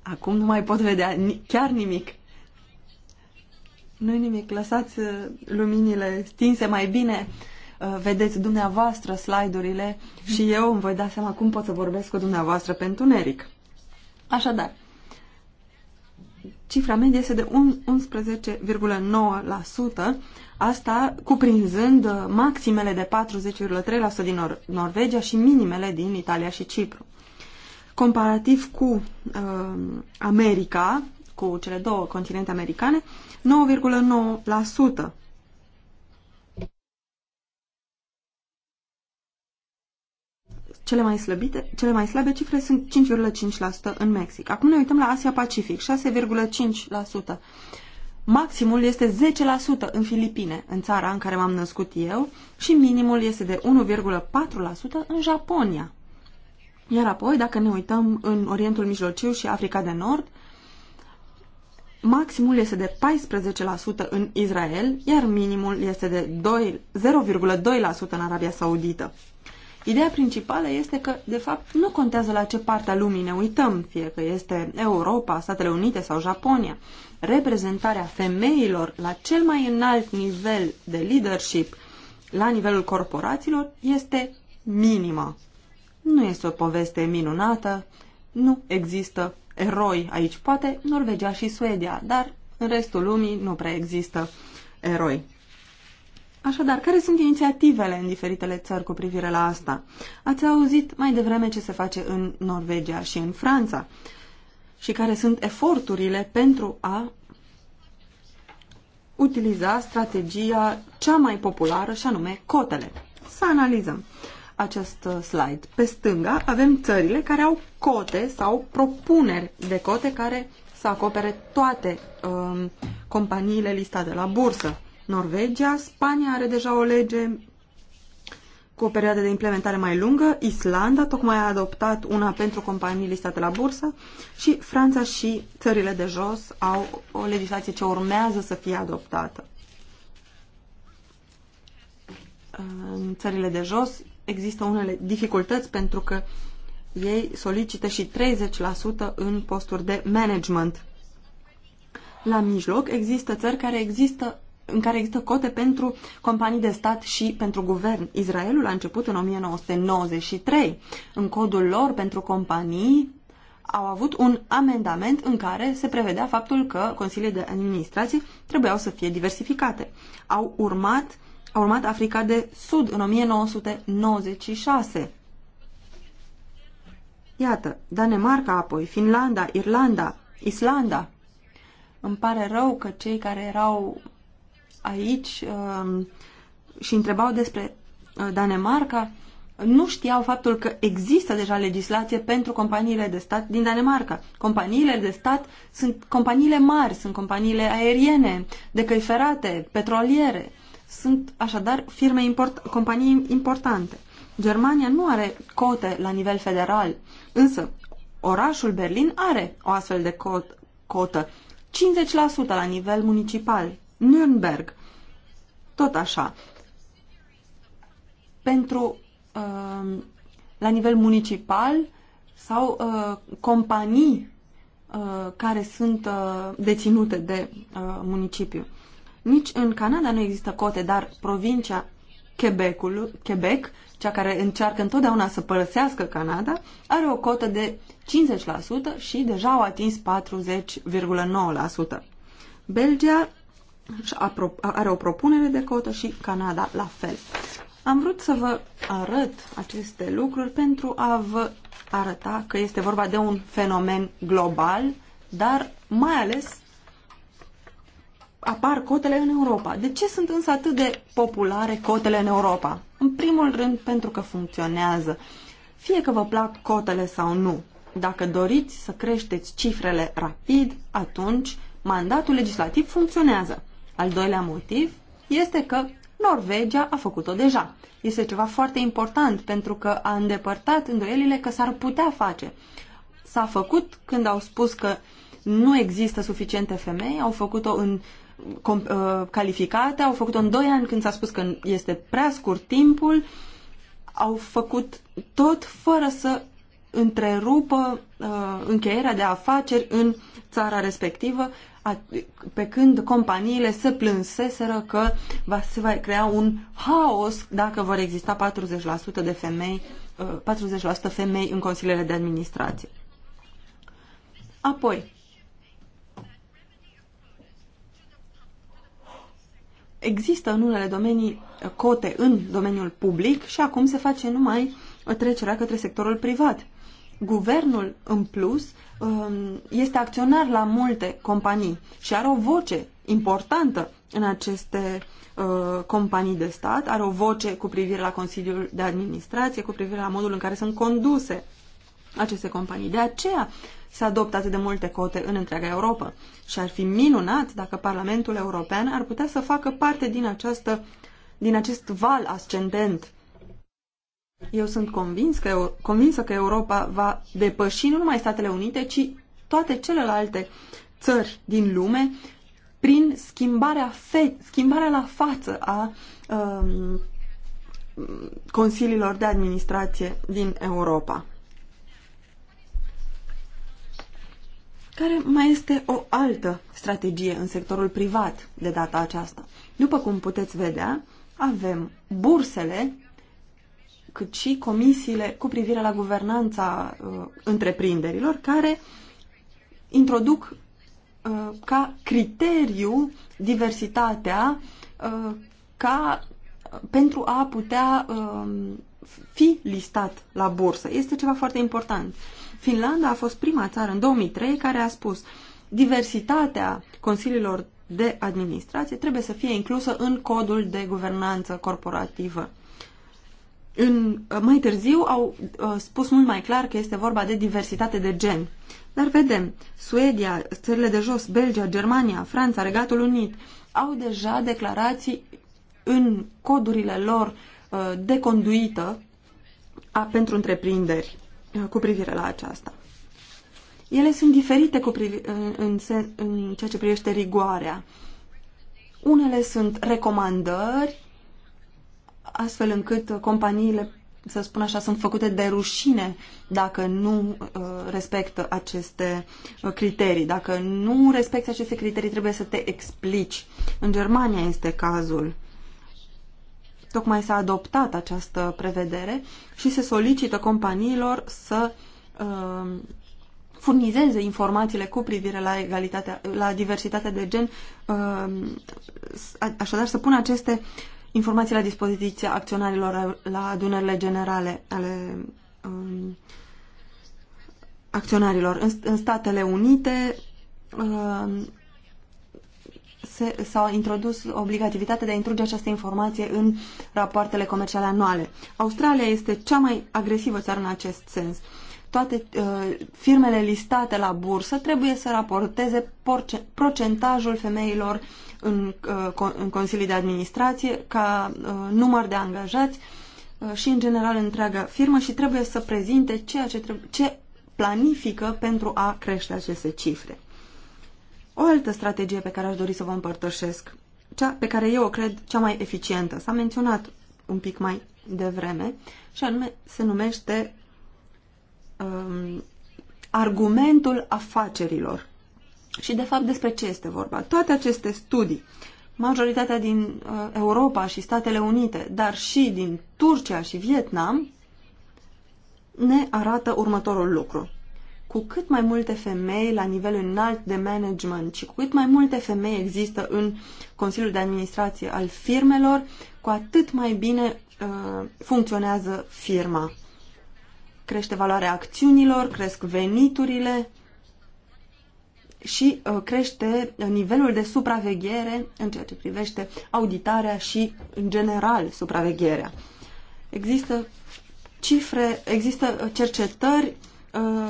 Acum nu mai pot vedea ni chiar nimic. Nu nimic, lăsați uh, luminile stinse mai bine Uh, vedeți dumneavoastră slide-urile și eu îmi voi da seama cum pot să vorbesc cu dumneavoastră pentru Neric. Așadar, cifra medie este de 11,9%, asta cuprinzând uh, maximele de 40,3% din Nor Norvegia și minimele din Italia și Cipru. Comparativ cu uh, America, cu cele două continente americane, 9,9%. Cele mai, slăbite, cele mai slabe cifre sunt 5,5% în Mexic. Acum ne uităm la Asia-Pacific, 6,5%. Maximul este 10% în Filipine, în țara în care m-am născut eu, și minimul este de 1,4% în Japonia. Iar apoi, dacă ne uităm în Orientul Mijlociu și Africa de Nord, maximul este de 14% în Israel, iar minimul este de 0,2% în Arabia Saudită. Ideea principală este că, de fapt, nu contează la ce parte a lumii ne uităm, fie că este Europa, Statele Unite sau Japonia. Reprezentarea femeilor la cel mai înalt nivel de leadership, la nivelul corporațiilor, este minimă. Nu este o poveste minunată, nu există eroi aici, poate Norvegia și Suedia, dar în restul lumii nu prea există eroi. Așadar, care sunt inițiativele în diferitele țări cu privire la asta? Ați auzit mai devreme ce se face în Norvegia și în Franța și care sunt eforturile pentru a utiliza strategia cea mai populară și anume cotele. Să analizăm acest uh, slide. Pe stânga avem țările care au cote sau propuneri de cote care să acopere toate um, companiile listate la bursă. Norvegia, Spania are deja o lege cu o perioadă de implementare mai lungă, Islanda tocmai a adoptat una pentru companii listate la bursă și Franța și țările de jos au o legislație ce urmează să fie adoptată. În țările de jos există unele dificultăți pentru că ei solicită și 30% în posturi de management. La mijloc există țări care există în care există cote pentru companii de stat și pentru guvern. Israelul a început în 1993. În codul lor pentru companii au avut un amendament în care se prevedea faptul că consiliile de administrație trebuiau să fie diversificate. Au urmat, a urmat Africa de Sud în 1996. Iată, Danemarca apoi, Finlanda, Irlanda, Islanda. Îmi pare rău că cei care erau aici um, și întrebau despre uh, Danemarca, nu știau faptul că există deja legislație pentru companiile de stat din Danemarca. Companiile de stat sunt companiile mari, sunt companiile aeriene, de căi ferate, petroliere. Sunt așadar firme import, companii importante. Germania nu are cote la nivel federal, însă orașul Berlin are o astfel de cot, cotă, 50% la nivel municipal. Nürnberg. Tot așa. Pentru uh, la nivel municipal sau uh, companii uh, care sunt uh, deținute de uh, municipiu. Nici în Canada nu există cote, dar provincia Quebecul, Quebec, cea care încearcă întotdeauna să părăsească Canada, are o cotă de 50% și deja au atins 40,9%. Belgia are o propunere de cotă și Canada la fel. Am vrut să vă arăt aceste lucruri pentru a vă arăta că este vorba de un fenomen global, dar mai ales apar cotele în Europa. De ce sunt însă atât de populare cotele în Europa? În primul rând pentru că funcționează. Fie că vă plac cotele sau nu, dacă doriți să creșteți cifrele rapid, atunci mandatul legislativ funcționează. Al doilea motiv este că Norvegia a făcut-o deja. Este ceva foarte important pentru că a îndepărtat îndoielile că s-ar putea face. S-a făcut când au spus că nu există suficiente femei, au făcut-o în uh, calificate, au făcut-o în 2 ani când s-a spus că este prea scurt timpul, au făcut tot fără să întrerupă uh, încheierea de afaceri în țara respectivă pe când companiile se plânseseră că va, se va crea un haos dacă vor exista 40% de femei, 40% uh, femei în consiliile de administrație. Apoi, există în unele domenii cote în domeniul public și acum se face numai trecerea către sectorul privat guvernul, în plus, um, este acționar la multe companii și are o voce importantă în aceste uh, companii de stat, are o voce cu privire la Consiliul de Administrație, cu privire la modul în care sunt conduse aceste companii. De aceea se adoptă atât de multe cote în întreaga Europa și ar fi minunat dacă Parlamentul European ar putea să facă parte din, această, din acest val ascendent eu sunt convins că, convinsă că Europa va depăși nu numai Statele Unite, ci toate celelalte țări din lume prin schimbarea, fe- schimbarea la față a um, consiliilor de administrație din Europa. Care mai este o altă strategie în sectorul privat de data aceasta? După cum puteți vedea, avem bursele cât și comisiile cu privire la guvernanța uh, întreprinderilor, care introduc uh, ca criteriu diversitatea uh, ca uh, pentru a putea uh, fi listat la bursă. Este ceva foarte important. Finlanda a fost prima țară în 2003 care a spus diversitatea consiliilor de administrație trebuie să fie inclusă în codul de guvernanță corporativă în, mai târziu au uh, spus mult mai clar că este vorba de diversitate de gen. Dar vedem, Suedia, țările de jos, Belgia, Germania, Franța, Regatul Unit au deja declarații în codurile lor uh, de conduită a, pentru întreprinderi uh, cu privire la aceasta. Ele sunt diferite cu privi, în, în, în ceea ce privește rigoarea. Unele sunt recomandări astfel încât companiile, să spun așa, sunt făcute de rușine dacă nu uh, respectă aceste uh, criterii. Dacă nu respecti aceste criterii, trebuie să te explici. În Germania este cazul. Tocmai s-a adoptat această prevedere și se solicită companiilor să uh, furnizeze informațiile cu privire la, egalitatea, la diversitatea de gen, uh, așadar să pună aceste informații la dispoziția acționarilor la adunările generale ale um, acționarilor. În, în Statele Unite um, s-a introdus obligativitatea de a introduce această informație în rapoartele comerciale anuale. Australia este cea mai agresivă țară în acest sens. Toate uh, firmele listate la bursă trebuie să raporteze procentajul femeilor în, uh, în consilii de administrație, ca uh, număr de angajați uh, și, în general, întreaga firmă și trebuie să prezinte ceea ce, trebuie, ce planifică pentru a crește aceste cifre. O altă strategie pe care aș dori să vă împărtășesc, cea pe care eu o cred cea mai eficientă, s-a menționat un pic mai devreme, și anume se numește um, argumentul afacerilor. Și, de fapt, despre ce este vorba? Toate aceste studii, majoritatea din uh, Europa și Statele Unite, dar și din Turcia și Vietnam, ne arată următorul lucru. Cu cât mai multe femei la nivel înalt de management și cu cât mai multe femei există în Consiliul de Administrație al firmelor, cu atât mai bine uh, funcționează firma. Crește valoarea acțiunilor, cresc veniturile, și uh, crește nivelul de supraveghere în ceea ce privește auditarea și, în general, supravegherea. Există cifre, există uh, cercetări uh,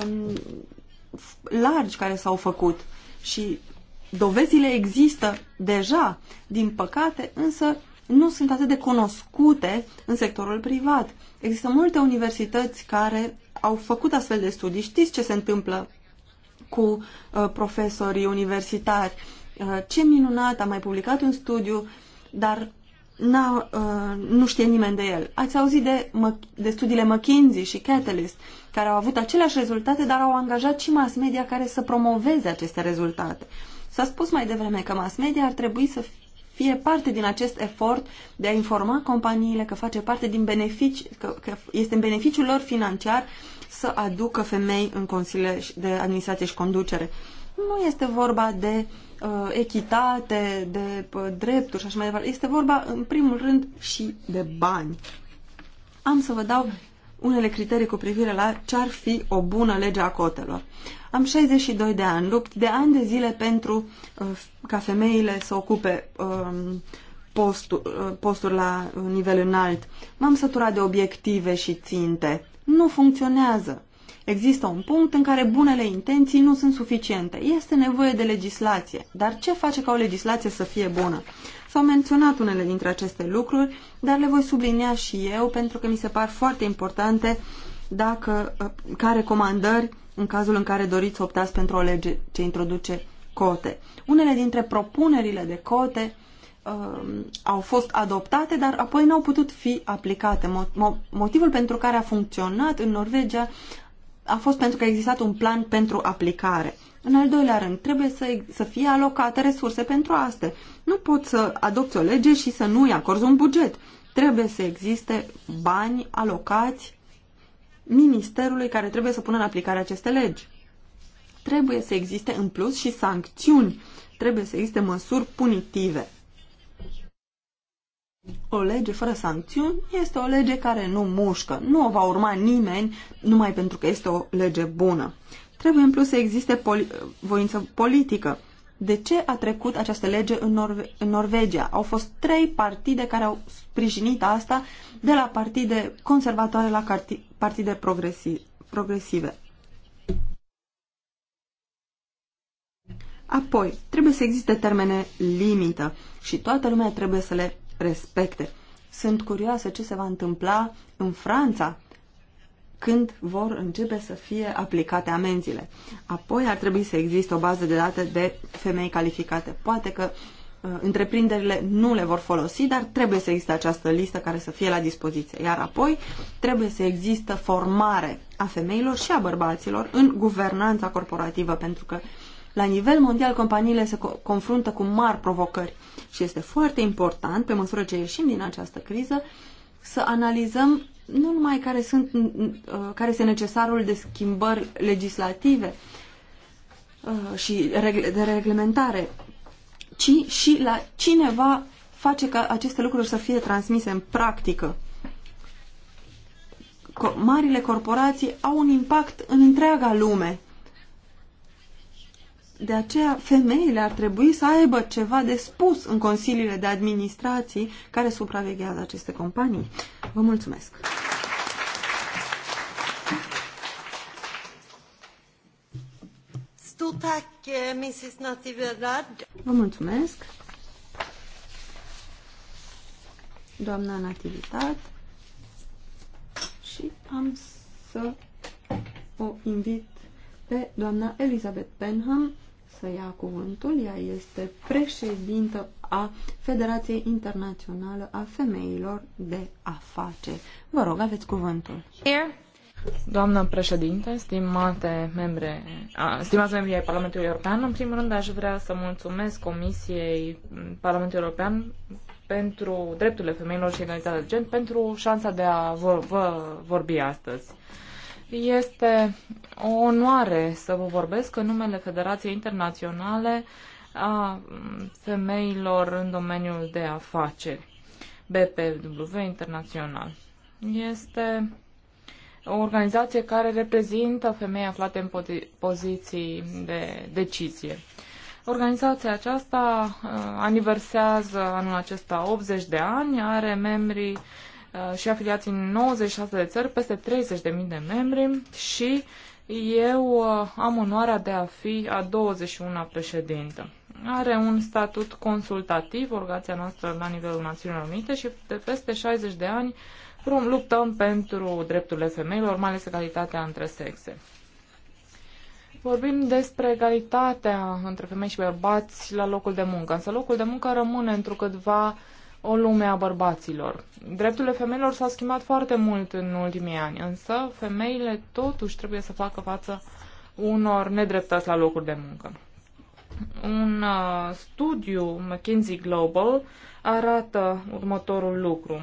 largi care s-au făcut și dovezile există deja, din păcate, însă nu sunt atât de cunoscute în sectorul privat. Există multe universități care au făcut astfel de studii. Știți ce se întâmplă cu uh, profesorii universitari. Uh, ce minunat, am mai publicat un studiu, dar n-a, uh, nu știe nimeni de el. Ați auzit de, de studiile McKinsey și Catalyst, care au avut aceleași rezultate, dar au angajat și mass media care să promoveze aceste rezultate. S-a spus mai devreme că mass media ar trebui să fie parte din acest efort de a informa companiile că face parte din benefici, că, că este în beneficiul lor financiar să aducă femei în consiliile de administrație și conducere. Nu este vorba de uh, echitate, de uh, drepturi și așa mai departe. Este vorba, în primul rând, și de bani. Am să vă dau unele criterii cu privire la ce ar fi o bună lege a cotelor. Am 62 de ani, lupt de ani de zile pentru uh, ca femeile să ocupe uh, um, postul, uh, posturi la nivel înalt. M-am săturat de obiective și ținte nu funcționează. Există un punct în care bunele intenții nu sunt suficiente. Este nevoie de legislație. Dar ce face ca o legislație să fie bună? S-au menționat unele dintre aceste lucruri, dar le voi sublinia și eu pentru că mi se par foarte importante dacă, uh, ca recomandări în cazul în care doriți să optați pentru o lege ce introduce cote. Unele dintre propunerile de cote Um, au fost adoptate, dar apoi nu au putut fi aplicate. Motivul pentru care a funcționat în Norvegia a fost pentru că a existat un plan pentru aplicare. În al doilea rând, trebuie să, să fie alocate resurse pentru asta. Nu poți să adopți o lege și să nu-i acorzi un buget. Trebuie să existe bani alocați ministerului care trebuie să pună în aplicare aceste legi. Trebuie să existe în plus și sancțiuni. Trebuie să existe măsuri punitive. O lege fără sancțiuni este o lege care nu mușcă. Nu o va urma nimeni numai pentru că este o lege bună. Trebuie în plus să existe poli voință politică. De ce a trecut această lege în, Norve- în Norvegia? Au fost trei partide care au sprijinit asta, de la partide conservatoare la partide progresi- progresive. Apoi, trebuie să existe termene limită și toată lumea trebuie să le respecte. Sunt curioasă ce se va întâmpla în Franța când vor începe să fie aplicate amenziile. Apoi ar trebui să existe o bază de date de femei calificate. Poate că uh, întreprinderile nu le vor folosi, dar trebuie să existe această listă care să fie la dispoziție. Iar apoi trebuie să există formare a femeilor și a bărbaților în guvernanța corporativă, pentru că uh, la nivel mondial, companiile se confruntă cu mari provocări și este foarte important, pe măsură ce ieșim din această criză, să analizăm nu numai care, sunt, uh, care este necesarul de schimbări legislative uh, și de reglementare, ci și la cineva face ca aceste lucruri să fie transmise în practică. Marile corporații au un impact în întreaga lume de aceea, femeile ar trebui să aibă ceva de spus în consiliile de administrații care supraveghează aceste companii. Vă mulțumesc! Eh, Vă mulțumesc! Doamna Nativitate și am să o invit pe doamna Elizabeth Benham să ia cuvântul. Ea este președintă a Federației Internaționale a Femeilor de Afaceri. Vă rog, aveți cuvântul. Here. Doamnă președinte, stimate membre, stimați membri ai Parlamentului European, în primul rând aș vrea să mulțumesc Comisiei Parlamentului European pentru drepturile femeilor și egalitatea de gen pentru șansa de a vă vorbi astăzi. Este o onoare să vă vorbesc în numele Federației Internaționale a femeilor în domeniul de afaceri, BPW Internațional. Este o organizație care reprezintă femei aflate în poziții de decizie. Organizația aceasta uh, aniversează anul acesta 80 de ani, are membrii Uh, și afiliați în 96 de țări, peste 30.000 de membri și eu uh, am onoarea de a fi a 21-a președintă. Are un statut consultativ, organizația noastră la nivelul Națiunilor Unite și de peste 60 de ani luptăm pentru drepturile femeilor, mai ales egalitatea între sexe. Vorbim despre egalitatea între femei și bărbați la locul de muncă, însă locul de muncă rămâne întrucâtva o lume a bărbaților. Drepturile femeilor s-au schimbat foarte mult în ultimii ani, însă femeile totuși trebuie să facă față unor nedreptăți la locuri de muncă. Un uh, studiu McKinsey Global arată următorul lucru.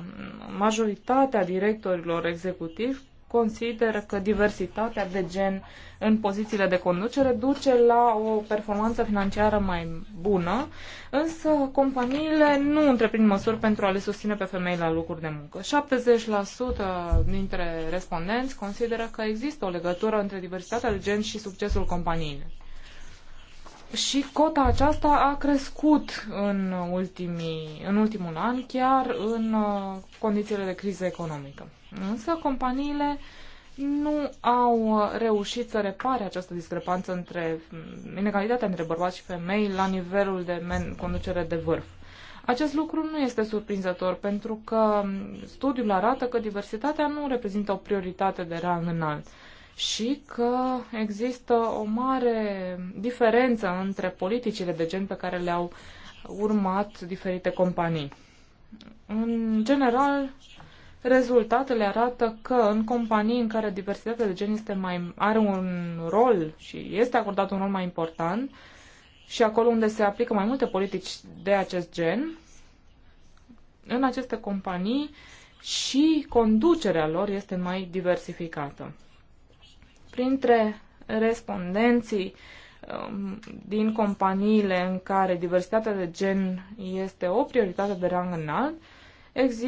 Majoritatea directorilor executivi consideră că diversitatea de gen în pozițiile de conducere duce la o performanță financiară mai bună, însă companiile nu întreprind măsuri pentru a le susține pe femei la locuri de muncă. 70% dintre respondenți consideră că există o legătură între diversitatea de gen și succesul companiilor. Și cota aceasta a crescut în, ultimii, în ultimul an, chiar în uh, condițiile de criză economică. Însă companiile nu au uh, reușit să repare această discrepanță între mm, inegalitatea între bărbați și femei la nivelul de men, conducere de vârf. Acest lucru nu este surprinzător pentru că mm, studiul arată că diversitatea nu reprezintă o prioritate de rang înalt și că există o mare diferență între politicile de gen pe care le-au urmat diferite companii. În general, Rezultatele arată că în companii în care diversitatea de gen este mai, are un rol și este acordat un rol mai important și acolo unde se aplică mai multe politici de acest gen, în aceste companii și conducerea lor este mai diversificată. Printre respondenții um, din companiile în care diversitatea de gen este o prioritate de rang înalt,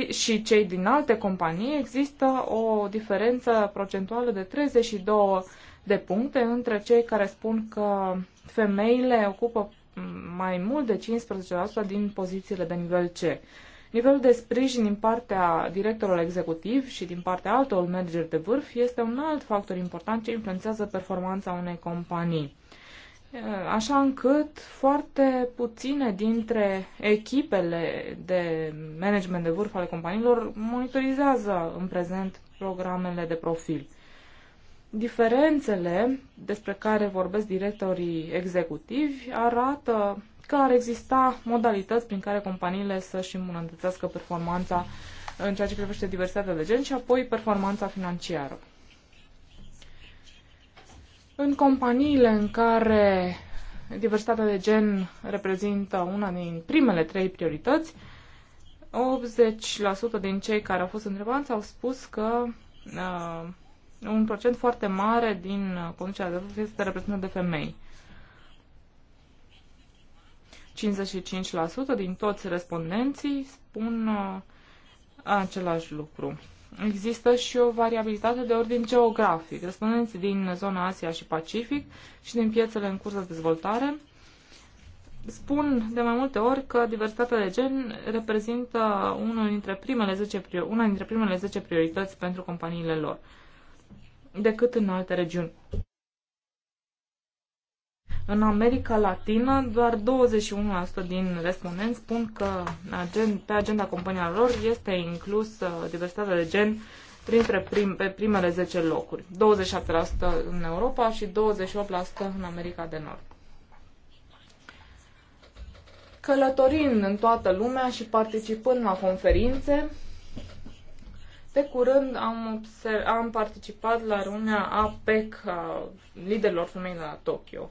și cei din alte companii, există o diferență procentuală de 32 de puncte între cei care spun că femeile ocupă mai mult de 15% din pozițiile de nivel C. Nivelul de sprijin din partea directorului executiv și din partea altor manageri de vârf este un alt factor important ce influențează performanța unei companii. Eh, așa încât foarte puține dintre echipele de management de vârf ale companiilor monitorizează în prezent programele de profil. Diferențele despre care vorbesc directorii executivi arată că ar exista modalități prin care companiile să-și îmbunătățească performanța în ceea ce privește diversitatea de gen și apoi performanța financiară. În companiile în care diversitatea de gen reprezintă una din primele trei priorități, 80% din cei care au fost întrebați au spus că uh, un procent foarte mare din conducerea de vârf este reprezentat de femei. 55% din toți respondenții spun uh, același lucru există și o variabilitate de ordin geografic. Respondenții din zona Asia și Pacific și din piețele în curs de dezvoltare spun de mai multe ori că diversitatea de gen reprezintă unul dintre primele 10, una dintre primele 10 priorități pentru companiile lor, decât în alte regiuni. În America Latină, doar 21% din respondenți spun că pe agenda companiilor lor este inclus uh, diversitatea de gen printre prim, pe primele 10 locuri, 27% în Europa și 28% în America de Nord. Călătorind în toată lumea și participând la conferințe, de curând am, observ- am participat la reuniunea APEC a liderilor femei de la Tokyo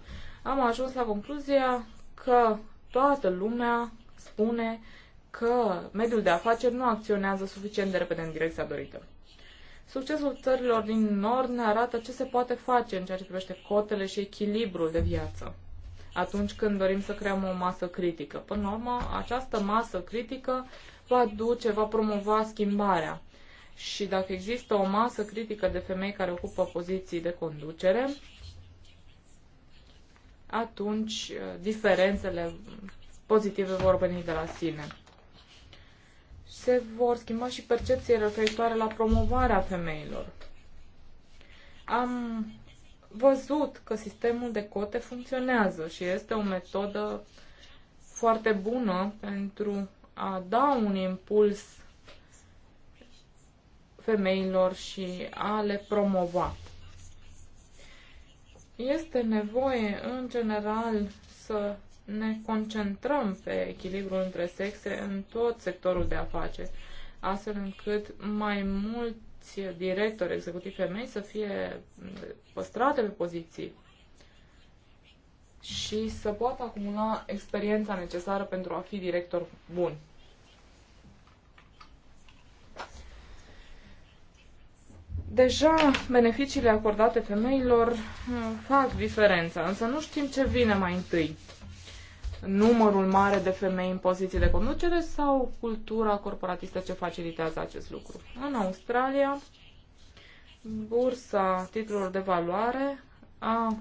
am ajuns la concluzia că toată lumea spune că mediul de afaceri nu acționează suficient de repede în direcția dorită. Succesul țărilor din Nord ne arată ce se poate face în ceea ce privește cotele și echilibrul de viață atunci când dorim să creăm o masă critică. Până la urmă, această masă critică va duce, va promova schimbarea. Și dacă există o masă critică de femei care ocupă poziții de conducere, atunci uh, diferențele pozitive vor veni de la sine. Se vor schimba și percepții referitoare la promovarea femeilor. Am văzut că sistemul de cote funcționează și este o metodă foarte bună pentru a da un impuls femeilor și a le promova. Este nevoie, în general, să ne concentrăm pe echilibrul între sexe în tot sectorul de afaceri, astfel încât mai mulți directori executivi femei să fie păstrate pe poziții și să poată acumula experiența necesară pentru a fi director bun. Deja beneficiile acordate femeilor hmm, fac diferența, însă nu știm ce vine mai întâi. Numărul mare de femei în poziții de conducere sau cultura corporatistă ce facilitează acest lucru. În Australia, bursa titlurilor de valoare a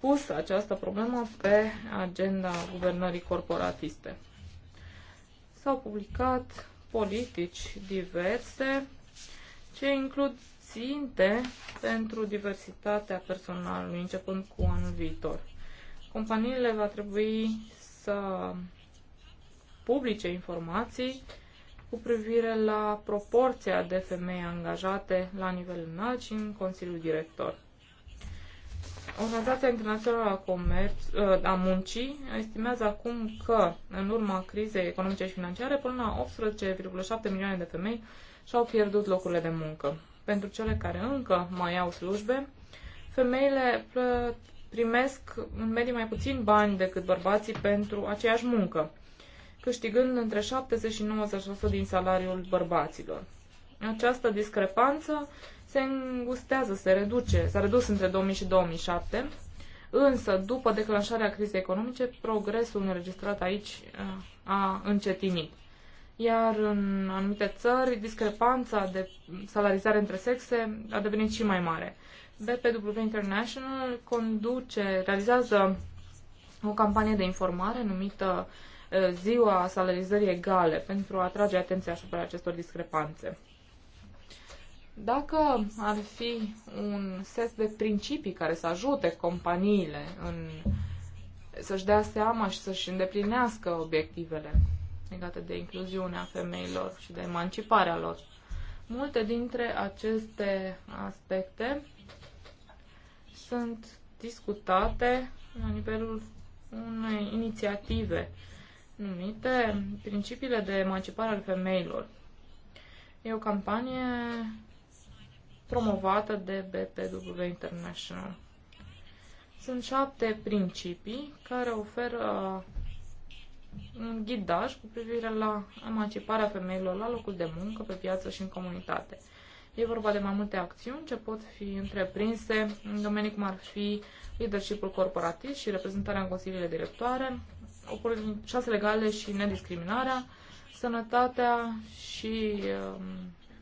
pus această problemă pe agenda guvernării corporatiste. S-au publicat politici diverse ce includ ținte pentru diversitatea personalului, începând cu anul viitor. Companiile va trebui să publice informații cu privire la proporția de femei angajate la nivel înalt și în Consiliul Director. Organizația Internațională a, Comerț, ă, a Muncii estimează acum că, în urma crizei economice și financiare, până la 18,7 milioane de femei și-au pierdut locurile de muncă. Pentru cele care încă mai au slujbe, femeile primesc în medie mai puțin bani decât bărbații pentru aceeași muncă, câștigând între 70 și 90% din salariul bărbaților. Această discrepanță se îngustează, se reduce, s-a redus între 2000 și 2007, însă după declanșarea crizei economice, progresul înregistrat aici uh, a încetinit iar în anumite țări discrepanța de salarizare între sexe a devenit și mai mare. BPW International conduce, realizează o campanie de informare numită eh, Ziua Salarizării Egale pentru a atrage atenția asupra acestor discrepanțe. Dacă ar fi un set de principii care să ajute companiile în, să-și dea seama și să-și îndeplinească obiectivele legate de incluziunea femeilor și de emanciparea lor. Multe dintre aceste aspecte sunt discutate la nivelul unei inițiative numite Principiile de emancipare al femeilor. E o campanie promovată de BPW International. Sunt șapte principii care oferă un ghidaj cu privire la emanciparea femeilor la locul de muncă, pe piață și în comunitate. E vorba de mai multe acțiuni ce pot fi întreprinse în domenii cum ar fi leadership corporativ și reprezentarea în consiliile directoare, șase legale și nediscriminarea, sănătatea și um,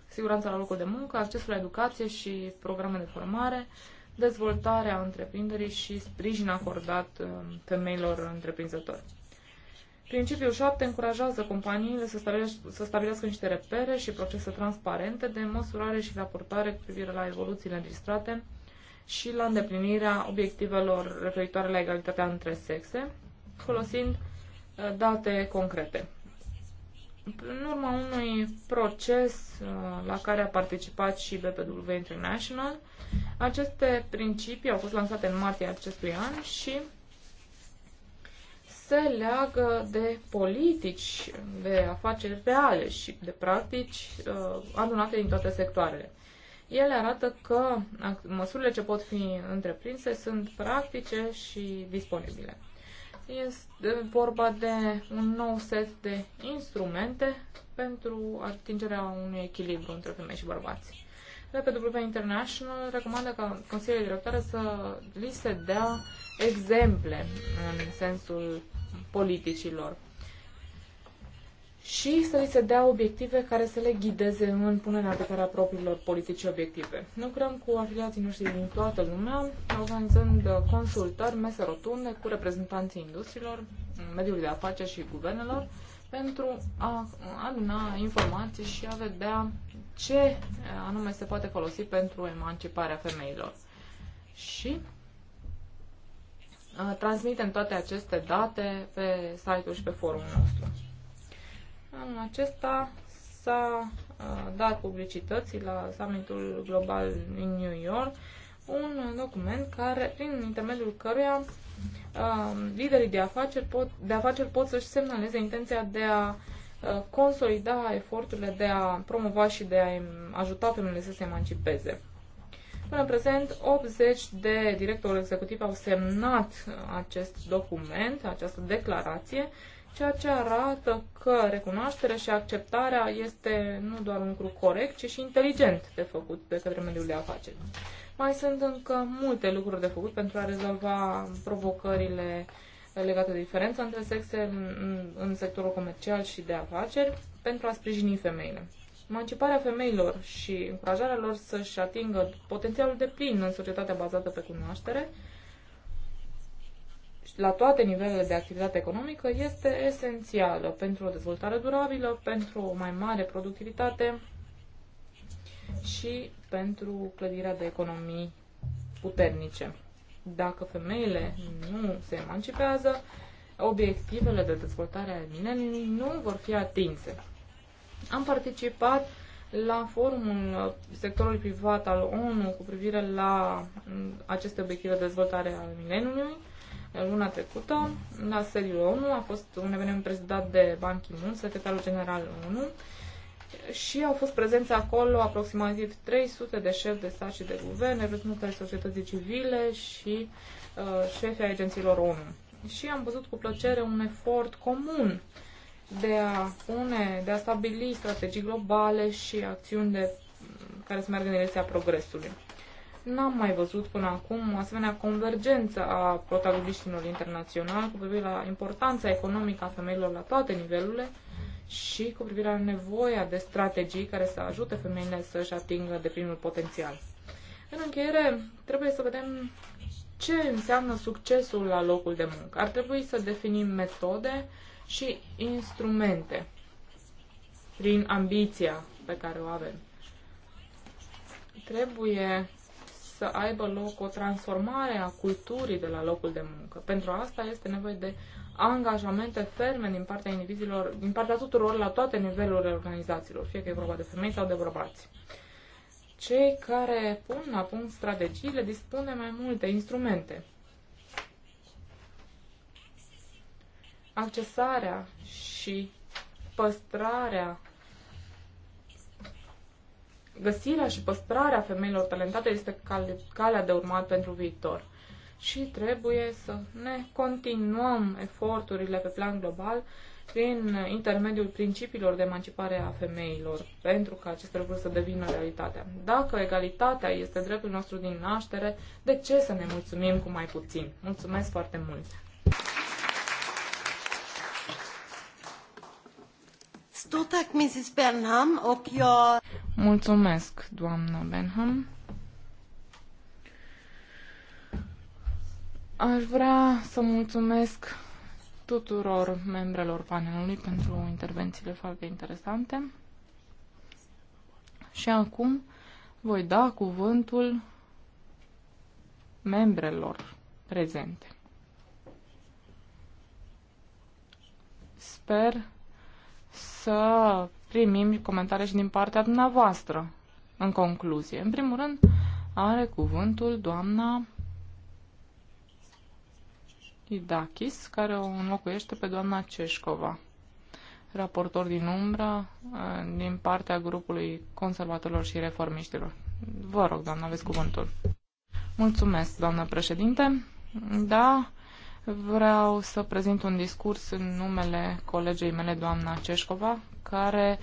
siguranța la locul de muncă, accesul la educație și programe de formare, dezvoltarea întreprinderii și sprijin acordat um, femeilor întreprinzători. Principiul 7 încurajează companiile să stabilească, să stabilească niște repere și procese transparente de măsurare și raportare cu privire la evoluțiile înregistrate și la îndeplinirea obiectivelor referitoare la egalitatea între sexe, folosind uh, date concrete. În urma unui proces uh, la care a participat și BPW International, aceste principii au fost lansate în martie acestui an și se leagă de politici, de afaceri reale și de practici uh, adunate din toate sectoarele. Ele arată că măsurile ce pot fi întreprinse sunt practice și disponibile. Este vorba de un nou set de instrumente pentru atingerea unui echilibru între femei și bărbați. RPW International recomandă ca Consiliul Directoare să li se dea exemple în sensul politicilor și să li se dea obiective care să le ghideze în punerea pe care a propriilor politici obiective. Lucrăm cu afiliații noștri din toată lumea, organizând consultări, mese rotunde cu reprezentanții industriilor, mediului de afaceri și guvernelor, pentru a aduna informații și a vedea ce anume se poate folosi pentru emanciparea femeilor. Și Uh, transmitem toate aceste date pe site-ul și pe forumul nostru. Anul acesta s-a uh, dat publicității la summitul global în New York un document care, prin intermediul căruia uh, liderii de afaceri pot, de afaceri pot să-și semnaleze intenția de a consolida eforturile de a promova și de a ajuta femeile să se emancipeze. Până în prezent, 80 de directori executivi au semnat acest document, această declarație, ceea ce arată că recunoașterea și acceptarea este nu doar un lucru corect, ci și inteligent de făcut de către mediul de afaceri. Mai sunt încă multe lucruri de făcut pentru a rezolva provocările legate de diferența între sexe în, în sectorul comercial și de afaceri, pentru a sprijini femeile. Emanciparea femeilor și încurajarea lor să-și atingă potențialul de plin în societatea bazată pe cunoaștere, la toate nivelele de activitate economică, este esențială pentru o dezvoltare durabilă, pentru o mai mare productivitate și pentru clădirea de economii puternice. Dacă femeile nu se emancipează, obiectivele de dezvoltare ale mileniului nu vor fi atinse. Am participat la forumul sectorului privat al ONU cu privire la aceste obiective de dezvoltare al mileniului luna trecută la sediul ONU. A fost un eveniment prezidat de Ban Ki-moon, secretarul general ONU și au fost prezenți acolo aproximativ 300 de șefi de stat și de guvern, reprezentanți ai societății civile și uh, șefii agențiilor ONU. Și am văzut cu plăcere un efort comun uh, de a pune, de a stabili strategii globale și acțiuni de, care să meargă în direcția progresului. N-am mai văzut până acum o asemenea convergență a protagoniștilor internaționali cu privire la importanța economică a femeilor la toate nivelurile și cu privire la nevoia de strategii care să ajute femeile să-și atingă primul potențial. În încheiere, trebuie să vedem ce înseamnă succesul la locul de muncă. Ar trebui să definim metode uh, și instrumente prin ambiția pe care o avem. Trebuie să aibă loc o transformare a culturii de la locul de muncă. Pentru asta este nevoie de angajamente ferme din partea indivizilor, din partea tuturor, la toate nivelurile organizațiilor, fie că e vorba de femei sau de bărbați. Cei care pun la punct strategiile dispune mai multe instrumente. accesarea și păstrarea găsirea și păstrarea femeilor talentate este cale, calea de urmat pentru viitor. Și trebuie să ne continuăm eforturile pe plan global prin intermediul principiilor de emancipare a femeilor, pentru ca aceste lucruri să devină realitatea. Dacă egalitatea este dreptul nostru din naștere, de ce să ne mulțumim cu mai puțin? Mulțumesc foarte mult! Stort Mrs. Benham, och jag... Mulțumesc, doamna Benham. Aș vrea să mulțumesc tuturor membrelor panelului pentru intervențiile foarte interesante. Și acum voi da cuvântul membrelor prezente. Sper să primim comentarii și din partea dumneavoastră în concluzie. În primul rând, are cuvântul doamna Idakis, care o înlocuiește pe doamna Ceșcova, raportor din umbră eh, din partea grupului conservatorilor și reformiștilor. Vă rog, doamna, aveți cuvântul. Mulțumesc, doamnă președinte. Da, Vreau să prezint un discurs în numele colegei mele, doamna Ceșcova, care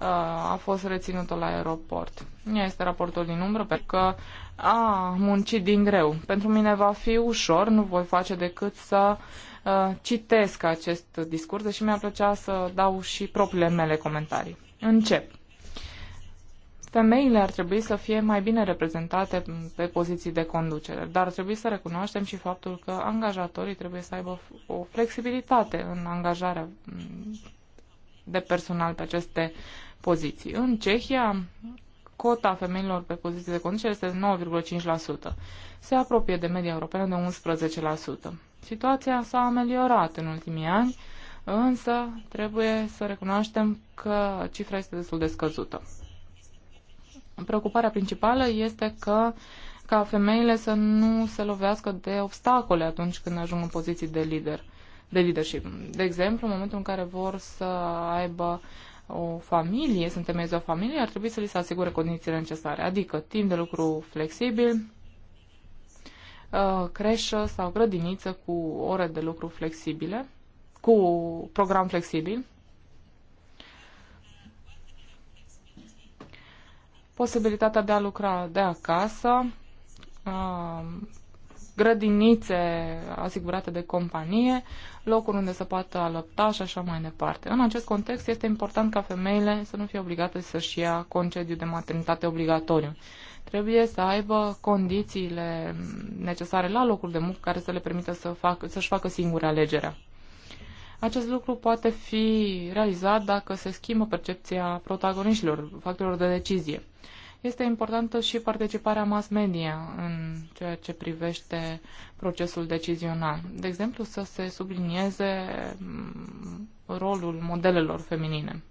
uh, a fost reținută la aeroport. Ea este raportul din umbră pentru că a muncit din greu. Pentru mine va fi ușor, nu voi face decât să uh, citesc acest discurs, deși mi-ar plăcea să dau și propriile mele comentarii. Încep femeile ar trebui să fie mai bine reprezentate pe poziții de conducere, dar ar trebui să recunoaștem și faptul că angajatorii trebuie să aibă o flexibilitate în angajarea mm, de personal pe aceste poziții. În Cehia, cota femeilor pe poziții de conducere este 9,5%. Se apropie de media europeană de 11%. Situația s-a ameliorat în ultimii ani, însă trebuie să recunoaștem că cifra este destul de scăzută preocuparea principală este că ca femeile să nu se lovească de obstacole atunci când ajung în poziții de lider, de leadership. De exemplu, în momentul în care vor să aibă o familie, să întemeieze o familie, ar trebui să li se asigure condițiile necesare, adică timp de lucru flexibil, uh, creșă sau grădiniță cu ore de lucru flexibile, cu program flexibil, posibilitatea de a lucra de acasă, grădinițe asigurate de companie, locuri unde se poată alăpta și așa mai departe. În acest context este important ca femeile să nu fie obligate să-și ia concediu de maternitate obligatoriu. Trebuie să aibă condițiile necesare la locul de muncă care să le permită să facă, să-și facă singure alegerea. Acest lucru poate fi realizat dacă se schimbă percepția protagoniștilor, factorilor de decizie. Este importantă și participarea mass media în ceea ce privește procesul decizional. De exemplu, să se sublinieze mm, rolul modelelor feminine.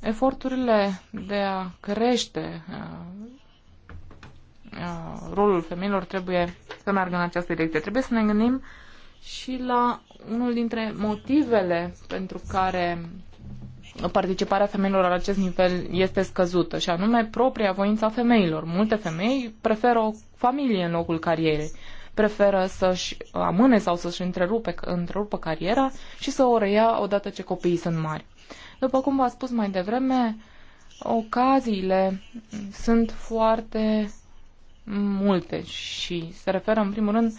Eforturile de a crește uh, uh, rolul femeilor trebuie să meargă în această direcție. Trebuie să ne gândim și la unul dintre motivele pentru care participarea femeilor la acest nivel este scăzută, și anume propria voință a femeilor. Multe femei preferă o familie în locul carierei, preferă să-și amâne sau să-și întrerupe, întrerupă cariera și să o reia odată ce copiii sunt mari. După cum v-a spus mai devreme, ocaziile sunt foarte multe și se referă în primul rând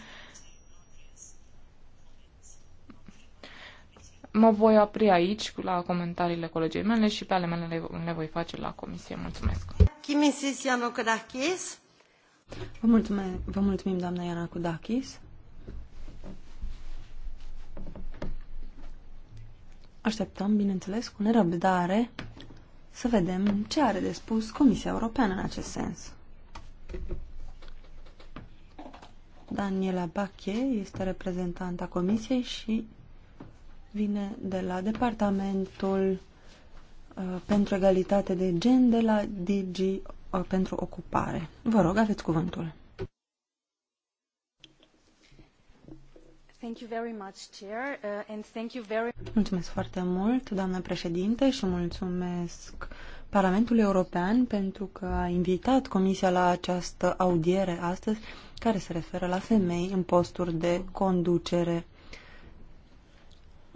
Mă voi opri aici la comentariile colegei mele și pe ale mele le, le voi face la comisie. Mulțumesc! Vă mulțumim, vă mulțumim doamna Iana Kudakis. Așteptăm, bineînțeles, cu nerăbdare să vedem ce are de spus Comisia Europeană în acest sens. Daniela Bache este reprezentanta Comisiei și vine de la Departamentul uh, pentru Egalitate de Gen de la DG uh, pentru Ocupare. Vă rog, aveți cuvântul. Thank you very much, Chair, uh, and thank you very... Mulțumesc foarte mult, doamnă președinte, și mulțumesc Parlamentului European pentru că a invitat Comisia la această audiere astăzi care se referă la femei în posturi de conducere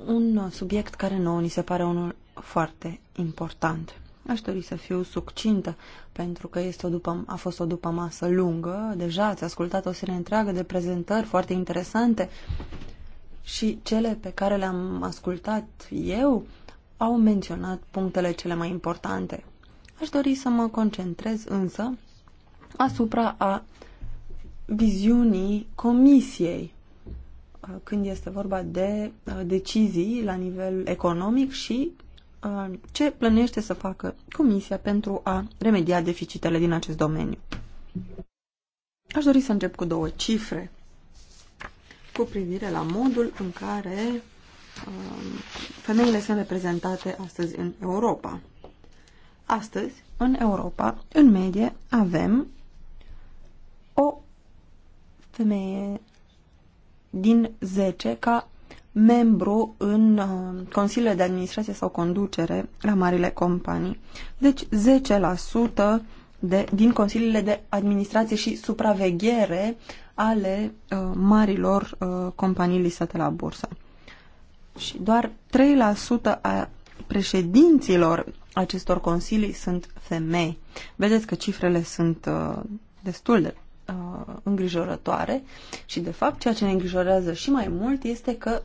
un subiect care nouă ni se pare unul foarte important. Aș dori să fiu succintă, pentru că este o după, a fost o după masă lungă. Deja ați ascultat o serie întreagă de prezentări foarte interesante și cele pe care le-am ascultat eu au menționat punctele cele mai importante. Aș dori să mă concentrez însă asupra a viziunii comisiei Uh, când este vorba de uh, decizii la nivel economic și uh, ce plănește să facă Comisia pentru a remedia deficitele din acest domeniu. Aș dori să încep cu două cifre cu privire la modul în care femeile sunt reprezentate astăzi în Europa. Astăzi, în Europa, în medie, avem o femeie din 10 ca membru în uh, consiliile de administrație sau conducere la marile companii. Deci 10% de, din consiliile de administrație și supraveghere ale uh, marilor uh, companii listate la bursă. Și doar 3% a președinților acestor consilii sunt femei. Vedeți că cifrele sunt uh, destul de uh, îngrijorătoare și, de fapt, ceea ce ne îngrijorează și mai mult este că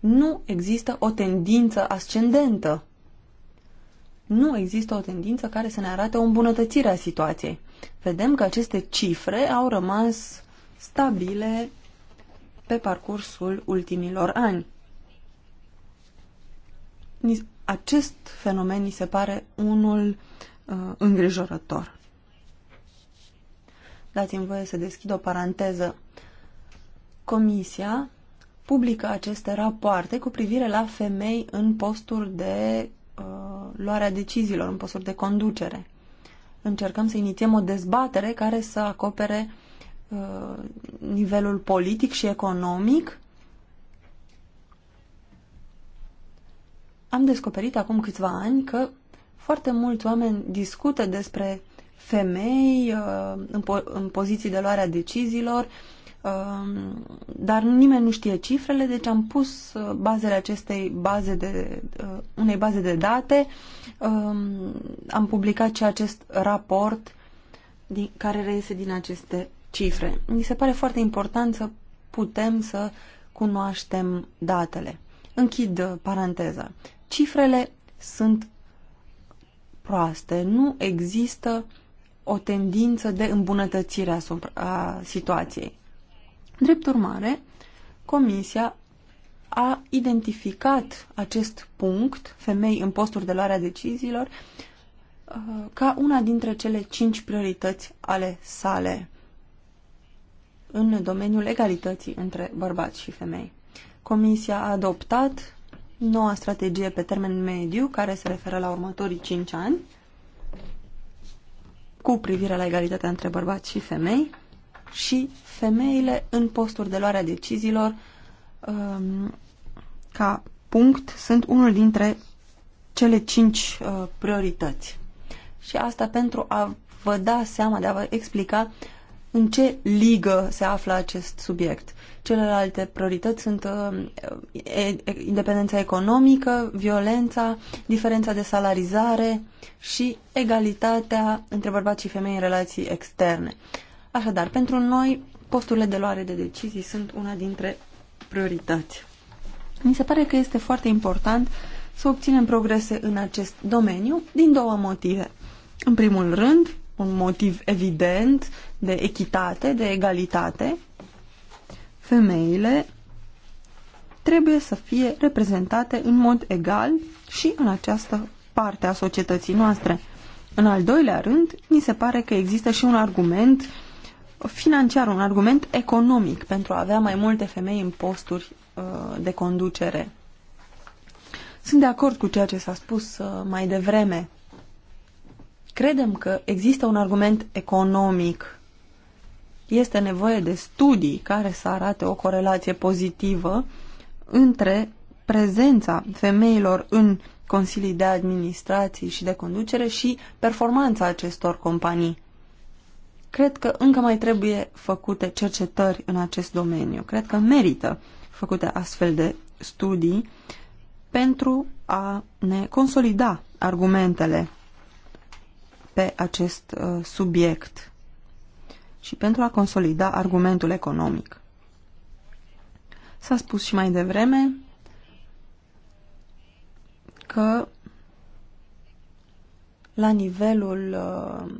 nu există o tendință ascendentă. Nu există o tendință care să ne arate o îmbunătățire a situației. Vedem că aceste cifre au rămas stabile pe parcursul ultimilor ani. Acest fenomen mi se pare unul uh, îngrijorător. Dați-mi voie să deschid o paranteză. Comisia publică aceste rapoarte cu privire la femei în posturi de uh, luarea deciziilor, în posturi de conducere. Încercăm să inițiem o dezbatere care să acopere uh, nivelul politic și economic. Am descoperit acum câțiva ani că foarte mulți oameni discută despre femei uh, în, po în poziții de luare a deciziilor, um, dar nimeni nu știe cifrele, deci am pus uh, bazele acestei baze de, uh, unei baze de date, um, am publicat și acest raport din, care reiese din aceste cifre. Mi se pare foarte important să putem să cunoaștem datele. Închid paranteza. Cifrele sunt proaste, nu există uh, o tendință de îmbunătățire a situației. Drept urmare, Comisia a identificat acest punct, femei în posturi de luare a deciziilor, uh, ca una dintre cele cinci priorități ale sale în domeniul egalității între bărbați și femei. Comisia a adoptat noua strategie pe termen mediu, care se referă la următorii cinci ani, cu privire la egalitatea între bărbați și femei și femeile în posturi de luare a deciziilor um, ca punct sunt unul dintre cele cinci uh, priorități. Și asta pentru a vă da seama, de a vă explica în ce ligă se află acest subiect. Celelalte priorități sunt uh, independența economică, violența, diferența de salarizare și egalitatea între bărbați și femei în relații externe. Așadar, pentru noi, posturile de luare de decizii sunt una dintre priorități. Mi se pare că este foarte important să obținem progrese în acest domeniu din două motive. În primul rând, un motiv evident de echitate, de egalitate, femeile trebuie să fie reprezentate în mod egal și în această parte a societății noastre. În al doilea rând, mi se pare că există și un argument financiar, un argument economic pentru a avea mai multe femei în posturi uh, de conducere. Sunt de acord cu ceea ce s-a spus uh, mai devreme Credem că există un argument economic. Este nevoie de studii care să arate o corelație pozitivă între prezența femeilor în consilii de administrații și de conducere și performanța acestor companii. Cred că încă mai trebuie făcute cercetări în acest domeniu. Cred că merită făcute astfel de studii pentru a ne consolida argumentele pe acest uh, subiect și pentru a consolida argumentul economic. S-a spus și mai devreme că la nivelul uh,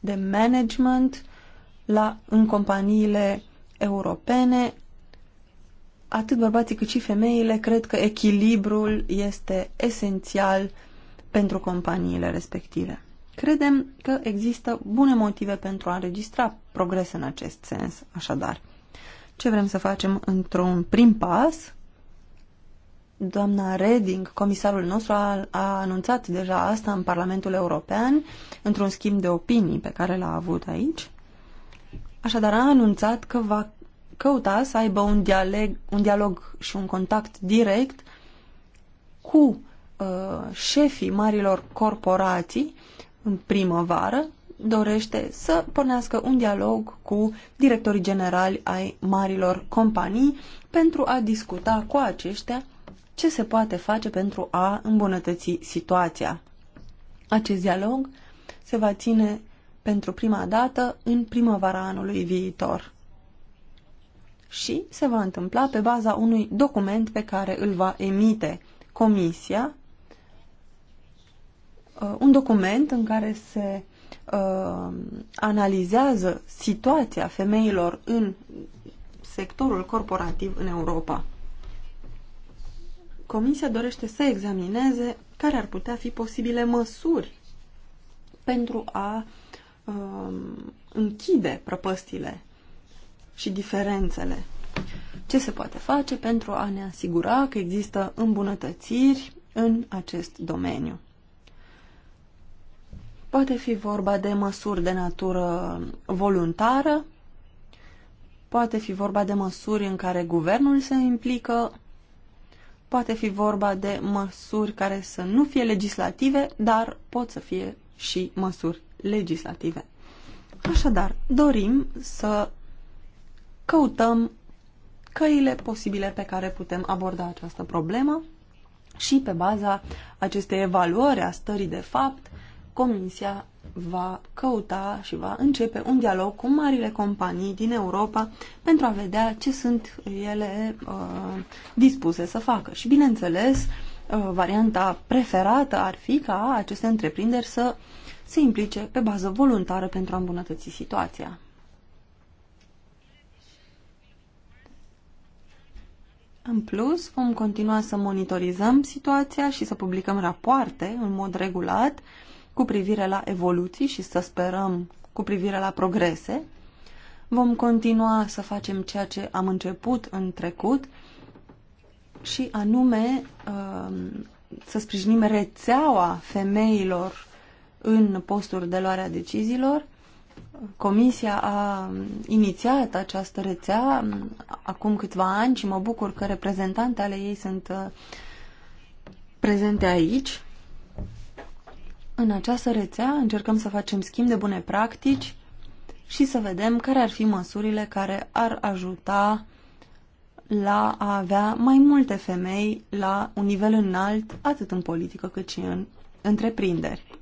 de management la, în companiile europene, atât bărbații cât și femeile cred că echilibrul este esențial pentru companiile respective. Credem că există bune motive pentru a înregistra progres în acest sens, așadar. Ce vrem să facem într-un prim pas? Doamna Reding, comisarul nostru, a, a anunțat deja asta în Parlamentul European, într-un schimb de opinii pe care l-a avut aici. Așadar, a anunțat că va căuta să aibă un dialog, un dialog și un contact direct cu uh, șefii marilor corporații în primăvară dorește să pornească un dialog cu directorii generali ai marilor companii pentru a discuta cu aceștia ce se poate face pentru a îmbunătăți situația. Acest dialog se va ține pentru prima dată în primăvara anului viitor și se va întâmpla pe baza unui document pe care îl va emite Comisia Uh, un document în care se uh, analizează situația femeilor în sectorul corporativ în Europa. Comisia dorește să examineze care ar putea fi posibile măsuri pentru a uh, închide prăpăstile și diferențele. Ce se poate face pentru a ne asigura că există îmbunătățiri în acest domeniu? Poate fi vorba de măsuri de natură voluntară, poate fi vorba de măsuri în care guvernul se implică, poate fi vorba de măsuri care să nu fie legislative, dar pot să fie și măsuri legislative. Așadar, dorim să căutăm căile posibile pe care putem aborda această problemă și pe baza acestei evaluări a stării de fapt, Comisia va căuta și va începe un dialog cu marile companii din Europa pentru a vedea ce sunt ele uh, dispuse să facă. Și, bineînțeles, uh, varianta preferată ar fi ca aceste întreprinderi să se implice pe bază voluntară pentru a îmbunătăți situația. În plus, vom continua să monitorizăm situația și să publicăm rapoarte în mod regulat uh, cu privire la evoluții și să sperăm cu privire la progrese. Vom continua să facem ceea ce am început în trecut și anume um, să sprijinim rețeaua femeilor în posturi de luare a deciziilor. Comisia a inițiat această rețea um, acum câțiva ani și mă bucur că reprezentante ale ei sunt uh, prezente aici. În această rețea încercăm să facem schimb de bune practici și să vedem care ar fi măsurile care ar ajuta la a avea mai multe femei la un nivel înalt, atât în politică cât și în întreprinderi.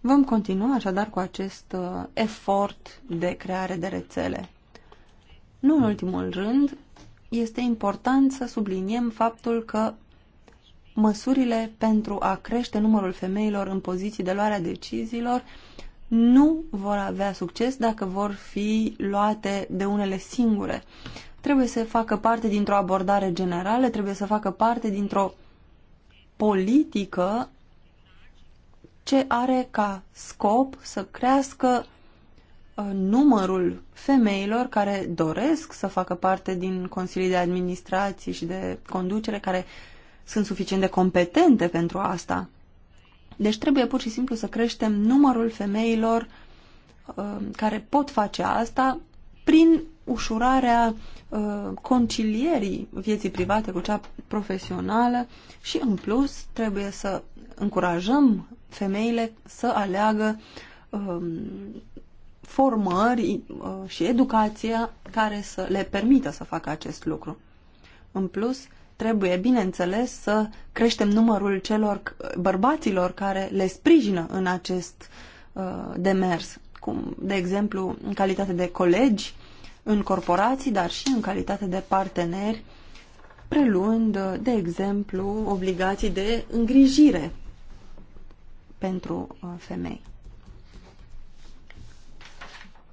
Vom continua așadar cu acest uh, efort de creare de rețele. Nu în ultimul rând, este important să subliniem faptul că măsurile pentru a crește numărul femeilor în poziții de luare a deciziilor nu vor avea succes dacă vor fi luate de unele singure. Trebuie să facă parte dintr-o abordare generală, trebuie să facă parte dintr-o politică ce are ca scop să crească uh, numărul femeilor care doresc să facă parte din consilii de administrație și de conducere, care sunt suficient de competente pentru asta. Deci trebuie pur și simplu să creștem numărul femeilor uh, care pot face asta prin ușurarea uh, concilierii vieții private cu cea profesională și, în plus, trebuie să încurajăm femeile să aleagă um, uh, formări și educația care să le permită să facă acest lucru. În plus, Trebuie, bineînțeles, să creștem numărul celor bărbaților care le sprijină în acest uh, demers, cum, de exemplu, în calitate de colegi în corporații, dar și în calitate de parteneri, preluând, uh, de exemplu, obligații de îngrijire pentru uh, femei.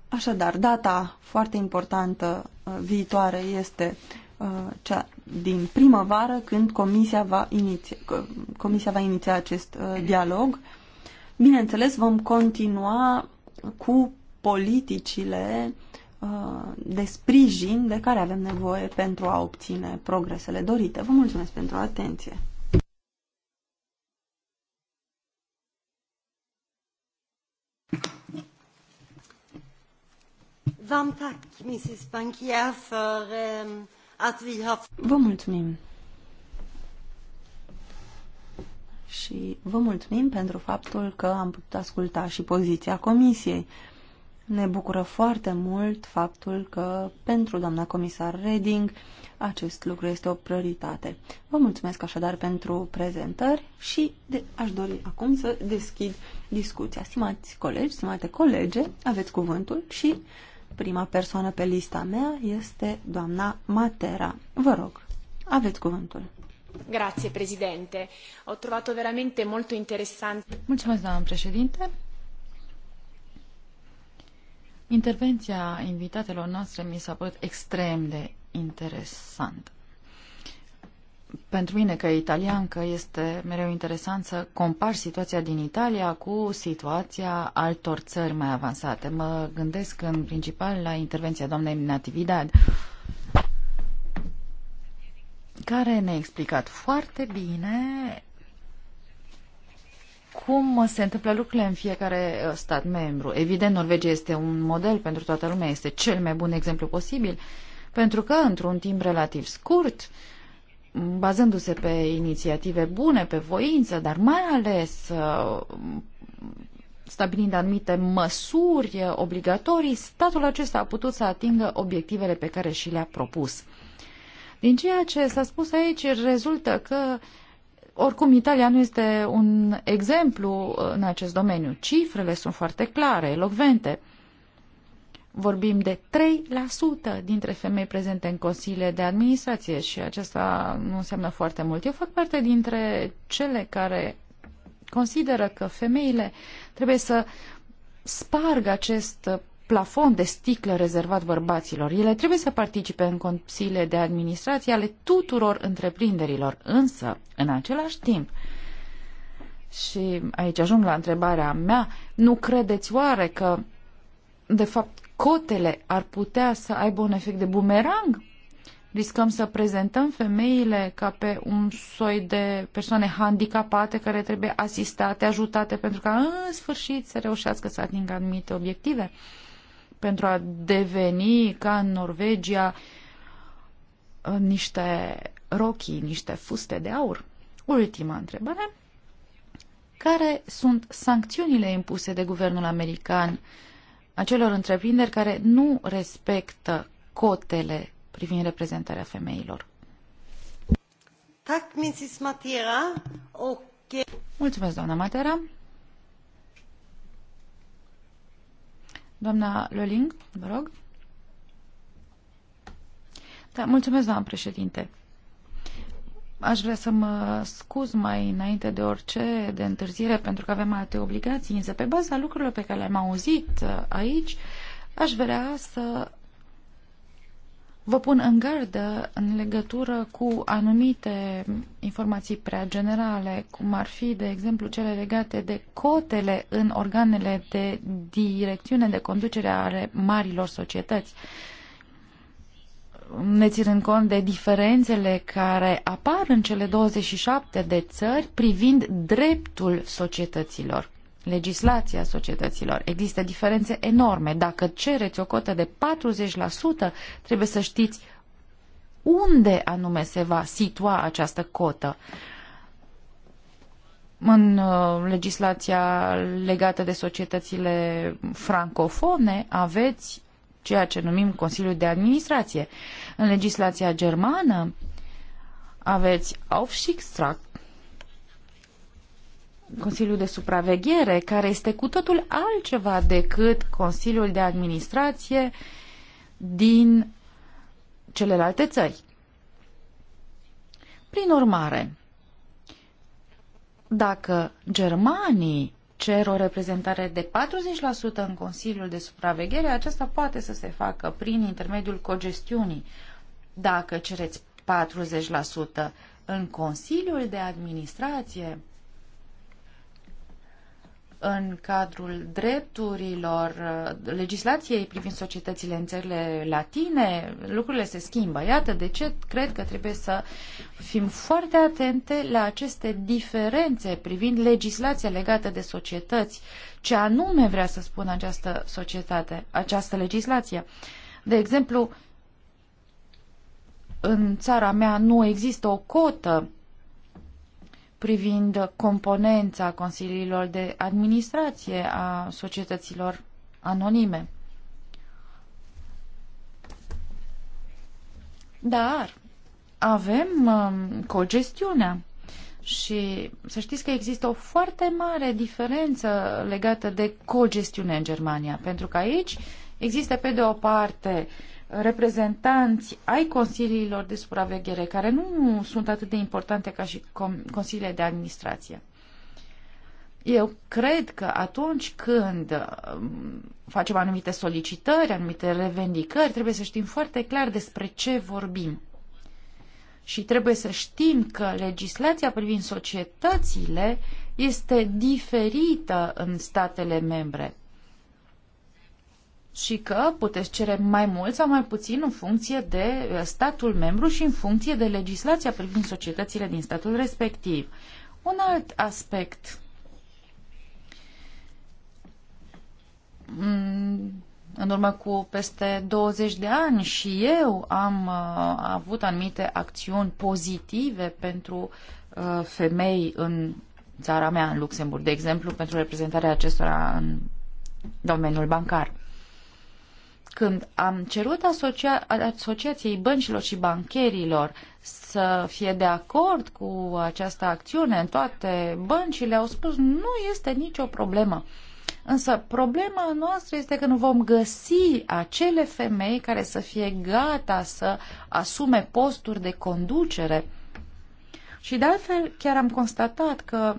Așadar, data foarte importantă uh, viitoare este Uh, cea din primăvară, când Comisia va iniția, comisia va iniția acest uh, dialog. Bineînțeles, vom continua cu politicile uh, de sprijin de care avem nevoie pentru a obține progresele dorite. Vă mulțumesc pentru atenție! Varmt tack, Mrs. Bankier, ehm, Vă mulțumim! Și vă mulțumim pentru faptul că am putut asculta și poziția comisiei. Ne bucură foarte mult faptul că pentru doamna comisar Reding acest lucru este o prioritate. Vă mulțumesc așadar pentru prezentări și de, aș dori acum să deschid discuția. Stimați colegi, stimate colege, aveți cuvântul și Prima persoană pe lista mea este doamna Matera. Vă rog, aveți cuvântul. Grazie, Presidente. Ho trovato veramente molto interessante. Mulțumesc, doamna președinte. Intervenția invitatelor noastre mi s-a părut extrem de interesantă pentru mine, ca că este mereu interesant să compar situația din Italia cu situația altor țări mai avansate. Mă gândesc în principal la intervenția doamnei Natividad, care ne-a explicat foarte bine cum se întâmplă lucrurile în fiecare uh, stat membru. Evident, Norvegia este un model pentru toată lumea, este cel mai bun exemplu posibil, pentru că într-un timp relativ scurt, uh, bazându-se pe inițiative bune, pe voință, dar mai ales uh, stabilind anumite măsuri obligatorii, statul acesta a putut să atingă obiectivele pe care și le-a propus. Din ceea ce s-a spus aici, rezultă că oricum Italia nu este un exemplu în acest domeniu. Cifrele sunt foarte clare, elocvente. Uh, Vorbim de 3% dintre femei prezente în consiliile de administrație și acesta nu înseamnă foarte mult. Eu fac parte dintre cele care consideră că femeile trebuie să spargă acest plafon de sticlă rezervat bărbaților. Ele trebuie să participe în consiliile de administrație ale tuturor întreprinderilor, însă, în același timp, și aici ajung la întrebarea mea, nu credeți oare că de fapt, cotele ar putea să aibă un efect de bumerang? Riscăm să prezentăm femeile ca pe un soi de persoane handicapate care trebuie asistate, ajutate pentru ca în sfârșit să reușească să atingă anumite obiective pentru a deveni ca în Norvegia niște rochii, niște fuste de aur. Ultima întrebare. Care sunt sancțiunile impuse de guvernul american uh, acelor întreprinderi care nu respectă cotele privind reprezentarea femeilor. Mulțumesc, doamna Matera. Doamna Löling, vă rog. Da, mulțumesc, doamna președinte. Aș vrea să mă scuz mai înainte de orice de întârziere pentru că avem alte obligații, însă pe baza lucrurilor pe care le-am auzit uh, aici, aș vrea să vă pun în gardă în legătură cu anumite informații prea generale, cum ar fi, de exemplu, cele legate de cotele în organele de direcțiune de conducere ale marilor societăți. Uh, ținând cont de diferențele care apar în cele 27 de țări privind dreptul societăților, legislația societăților. Există diferențe enorme. Dacă cereți o cotă de 40%, trebuie să știți unde anume se va situa această cotă în uh, legislația legată de societățile francofone aveți ceea ce numim Consiliul de Administrație. În legislația germană aveți Aufsichtsrat, Consiliul de Supraveghere, care este cu totul altceva decât Consiliul de Administrație din celelalte țări. Prin urmare, dacă germanii cer o reprezentare de 40% în Consiliul de Supraveghere, aceasta poate să se facă prin intermediul cogestiunii. Dacă cereți 40% în Consiliul de Administrație, în cadrul drepturilor, uh, legislației privind societățile în țările latine, lucrurile se schimbă. Iată de ce cred că trebuie să fim foarte atente la aceste diferențe privind legislația legată de societăți, ce anume vrea să spună această societate, această legislație. De exemplu, în țara mea nu există o cotă privind componența consiliilor de administrație a societăților anonime. Dar avem um, cogestiunea și să știți că există o foarte mare diferență legată de cogestiune în Germania, pentru că aici există pe de o parte uh, reprezentanți ai consiliilor de supraveghere, care nu sunt atât de importante ca și consiliile de administrație. Eu cred că atunci când um, facem anumite solicitări, anumite revendicări, trebuie să știm foarte clar despre ce vorbim. Și trebuie să știm că legislația privind societățile este diferită în statele membre și că puteți cere mai mult sau mai puțin în funcție de uh, statul membru și în funcție de legislația privind societățile din statul respectiv. Un alt aspect mm, în urmă cu peste 20 de ani și eu am uh, avut anumite acțiuni pozitive pentru uh, femei în țara mea, în Luxemburg, de exemplu, pentru reprezentarea acestora în domeniul bancar. Când am cerut asocia- Asociației Băncilor și Bancherilor să fie de acord cu această acțiune, în toate băncile au spus nu este nicio problemă. Însă problema noastră este că nu vom găsi acele femei care să fie gata să asume posturi de conducere. Și de altfel chiar am constatat că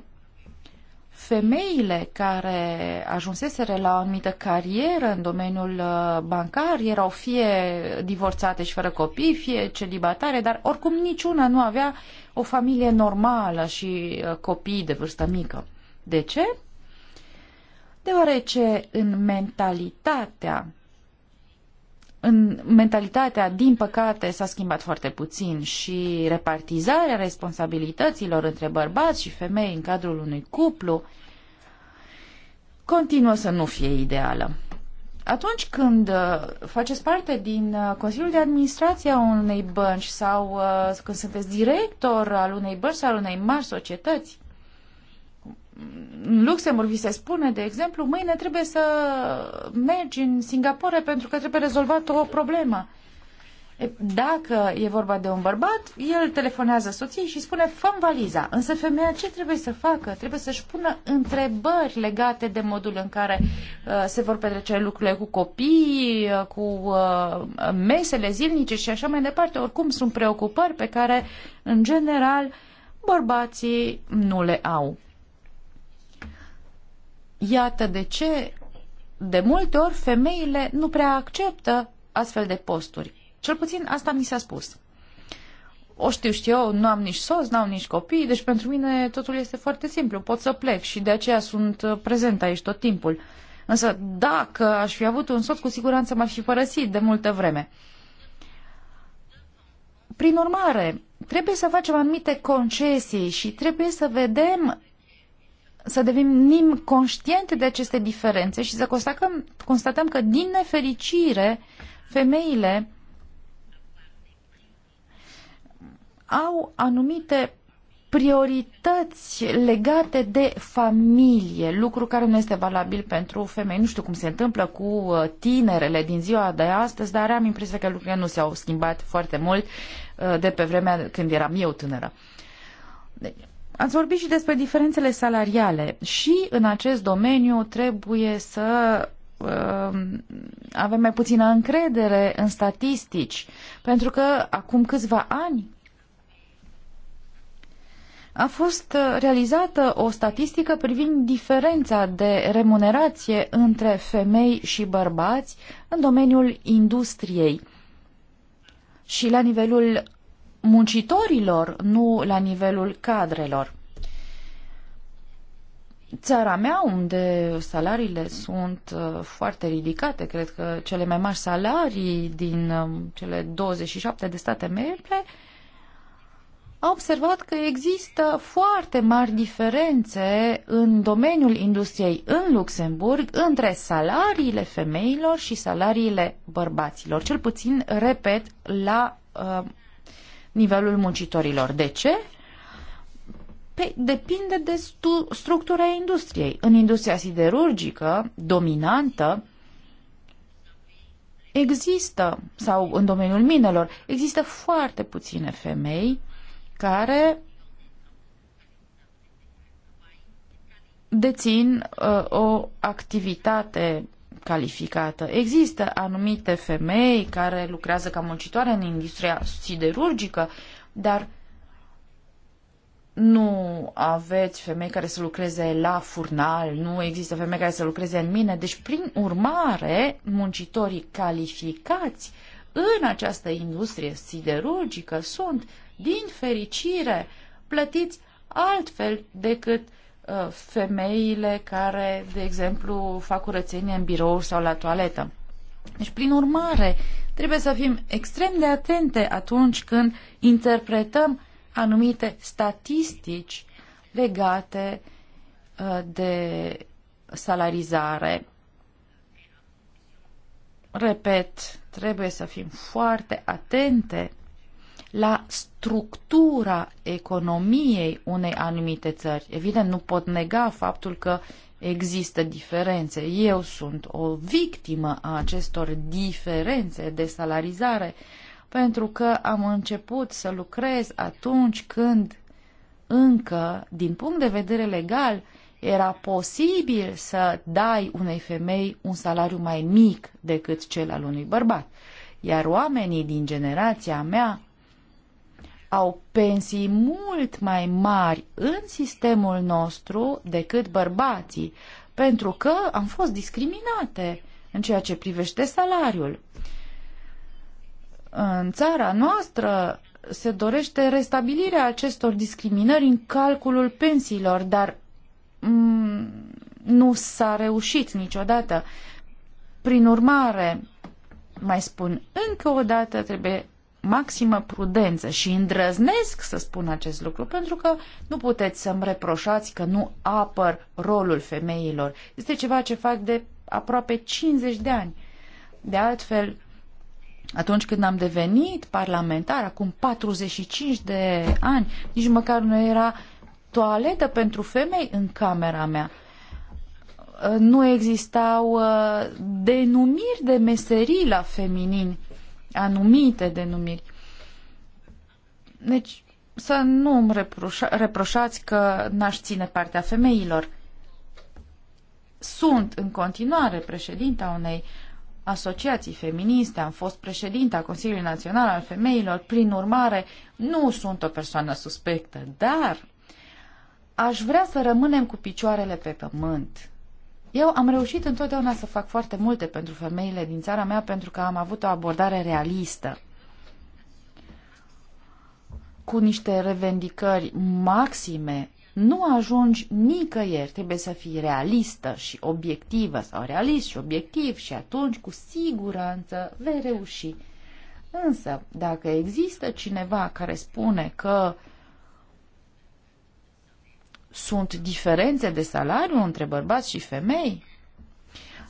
femeile care ajunseseră la o anumită carieră în domeniul uh, bancar erau fie divorțate și fără copii, fie celibatare, dar oricum niciuna nu avea o familie normală și uh, copii de vârstă mică. De ce? Deoarece în mentalitatea în mentalitatea, din păcate, s-a schimbat foarte puțin și repartizarea responsabilităților între bărbați și femei în cadrul unui cuplu continuă să nu fie ideală. Atunci când uh, faceți parte din uh, Consiliul de Administrație a unei bănci sau uh, când sunteți director al unei bănci sau al unei mari societăți, în Luxemburg vi se spune, de exemplu, mâine trebuie să mergi în Singapore pentru că trebuie rezolvat o problemă. Dacă e vorba de un bărbat, el telefonează soției și spune fă valiza. Însă femeia ce trebuie să facă? Trebuie să-și pună întrebări legate de modul în care uh, se vor petrece lucrurile cu copii, uh, cu uh, mesele zilnice și așa mai departe. Oricum sunt preocupări pe care, în general, bărbații nu le au. Iată de ce de multe ori femeile nu prea acceptă astfel de posturi. Cel puțin asta mi s-a spus. O știu și eu, nu am nici sos, n am nici copii, deci pentru mine totul este foarte simplu, pot să plec și de aceea sunt uh, prezent aici tot timpul. Însă dacă aș fi avut un soț, cu siguranță m-aș fi părăsit de multă vreme. Prin urmare, trebuie să facem anumite concesii și trebuie să vedem să devenim conștiente de aceste diferențe și să constatăm, constatăm că, din nefericire, femeile au anumite priorități legate de familie, lucru care nu este valabil pentru femei. Nu știu cum se întâmplă cu uh, tinerele din ziua de astăzi, dar am impresia că lucrurile nu s-au schimbat foarte mult uh, de pe vremea când eram eu tânără. Deci, Ați vorbit și despre diferențele salariale și în acest domeniu trebuie să um, avem mai puțină încredere în statistici, pentru că acum câțiva ani a fost uh, realizată o statistică privind diferența de remunerație între femei și bărbați în domeniul industriei și la nivelul muncitorilor, nu la nivelul cadrelor. Țara mea, unde salariile sunt uh, foarte ridicate, cred că cele mai mari salarii din um, cele 27 de state membre, a observat că există foarte mari diferențe în domeniul industriei în Luxemburg între salariile femeilor și salariile bărbaților. Cel puțin, repet, la uh, nivelul muncitorilor. De ce? Pe, depinde de stu, structura industriei. În industria siderurgică dominantă există, sau în domeniul minelor, există foarte puține femei care dețin uh, o activitate calificată. Există anumite femei care lucrează ca muncitoare în industria siderurgică, dar nu aveți femei care să lucreze la furnal, nu există femei care să lucreze în mine. Deci, prin urmare, muncitorii calificați în această industrie siderurgică sunt, din fericire, plătiți altfel decât Uh, femeile care, de exemplu, fac curățenie în birou sau la toaletă. Deci, prin urmare, trebuie să fim extrem de atente atunci când interpretăm anumite statistici legate uh, de salarizare. Repet, trebuie să fim foarte atente la structura economiei unei anumite țări. Evident, nu pot nega faptul că există diferențe. Eu sunt o victimă a acestor diferențe de salarizare pentru că am început să lucrez atunci când încă, din punct de vedere legal, era posibil să dai unei femei un salariu mai mic decât cel al unui bărbat. Iar oamenii din generația mea au pensii mult mai mari în sistemul nostru decât bărbații, pentru că am fost discriminate în ceea ce privește salariul. În țara noastră se dorește restabilirea acestor discriminări în calculul pensiilor, dar mm, nu s-a reușit niciodată. Prin urmare, mai spun încă o dată, trebuie maximă prudență și îndrăznesc să spun acest lucru pentru că nu puteți să-mi reproșați că nu apăr rolul femeilor. Este ceva ce fac de aproape 50 de ani. De altfel, atunci când am devenit parlamentar, acum 45 de ani, nici măcar nu era toaletă pentru femei în camera mea. Nu existau uh, denumiri de meserii la feminin anumite denumiri. Deci, să nu îmi reproșa, reproșați că n-aș ține partea femeilor. Sunt în continuare președinta unei asociații feministe, am fost președinta Consiliului Național al Femeilor, prin urmare, nu sunt o persoană suspectă, dar aș vrea să rămânem cu picioarele pe pământ. Eu am reușit întotdeauna să fac foarte multe pentru femeile din țara mea pentru că am avut o abordare realistă cu niște revendicări maxime nu ajungi nicăieri, trebuie să fii realistă și obiectivă sau realist și obiectiv și atunci cu siguranță vei reuși. Însă, dacă există cineva care spune că sunt diferențe de salariu între bărbați și femei?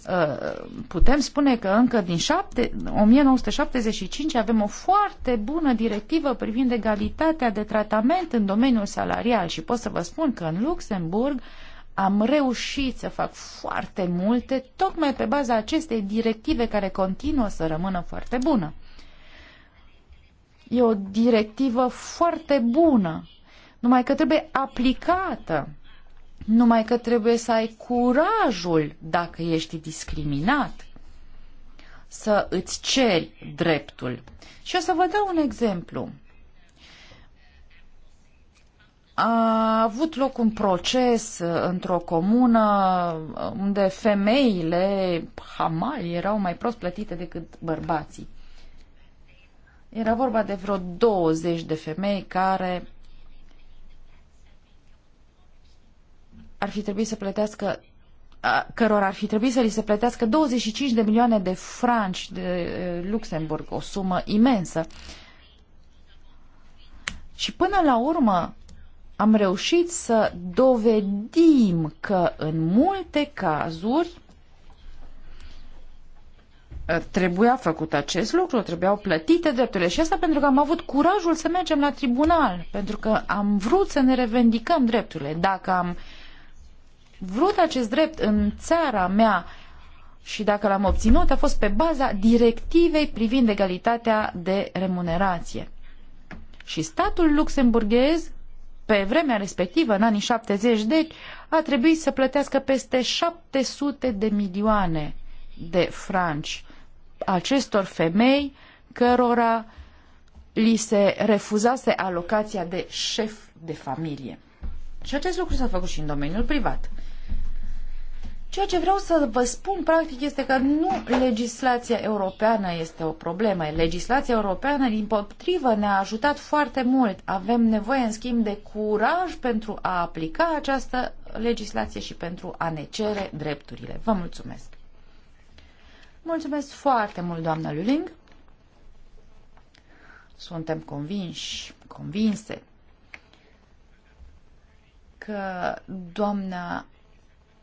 Uh, putem spune că încă din 7, 1975 avem o foarte bună directivă privind egalitatea de tratament în domeniul salarial și pot să vă spun că în Luxemburg am reușit să fac foarte multe tocmai pe baza acestei directive care continuă să rămână foarte bună. E o directivă foarte bună numai că trebuie aplicată, numai că trebuie să ai curajul dacă ești discriminat să îți ceri dreptul. Și o să vă dau un exemplu. A avut loc un proces într-o comună unde femeile hamali erau mai prost plătite decât bărbații. Era vorba de vreo 20 de femei care ar fi trebuit să plătească cărora ar fi trebuit să li se plătească 25 de milioane de franci de Luxemburg, o sumă imensă. Și până la urmă am reușit să dovedim că în multe cazuri trebuia făcut acest lucru, trebuiau plătite drepturile și asta pentru că am avut curajul să mergem la tribunal, pentru că am vrut să ne revendicăm drepturile. Dacă am uh, vrut acest drept în țara mea și dacă l-am obținut a fost pe baza directivei privind egalitatea de remunerație. Și statul luxemburghez, pe vremea respectivă, în anii 70, deci, a trebuit să plătească peste 700 de milioane de franci acestor femei cărora li se refuzase alocația de șef de familie. Și acest lucru s-a făcut și în domeniul privat. Ceea ce vreau să vă spun, practic, este că nu legislația europeană este o problemă. Legislația europeană, din potrivă, ne-a ajutat foarte mult. Avem nevoie, în schimb, de curaj pentru a aplica această legislație și pentru a ne cere drepturile. Vă mulțumesc! Mulțumesc foarte mult, doamna Luling! Suntem convinși, convinse că doamna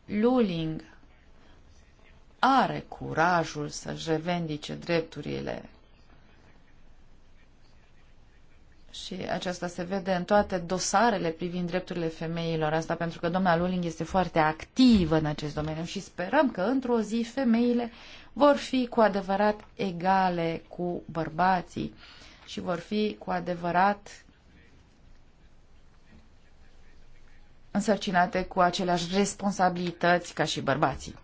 Luling are curajul să-și revendice drepturile și aceasta se vede în toate dosarele privind drepturile femeilor. Asta pentru că doamna Luling este foarte activă în acest domeniu și sperăm că într-o zi femeile vor fi cu adevărat egale cu bărbații și vor fi cu adevărat însărcinate cu aceleași responsabilități ca și bărbații.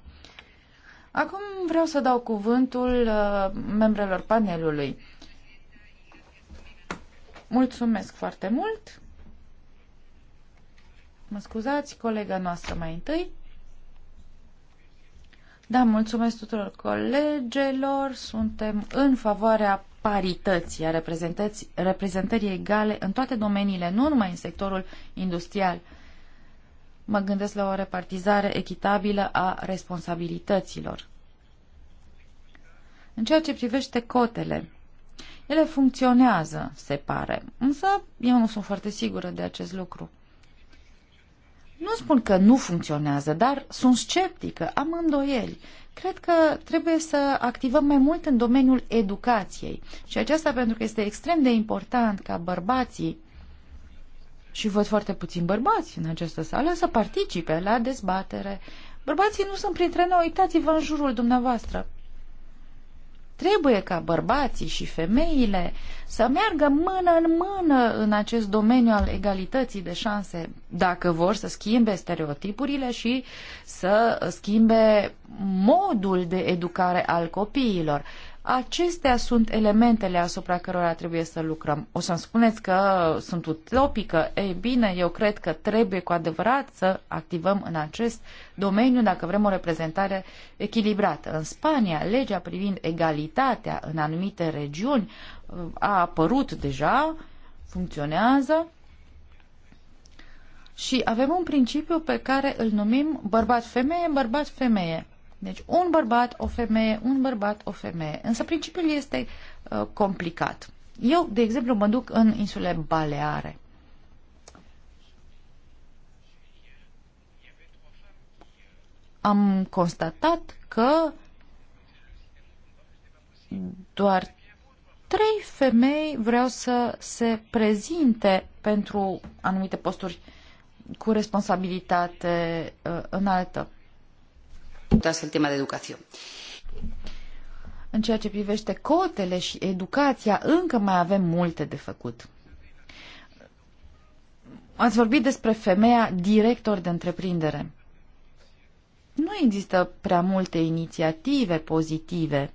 Acum vreau să dau cuvântul uh, membrelor panelului. Mulțumesc foarte mult! Mă scuzați, colega noastră mai întâi. Da, mulțumesc tuturor colegelor. Suntem în favoarea parității, a reprezentării egale în toate domeniile, nu numai în sectorul industrial. Mă gândesc la o repartizare echitabilă a responsabilităților. În ceea ce privește cotele, ele funcționează, se pare, însă eu nu sunt foarte sigură de acest lucru. Nu spun că nu funcționează, dar sunt sceptică, am îndoieli. Cred că trebuie să activăm mai mult în domeniul educației și aceasta pentru că este extrem de important ca bărbații și văd foarte puțini bărbați în această sală să participe la dezbatere. Bărbații nu sunt printre noi, uitați-vă în jurul dumneavoastră. Trebuie ca bărbații și femeile să meargă mână în mână în acest domeniu al egalității de șanse, dacă vor să schimbe stereotipurile și să schimbe modul de educare al copiilor. Acestea sunt elementele asupra cărora trebuie să lucrăm. O să-mi spuneți că sunt utopică. Ei bine, eu cred că trebuie cu adevărat să activăm în acest domeniu dacă vrem o reprezentare echilibrată. În Spania, legea privind egalitatea în anumite regiuni uh, a apărut deja, funcționează și avem un principiu pe care îl numim bărbat-femeie, bărbat-femeie. Deci un bărbat, o femeie, un bărbat, o femeie. Însă principiul este uh, complicat. Eu, de exemplu, mă duc în insule Baleare. Am constatat că doar trei femei vreau să se prezinte pentru anumite posturi cu responsabilitate uh, înaltă tras el tema de educación. În ceea ce privește cotele și educația, încă mai avem multe de făcut. Ați vorbit despre femeia director de întreprindere. Nu există prea multe inițiative pozitive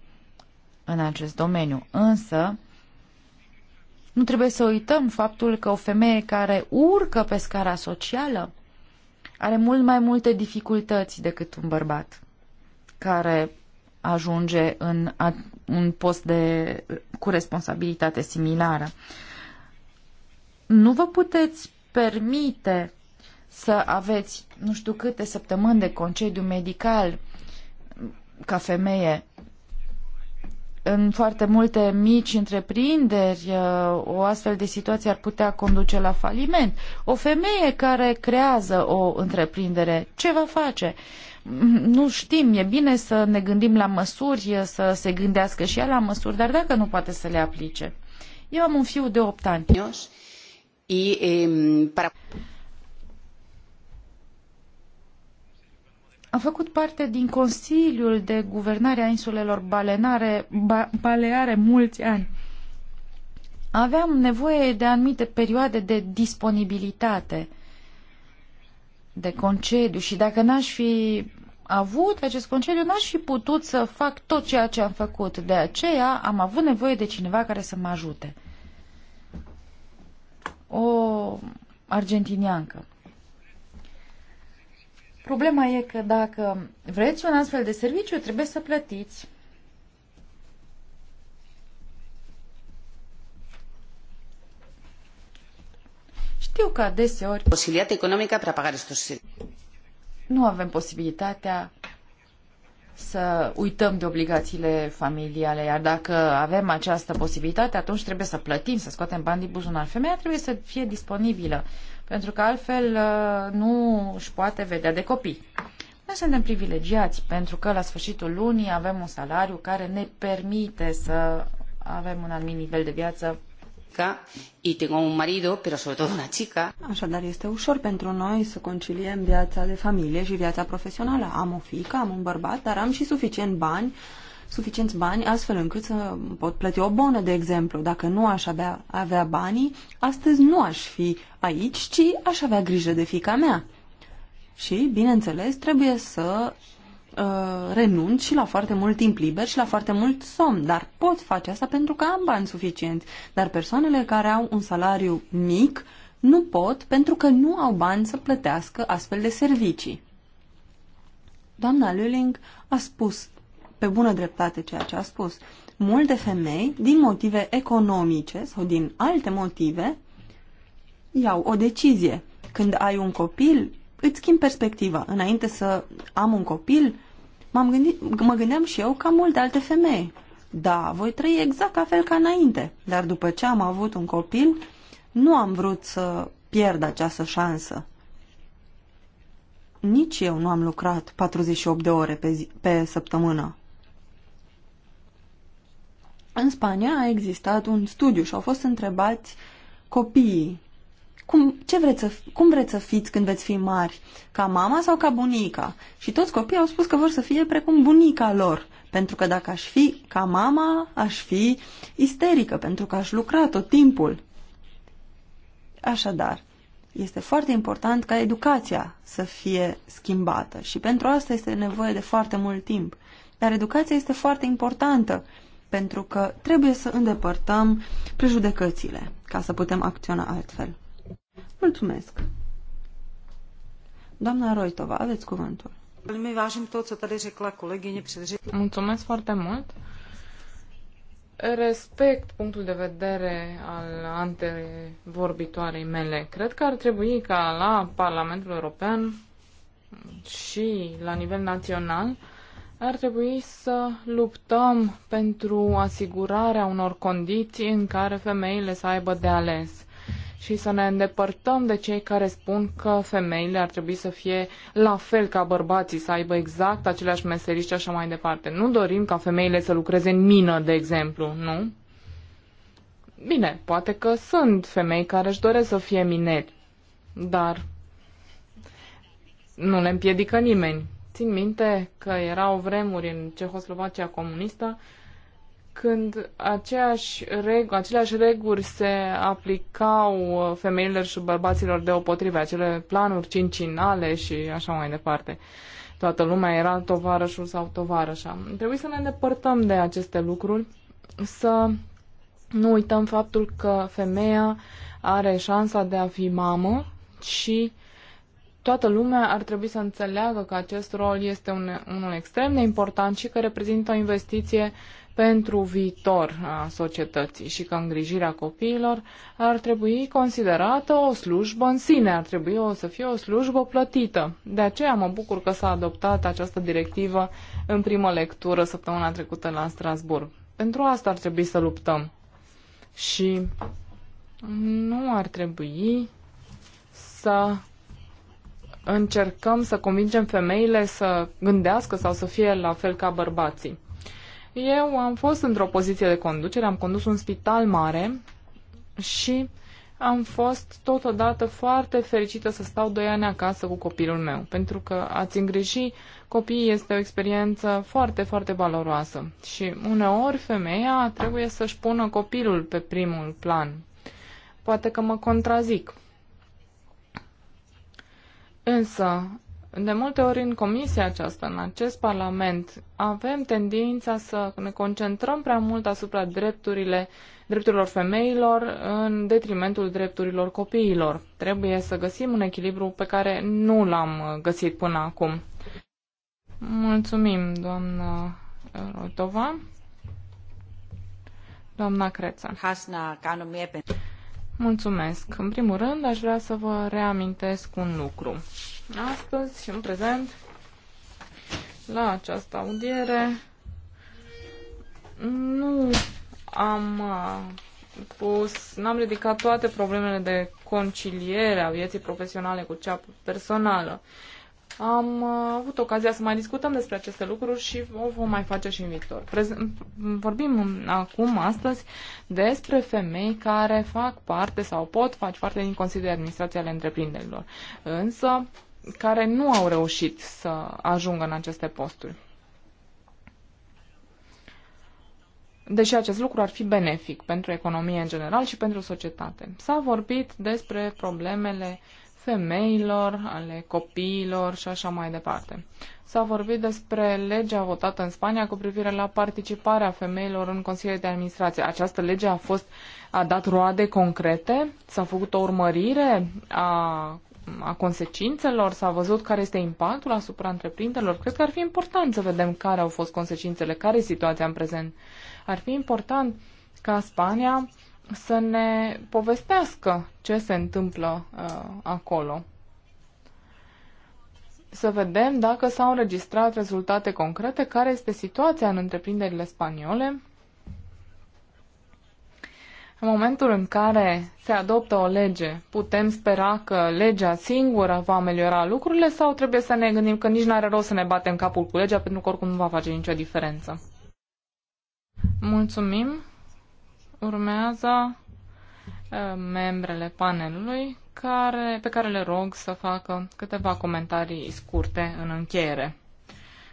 în acest domeniu, însă nu trebuie să uităm faptul că o femeie care urcă pe scara socială are mult mai multe dificultăți decât un bărbat care ajunge în un post de, cu responsabilitate similară. Nu vă puteți permite să aveți nu știu câte săptămâni de concediu medical ca femeie. În foarte multe mici întreprinderi, uh, o astfel de situație ar putea conduce la faliment. O femeie care creează o întreprindere, ce va face? nu știm, e bine să ne gândim la măsuri, să se gândească și ea la măsuri, dar dacă nu poate să le aplice. Eu am un fiu de 8 ani. Am făcut parte din Consiliul de Guvernare a Insulelor Balenare, ba, Baleare mulți ani. Aveam nevoie de anumite perioade de disponibilitate, de concediu și dacă n-aș fi avut acest concediu, n-aș fi putut să fac tot ceea ce am făcut. De aceea am avut nevoie de cineva care să mă ajute. O argentiniancă. Problema e că dacă vreți un astfel de serviciu, trebuie să plătiți. Știu că adeseori posibilitatea economică para pagar estos nu avem posibilitatea să uităm de obligațiile familiale, iar dacă avem această posibilitate, atunci trebuie să plătim, să scoatem bani din buzunar. Femeia trebuie să fie disponibilă, pentru că altfel uh, nu își poate vedea de copii. Noi suntem privilegiați, pentru că la sfârșitul lunii avem un salariu care ne permite să avem un anumit nivel de viață chica y tengo un marido, pero sobre todo una chica. Așadar, este ușor pentru noi să conciliem viața de familie și viața profesională. Am o fică, am un bărbat, dar am și suficient bani, suficienți bani astfel încât să pot plăti o bonă, de exemplu. Dacă nu aș avea, avea banii, astăzi nu aș fi aici, ci aș avea grijă de fica mea. Și, bineînțeles, trebuie să Uh, renunț și la foarte mult timp liber și la foarte mult somn, dar pot face asta pentru că am bani suficienți. Dar persoanele care au un salariu mic nu pot pentru că nu au bani să plătească astfel de servicii. Doamna Luling a spus pe bună dreptate ceea ce a spus. Multe femei, din motive economice sau din alte motive, iau o decizie. Când ai un copil, îți schimbi perspectiva. Înainte să am un copil, M-am gândit, mă gândeam și eu ca multe alte femei. Da, voi trăi exact ca fel ca înainte, dar după ce am avut un copil, nu am vrut să pierd această șansă. Nici eu nu am lucrat 48 de ore pe, zi, pe săptămână. În Spania a existat un studiu și au fost întrebați copiii cum, ce vreți să, cum vreți să fiți când veți fi mari? Ca mama sau ca bunica? Și toți copiii au spus că vor să fie precum bunica lor. Pentru că dacă aș fi ca mama, aș fi isterică, pentru că aș lucra tot timpul. Așadar, este foarte important ca educația să fie schimbată și pentru asta este nevoie de foarte mult timp. Dar educația este foarte importantă pentru că trebuie să îndepărtăm prejudecățile ca să putem acționa altfel. Mulțumesc. Doamna Roitova, aveți cuvântul. Mulțumesc foarte mult. Respect punctul de vedere al antevorbitoarei mele. Cred că ar trebui ca la Parlamentul European și la nivel național ar trebui să luptăm pentru asigurarea unor condiții în care femeile să aibă de ales și să ne îndepărtăm de cei care spun că femeile ar trebui să fie la fel ca bărbații, să aibă exact aceleași meserii și așa mai departe. Nu dorim ca femeile să lucreze în mină, de exemplu, nu? Bine, poate că sunt femei care își doresc să fie mineri, dar nu le împiedică nimeni. Țin minte că erau vremuri în Cehoslovacia comunistă când aceeași regu, aceleași reguli se aplicau femeilor și bărbaților deopotrivă, acele planuri cincinale și așa mai departe. Toată lumea era tovarășul sau tovarășa. Trebuie să ne îndepărtăm de aceste lucruri, să nu uităm faptul că femeia are șansa de a fi mamă și toată lumea ar trebui să înțeleagă că acest rol este un, unul extrem de important și că reprezintă o investiție uh, pentru viitor a societății și că îngrijirea copiilor ar trebui considerată o slujbă în sine, ar trebui o să fie o slujbă plătită. De aceea mă bucur că s-a adoptat această directivă în primă lectură săptămâna trecută la Strasburg. Pentru asta ar trebui să luptăm. Și nu ar trebui să încercăm să convingem femeile să gândească sau să fie la fel ca bărbații. Eu am fost într-o poziție de conducere, am condus un spital mare și am fost totodată foarte fericită să stau doi ani acasă cu copilul meu, pentru că ați îngriji copiii este o experiență foarte, foarte valoroasă și uneori femeia trebuie să-și pună copilul pe primul plan. Poate că mă contrazic. Însă, de multe ori în comisia aceasta, în acest parlament, avem tendința să ne concentrăm prea mult asupra drepturile, drepturilor femeilor în detrimentul drepturilor copiilor. Trebuie să găsim un echilibru pe care nu l-am găsit până acum. Mulțumim, doamnă Rotova. Doamna Creță. Hasna, ca Mulțumesc. În primul rând, aș vrea să vă reamintesc un lucru. Astăzi și în prezent, la această audiere, nu am uh, pus, n-am ridicat toate problemele de conciliere a vieții profesionale cu cea personală. Uh, am uh, avut ocazia să mai discutăm despre aceste lucruri și o vom mai face și în viitor. Vorbim acum, astăzi, despre femei care fac parte sau pot face parte din Consiliul de Administrație ale Întreprinderilor, însă care nu au reușit să ajungă în aceste posturi. deși acest lucru ar fi benefic pentru economie în general și pentru societate. S-a vorbit despre problemele femeilor, ale copiilor și așa mai departe. S-a vorbit despre legea votată în Spania cu privire la participarea femeilor în consiliile de administrație. Această lege a fost a dat roade concrete, s-a făcut o urmărire a, a consecințelor, s-a văzut care este impactul asupra întreprinderilor. Cred că ar fi important să vedem care au fost consecințele, care e situația în prezent. Ar fi important ca Spania să ne povestească ce se întâmplă uh, acolo. Să vedem dacă s-au înregistrat rezultate concrete, care este situația în întreprinderile spaniole în momentul în care se adoptă o lege, putem spera că legea singură va ameliora lucrurile sau trebuie să ne gândim că nici nu are rost să ne batem capul cu legea pentru că oricum nu va face nicio diferență? Mulțumim. Urmează uh, membrele panelului care, pe care le rog să facă câteva comentarii scurte în încheiere.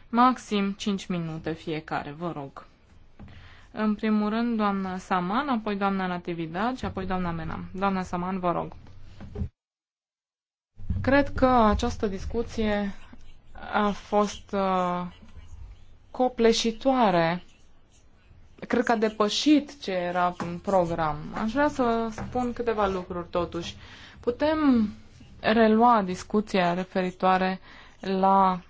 Maxim 5 minute fiecare, vă rog. În primul rând, doamna Saman, apoi doamna Natividad și apoi doamna Menam. Doamna Saman, vă rog. Cred că această discuție a fost uh, copleșitoare cred că a depășit ce era în program. Aș vrea să spun câteva lucruri totuși. Putem relua discuția referitoare la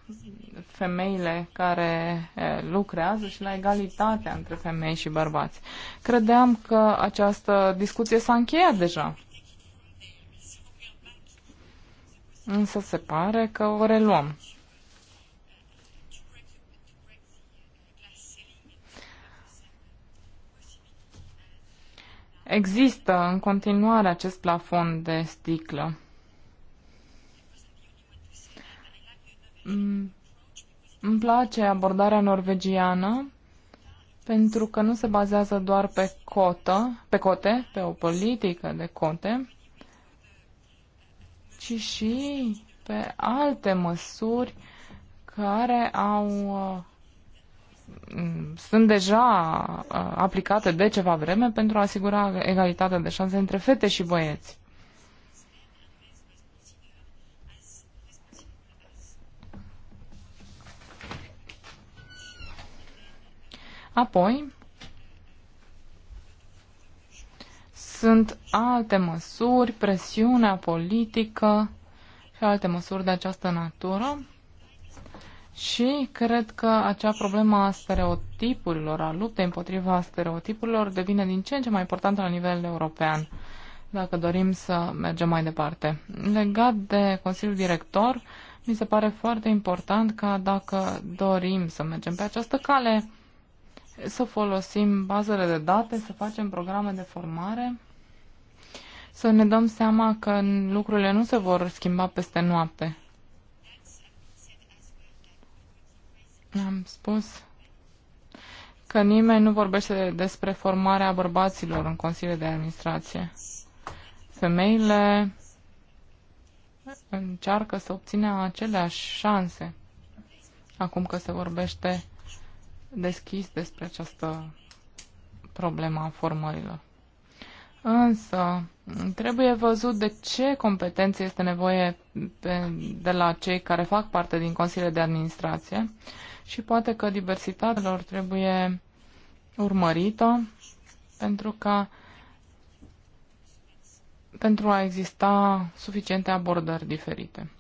femeile care eh, lucrează și la egalitatea între femei și bărbați. Credeam că această discuție s-a încheiat deja. Însă se pare că o reluăm. Există în continuare acest plafon de sticlă. Mm, îmi place abordarea norvegiană pentru că nu se bazează doar pe cotă, pe cote, pe o politică de cote, ci și pe alte măsuri care au uh, sunt deja uh, aplicate de ceva vreme pentru a asigura egalitatea de șanse între fete și băieți. Apoi, sunt alte măsuri, presiunea politică și alte măsuri de această natură și cred că acea problemă a stereotipurilor, a luptei împotriva stereotipurilor, devine din ce în ce mai importantă la nivel european, dacă dorim să mergem mai departe. Legat de Consiliul Director, mi se pare foarte important ca dacă dorim să mergem pe această cale, să folosim bazele de date, să facem programe de formare, să ne dăm seama că lucrurile nu se vor schimba peste noapte. Am spus că nimeni nu vorbește despre formarea bărbaților în Consiliul de Administrație. Femeile încearcă să obțină aceleași șanse acum că se vorbește deschis despre această problemă a formărilor. Însă, trebuie văzut de ce competențe este nevoie de la cei care fac parte din Consiliul de Administrație și poate că diversitatea lor trebuie urmărită pentru ca pentru a exista suficiente abordări diferite.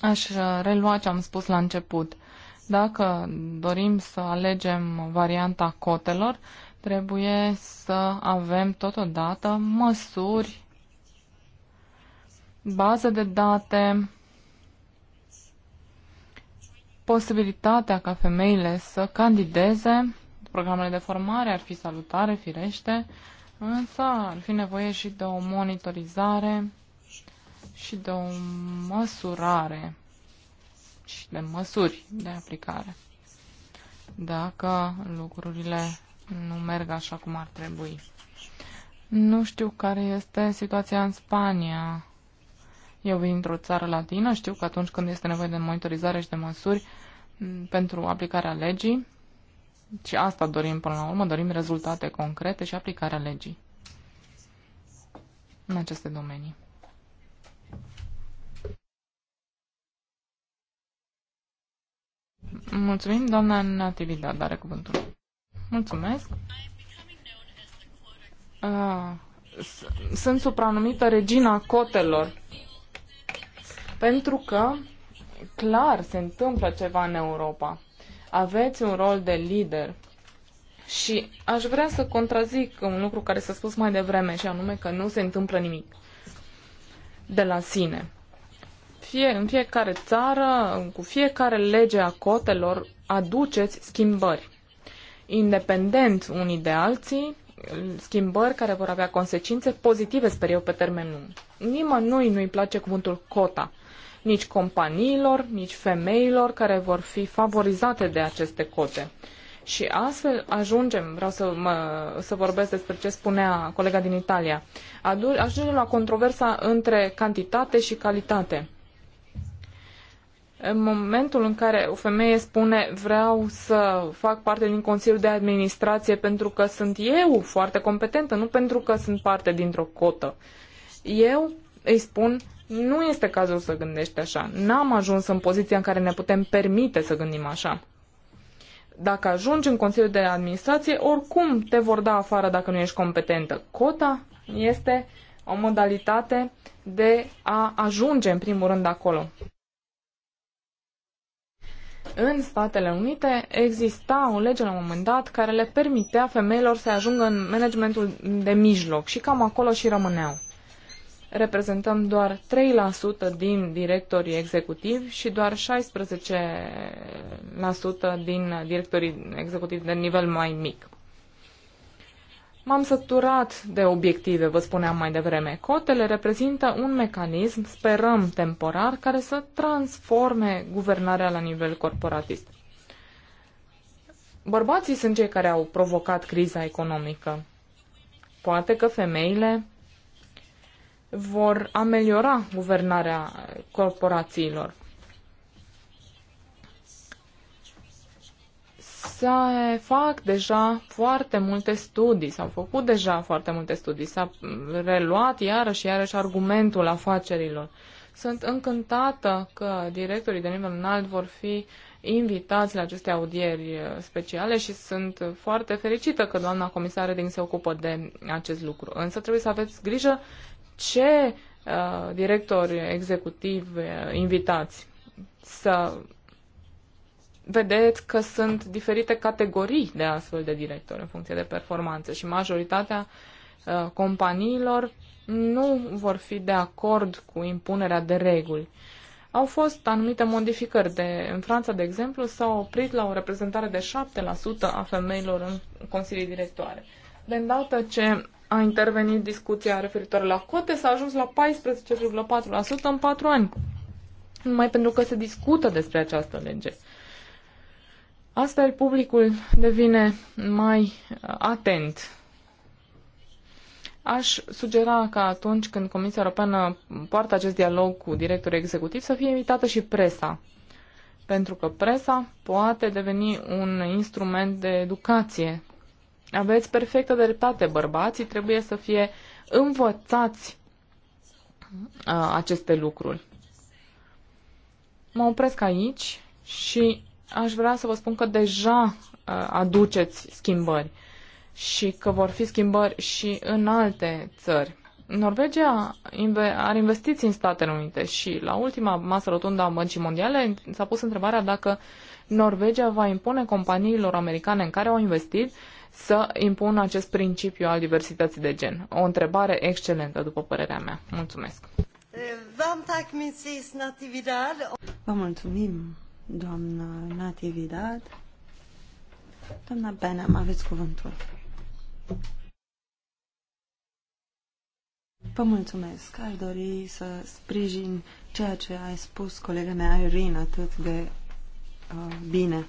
Aș relua ce am spus la început. Dacă dorim să alegem varianta cotelor, trebuie să avem totodată măsuri, bază de date, posibilitatea ca femeile să candideze, programele de formare ar fi salutare, firește, însă ar fi nevoie și de o monitorizare și de o măsurare și de măsuri de aplicare. Dacă lucrurile nu merg așa cum ar trebui. Nu știu care este situația în Spania eu vin într-o țară latină, știu că atunci când este nevoie de monitorizare și de măsuri pentru aplicarea legii, și asta dorim până la urmă, dorim rezultate concrete și aplicarea legii în aceste domenii. Mulțumim, doamna Natividad, are cuvântul. Mulțumesc. Ah, sunt supranumită regina cotelor. Pentru că clar se întâmplă ceva în Europa. Aveți un rol de lider. Și aș vrea să contrazic un lucru care s-a spus mai devreme, și anume că nu se întâmplă nimic de la sine. Fie, în fiecare țară, cu fiecare lege a cotelor, aduceți schimbări. Independent unii de alții, schimbări care vor avea consecințe pozitive, sper eu, pe termen lung. Nimănui nu-i place cuvântul cota nici companiilor, nici femeilor care vor fi favorizate de aceste cote. Și astfel ajungem, vreau să, mă, să vorbesc despre ce spunea colega din Italia, ajungem la controversa între cantitate și calitate. În momentul în care o femeie spune vreau să fac parte din Consiliul de Administrație pentru că sunt eu foarte competentă, nu pentru că sunt parte dintr-o cotă, eu îi spun nu este cazul să gândești așa. N-am ajuns în poziția în care ne putem permite să gândim așa. Dacă ajungi în Consiliul de Administrație, oricum te vor da afară dacă nu ești competentă. Cota este o modalitate de a ajunge, în primul rând, acolo. În Statele Unite exista o lege la un moment dat care le permitea femeilor să ajungă în managementul de mijloc și cam acolo și rămâneau reprezentăm doar 3% din directorii executivi și doar 16% din directorii executivi de nivel mai mic. M-am săturat de obiective, vă spuneam mai devreme. Cotele reprezintă un mecanism, sperăm temporar, care să transforme guvernarea la nivel corporatist. Bărbații sunt cei care au provocat criza economică. Poate că femeile vor ameliora guvernarea corporațiilor. se fac deja foarte multe studii, s-au făcut deja foarte multe studii, s-a reluat iarăși, iarăși argumentul afacerilor. Sunt încântată că directorii de nivel înalt vor fi invitați la aceste audieri speciale și sunt foarte fericită că doamna comisară din se ocupă de acest lucru. Însă trebuie să aveți grijă ce uh, directori executivi uh, invitați. Să vedeți că sunt diferite categorii de astfel de directori în funcție de performanță și majoritatea uh, companiilor nu vor fi de acord cu impunerea de reguli. Au fost anumite modificări. De, în Franța, de exemplu, s au oprit la o reprezentare de 7% a femeilor în consilii directoare. De îndată ce a intervenit discuția referitoare la cote, s-a ajuns la 14,4% în 4 ani. Numai pentru că se discută despre această lege. Astfel, publicul devine mai uh, atent. Aș sugera ca atunci când Comisia Europeană poartă acest dialog cu directorul executiv să fie invitată și presa. Pentru că presa poate deveni un instrument de educație aveți perfectă dreptate, bărbații trebuie să fie învățați uh, aceste lucruri. Mă opresc aici și aș vrea să vă spun că deja uh, aduceți schimbări și că vor fi schimbări și în alte țări. Norvegia are investiții în Statele Unite și la ultima masă rotundă a Băncii Mondiale s-a pus întrebarea dacă Norvegia va impune companiilor americane în care au investit să impună acest principiu al diversității de gen. O întrebare excelentă, după părerea mea. Mulțumesc! Vă mulțumim, doamnă Natividad. Doamna Benham, aveți cuvântul. Vă mulțumesc. Aș dori să sprijin ceea ce ai spus colega mea Irina, atât de uh, bine.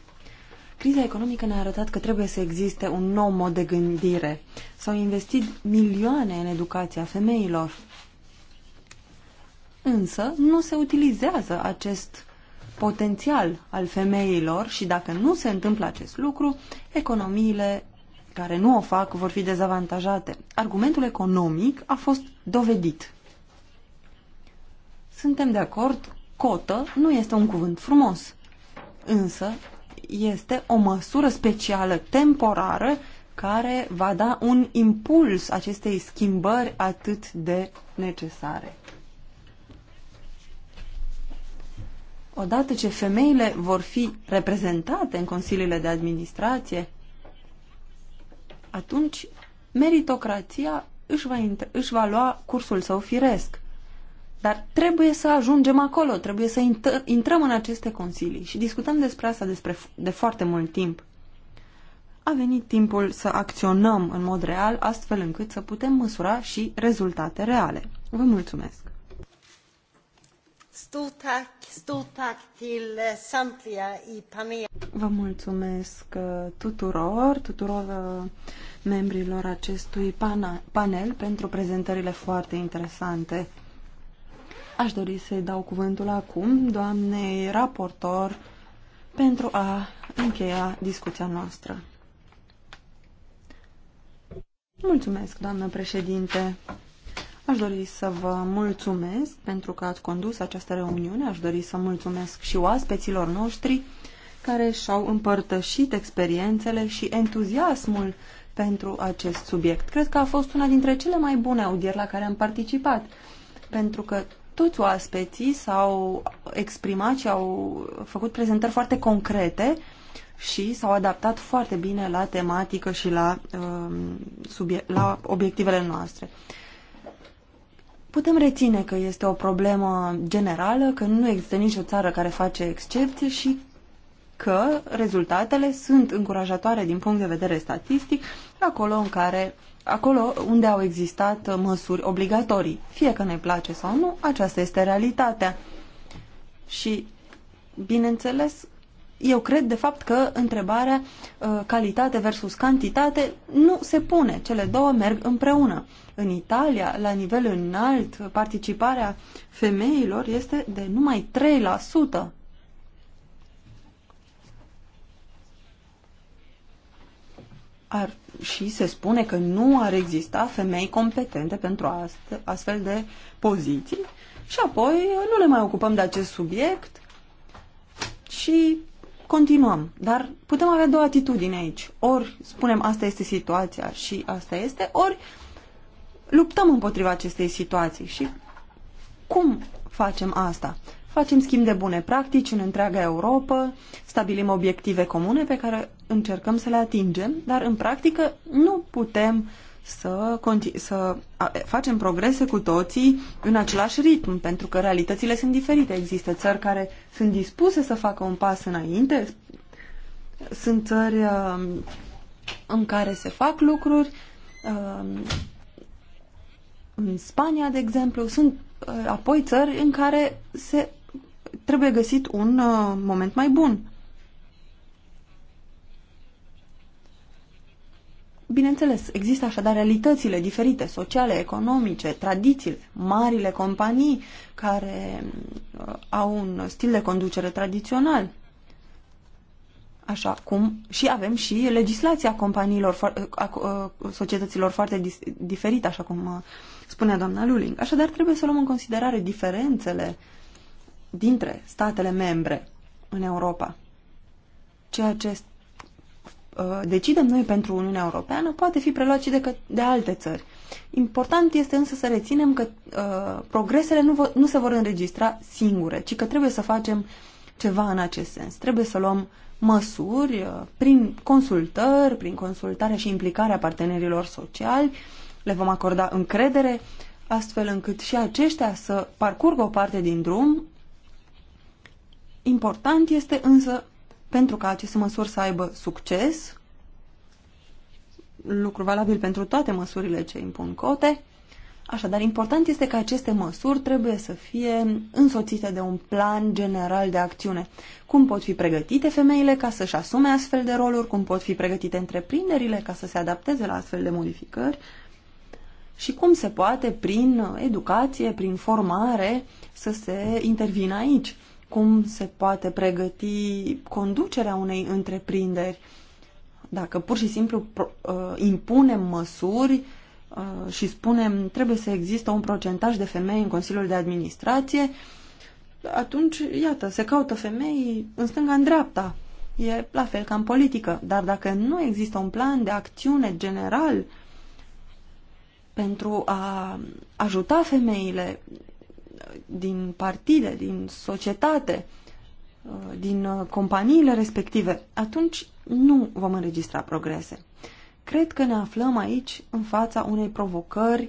Criza economică ne-a arătat că trebuie să existe un nou mod de gândire. S-au investit milioane în educația femeilor. Însă nu se utilizează acest potențial al femeilor și dacă nu se întâmplă acest lucru, economiile care nu o fac vor fi dezavantajate. Argumentul economic a fost dovedit. Suntem de acord, cotă nu este un cuvânt frumos. Însă, este o măsură specială, temporară, care va da un impuls acestei schimbări atât de necesare. Odată ce femeile vor fi reprezentate în consiliile de administrație, atunci meritocrația își va, își va lua cursul său firesc. Dar trebuie să ajungem acolo, trebuie să intrăm în aceste consilii și discutăm despre asta despre, de foarte mult timp. A venit timpul să acționăm în mod real, astfel încât să putem măsura și rezultate reale. Vă mulțumesc! Eh, Vă mulțumesc eh, tuturor, tuturor eh, membrilor acestui panel pentru prezentările foarte interesante. Aș dori să-i dau cuvântul acum doamnei raportor pentru a încheia discuția noastră. Mulțumesc, doamnă președinte. Aș dori să vă mulțumesc pentru că ați condus această reuniune. Aș dori să mulțumesc și oaspeților noștri care și-au împărtășit experiențele și entuziasmul pentru acest subiect. Cred că a fost una dintre cele mai bune audieri la care am participat, pentru că toți oaspeții s-au exprimat și au făcut prezentări foarte concrete și s-au adaptat foarte bine la tematică și la, um, subie- la obiectivele noastre. Putem reține că este o problemă generală, că nu există nicio țară care face excepție și că rezultatele sunt încurajatoare din punct de vedere statistic acolo în care acolo unde au existat măsuri obligatorii. Fie că ne place sau nu, aceasta este realitatea. Și, bineînțeles, eu cred de fapt că întrebarea uh, calitate versus cantitate nu se pune. Cele două merg împreună. În Italia, la nivel înalt, participarea femeilor este de numai 3%. ar, și se spune că nu ar exista femei competente pentru ast, astfel de poziții și apoi nu ne mai ocupăm de acest subiect și continuăm. Dar putem avea două atitudini aici. Ori spunem asta este situația și asta este, ori luptăm împotriva acestei situații. Și cum facem asta? facem schimb de bune practici în întreaga Europa, stabilim obiective comune pe care încercăm să le atingem, dar în practică nu putem să, să facem progrese cu toții în același ritm, pentru că realitățile sunt diferite. Există țări care sunt dispuse să facă un pas înainte, sunt țări um, în care se fac lucruri. Um, în Spania, de exemplu, sunt uh, apoi țări în care se trebuie găsit un uh, moment mai bun. Bineînțeles, există așadar realitățile diferite, sociale, economice, tradițiile, marile companii care uh, au un stil de conducere tradițional. Așa cum și avem și legislația companiilor, uh, a, uh, societăților foarte diferite, diferită, așa cum uh, spunea doamna Luling. Așadar, trebuie să luăm în considerare diferențele uh, dintre statele membre în Europa. Ceea ce uh, decidem noi pentru Uniunea Europeană poate fi preluat și de, de alte țări. Important este însă să reținem că uh, progresele nu, nu se vor înregistra singure, ci că trebuie să facem ceva în acest sens. Trebuie să luăm măsuri uh, prin consultări, prin consultarea și implicarea partenerilor sociali, le vom acorda încredere, astfel încât și aceștia să parcurgă o parte din drum Important este însă, pentru ca aceste măsuri să aibă succes, lucru valabil pentru toate măsurile ce impun cote, Așadar, important este că aceste măsuri trebuie să fie însoțite de un plan general de acțiune. Cum pot fi pregătite femeile ca să-și asume astfel de roluri, cum pot fi pregătite întreprinderile ca să se adapteze la astfel de modificări și cum se poate, prin educație, prin formare, să se intervină aici cum se poate pregăti conducerea unei întreprinderi. Dacă pur și simplu uh, impunem măsuri uh, și spunem trebuie să există un procentaj de femei în Consiliul de Administrație, atunci, iată, se caută femei în stânga, în dreapta. E la fel ca în politică. Dar dacă nu există un plan de acțiune general pentru a ajuta femeile din partide, din societate, uh, din uh, companiile respective, atunci nu vom înregistra progrese. Cred că ne aflăm aici în fața unei provocări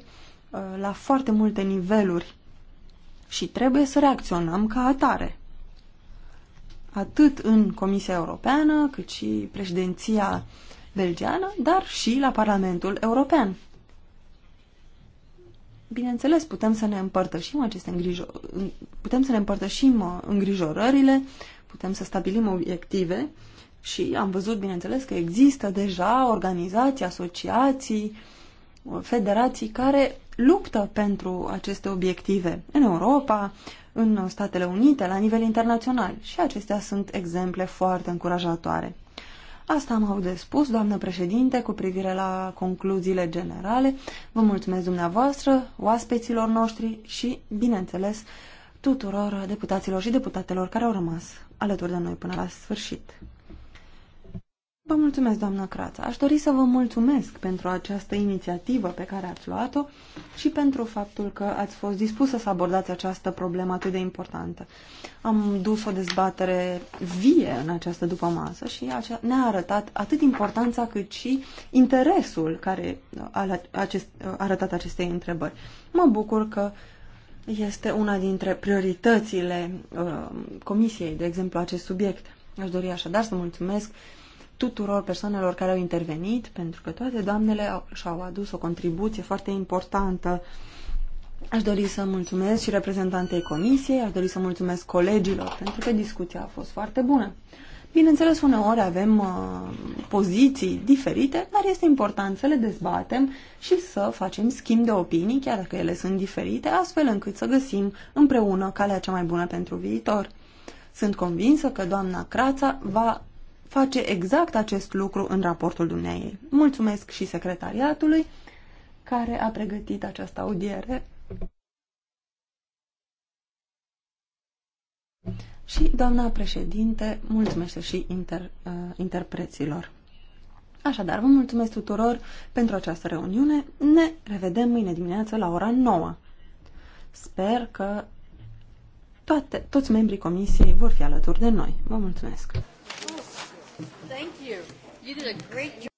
uh, la foarte multe niveluri și trebuie să reacționăm ca atare. Atât în Comisia Europeană, cât și președinția belgeană, dar și la Parlamentul European. Bineînțeles, putem să ne împărtășim aceste îngrijorări, putem să ne împărtășim uh, îngrijorările, putem să stabilim obiective și am văzut, bineînțeles, că există deja organizații, asociații, uh, federații care luptă pentru aceste obiective în Europa, în Statele Unite, la nivel internațional. Și acestea sunt exemple foarte încurajatoare. Asta am au de spus, doamnă președinte, cu privire la concluziile generale. Vă mulțumesc dumneavoastră, oaspeților noștri și, bineînțeles, tuturor deputaților și deputatelor care au rămas alături de noi până la sfârșit. Vă mulțumesc, doamnă Crața. Aș dori să vă mulțumesc pentru această inițiativă pe care ați luat-o și pentru faptul că ați fost dispusă să abordați această problemă atât de importantă. Am dus o dezbatere vie în această dupămasă și ne-a arătat atât importanța cât și interesul care uh, uh, a arătat acestei întrebări. Mă bucur că este una dintre prioritățile uh, comisiei, de exemplu, acest subiect. Aș dori așadar să mulțumesc tuturor persoanelor care au intervenit, pentru că toate doamnele și-au adus o contribuție foarte importantă. Aș dori să mulțumesc și reprezentantei comisiei, aș dori să mulțumesc colegilor, pentru că discuția a fost foarte bună. Bineînțeles, uneori avem uh, poziții diferite, dar este important să le dezbatem și să facem schimb de opinii, chiar dacă ele sunt diferite, astfel încât să găsim împreună calea cea mai bună pentru viitor. Sunt convinsă că doamna Crața va face exact acest lucru în raportul dumneai. Mulțumesc și secretariatului care a pregătit această audiere. Și doamna președinte mulțumesc și inter, uh, interpreților. Așadar, vă mulțumesc tuturor pentru această reuniune. Ne revedem mâine dimineață la ora 9. Sper că toate, toți membrii comisiei vor fi alături de noi. Vă mulțumesc! Thank you. You did a great job.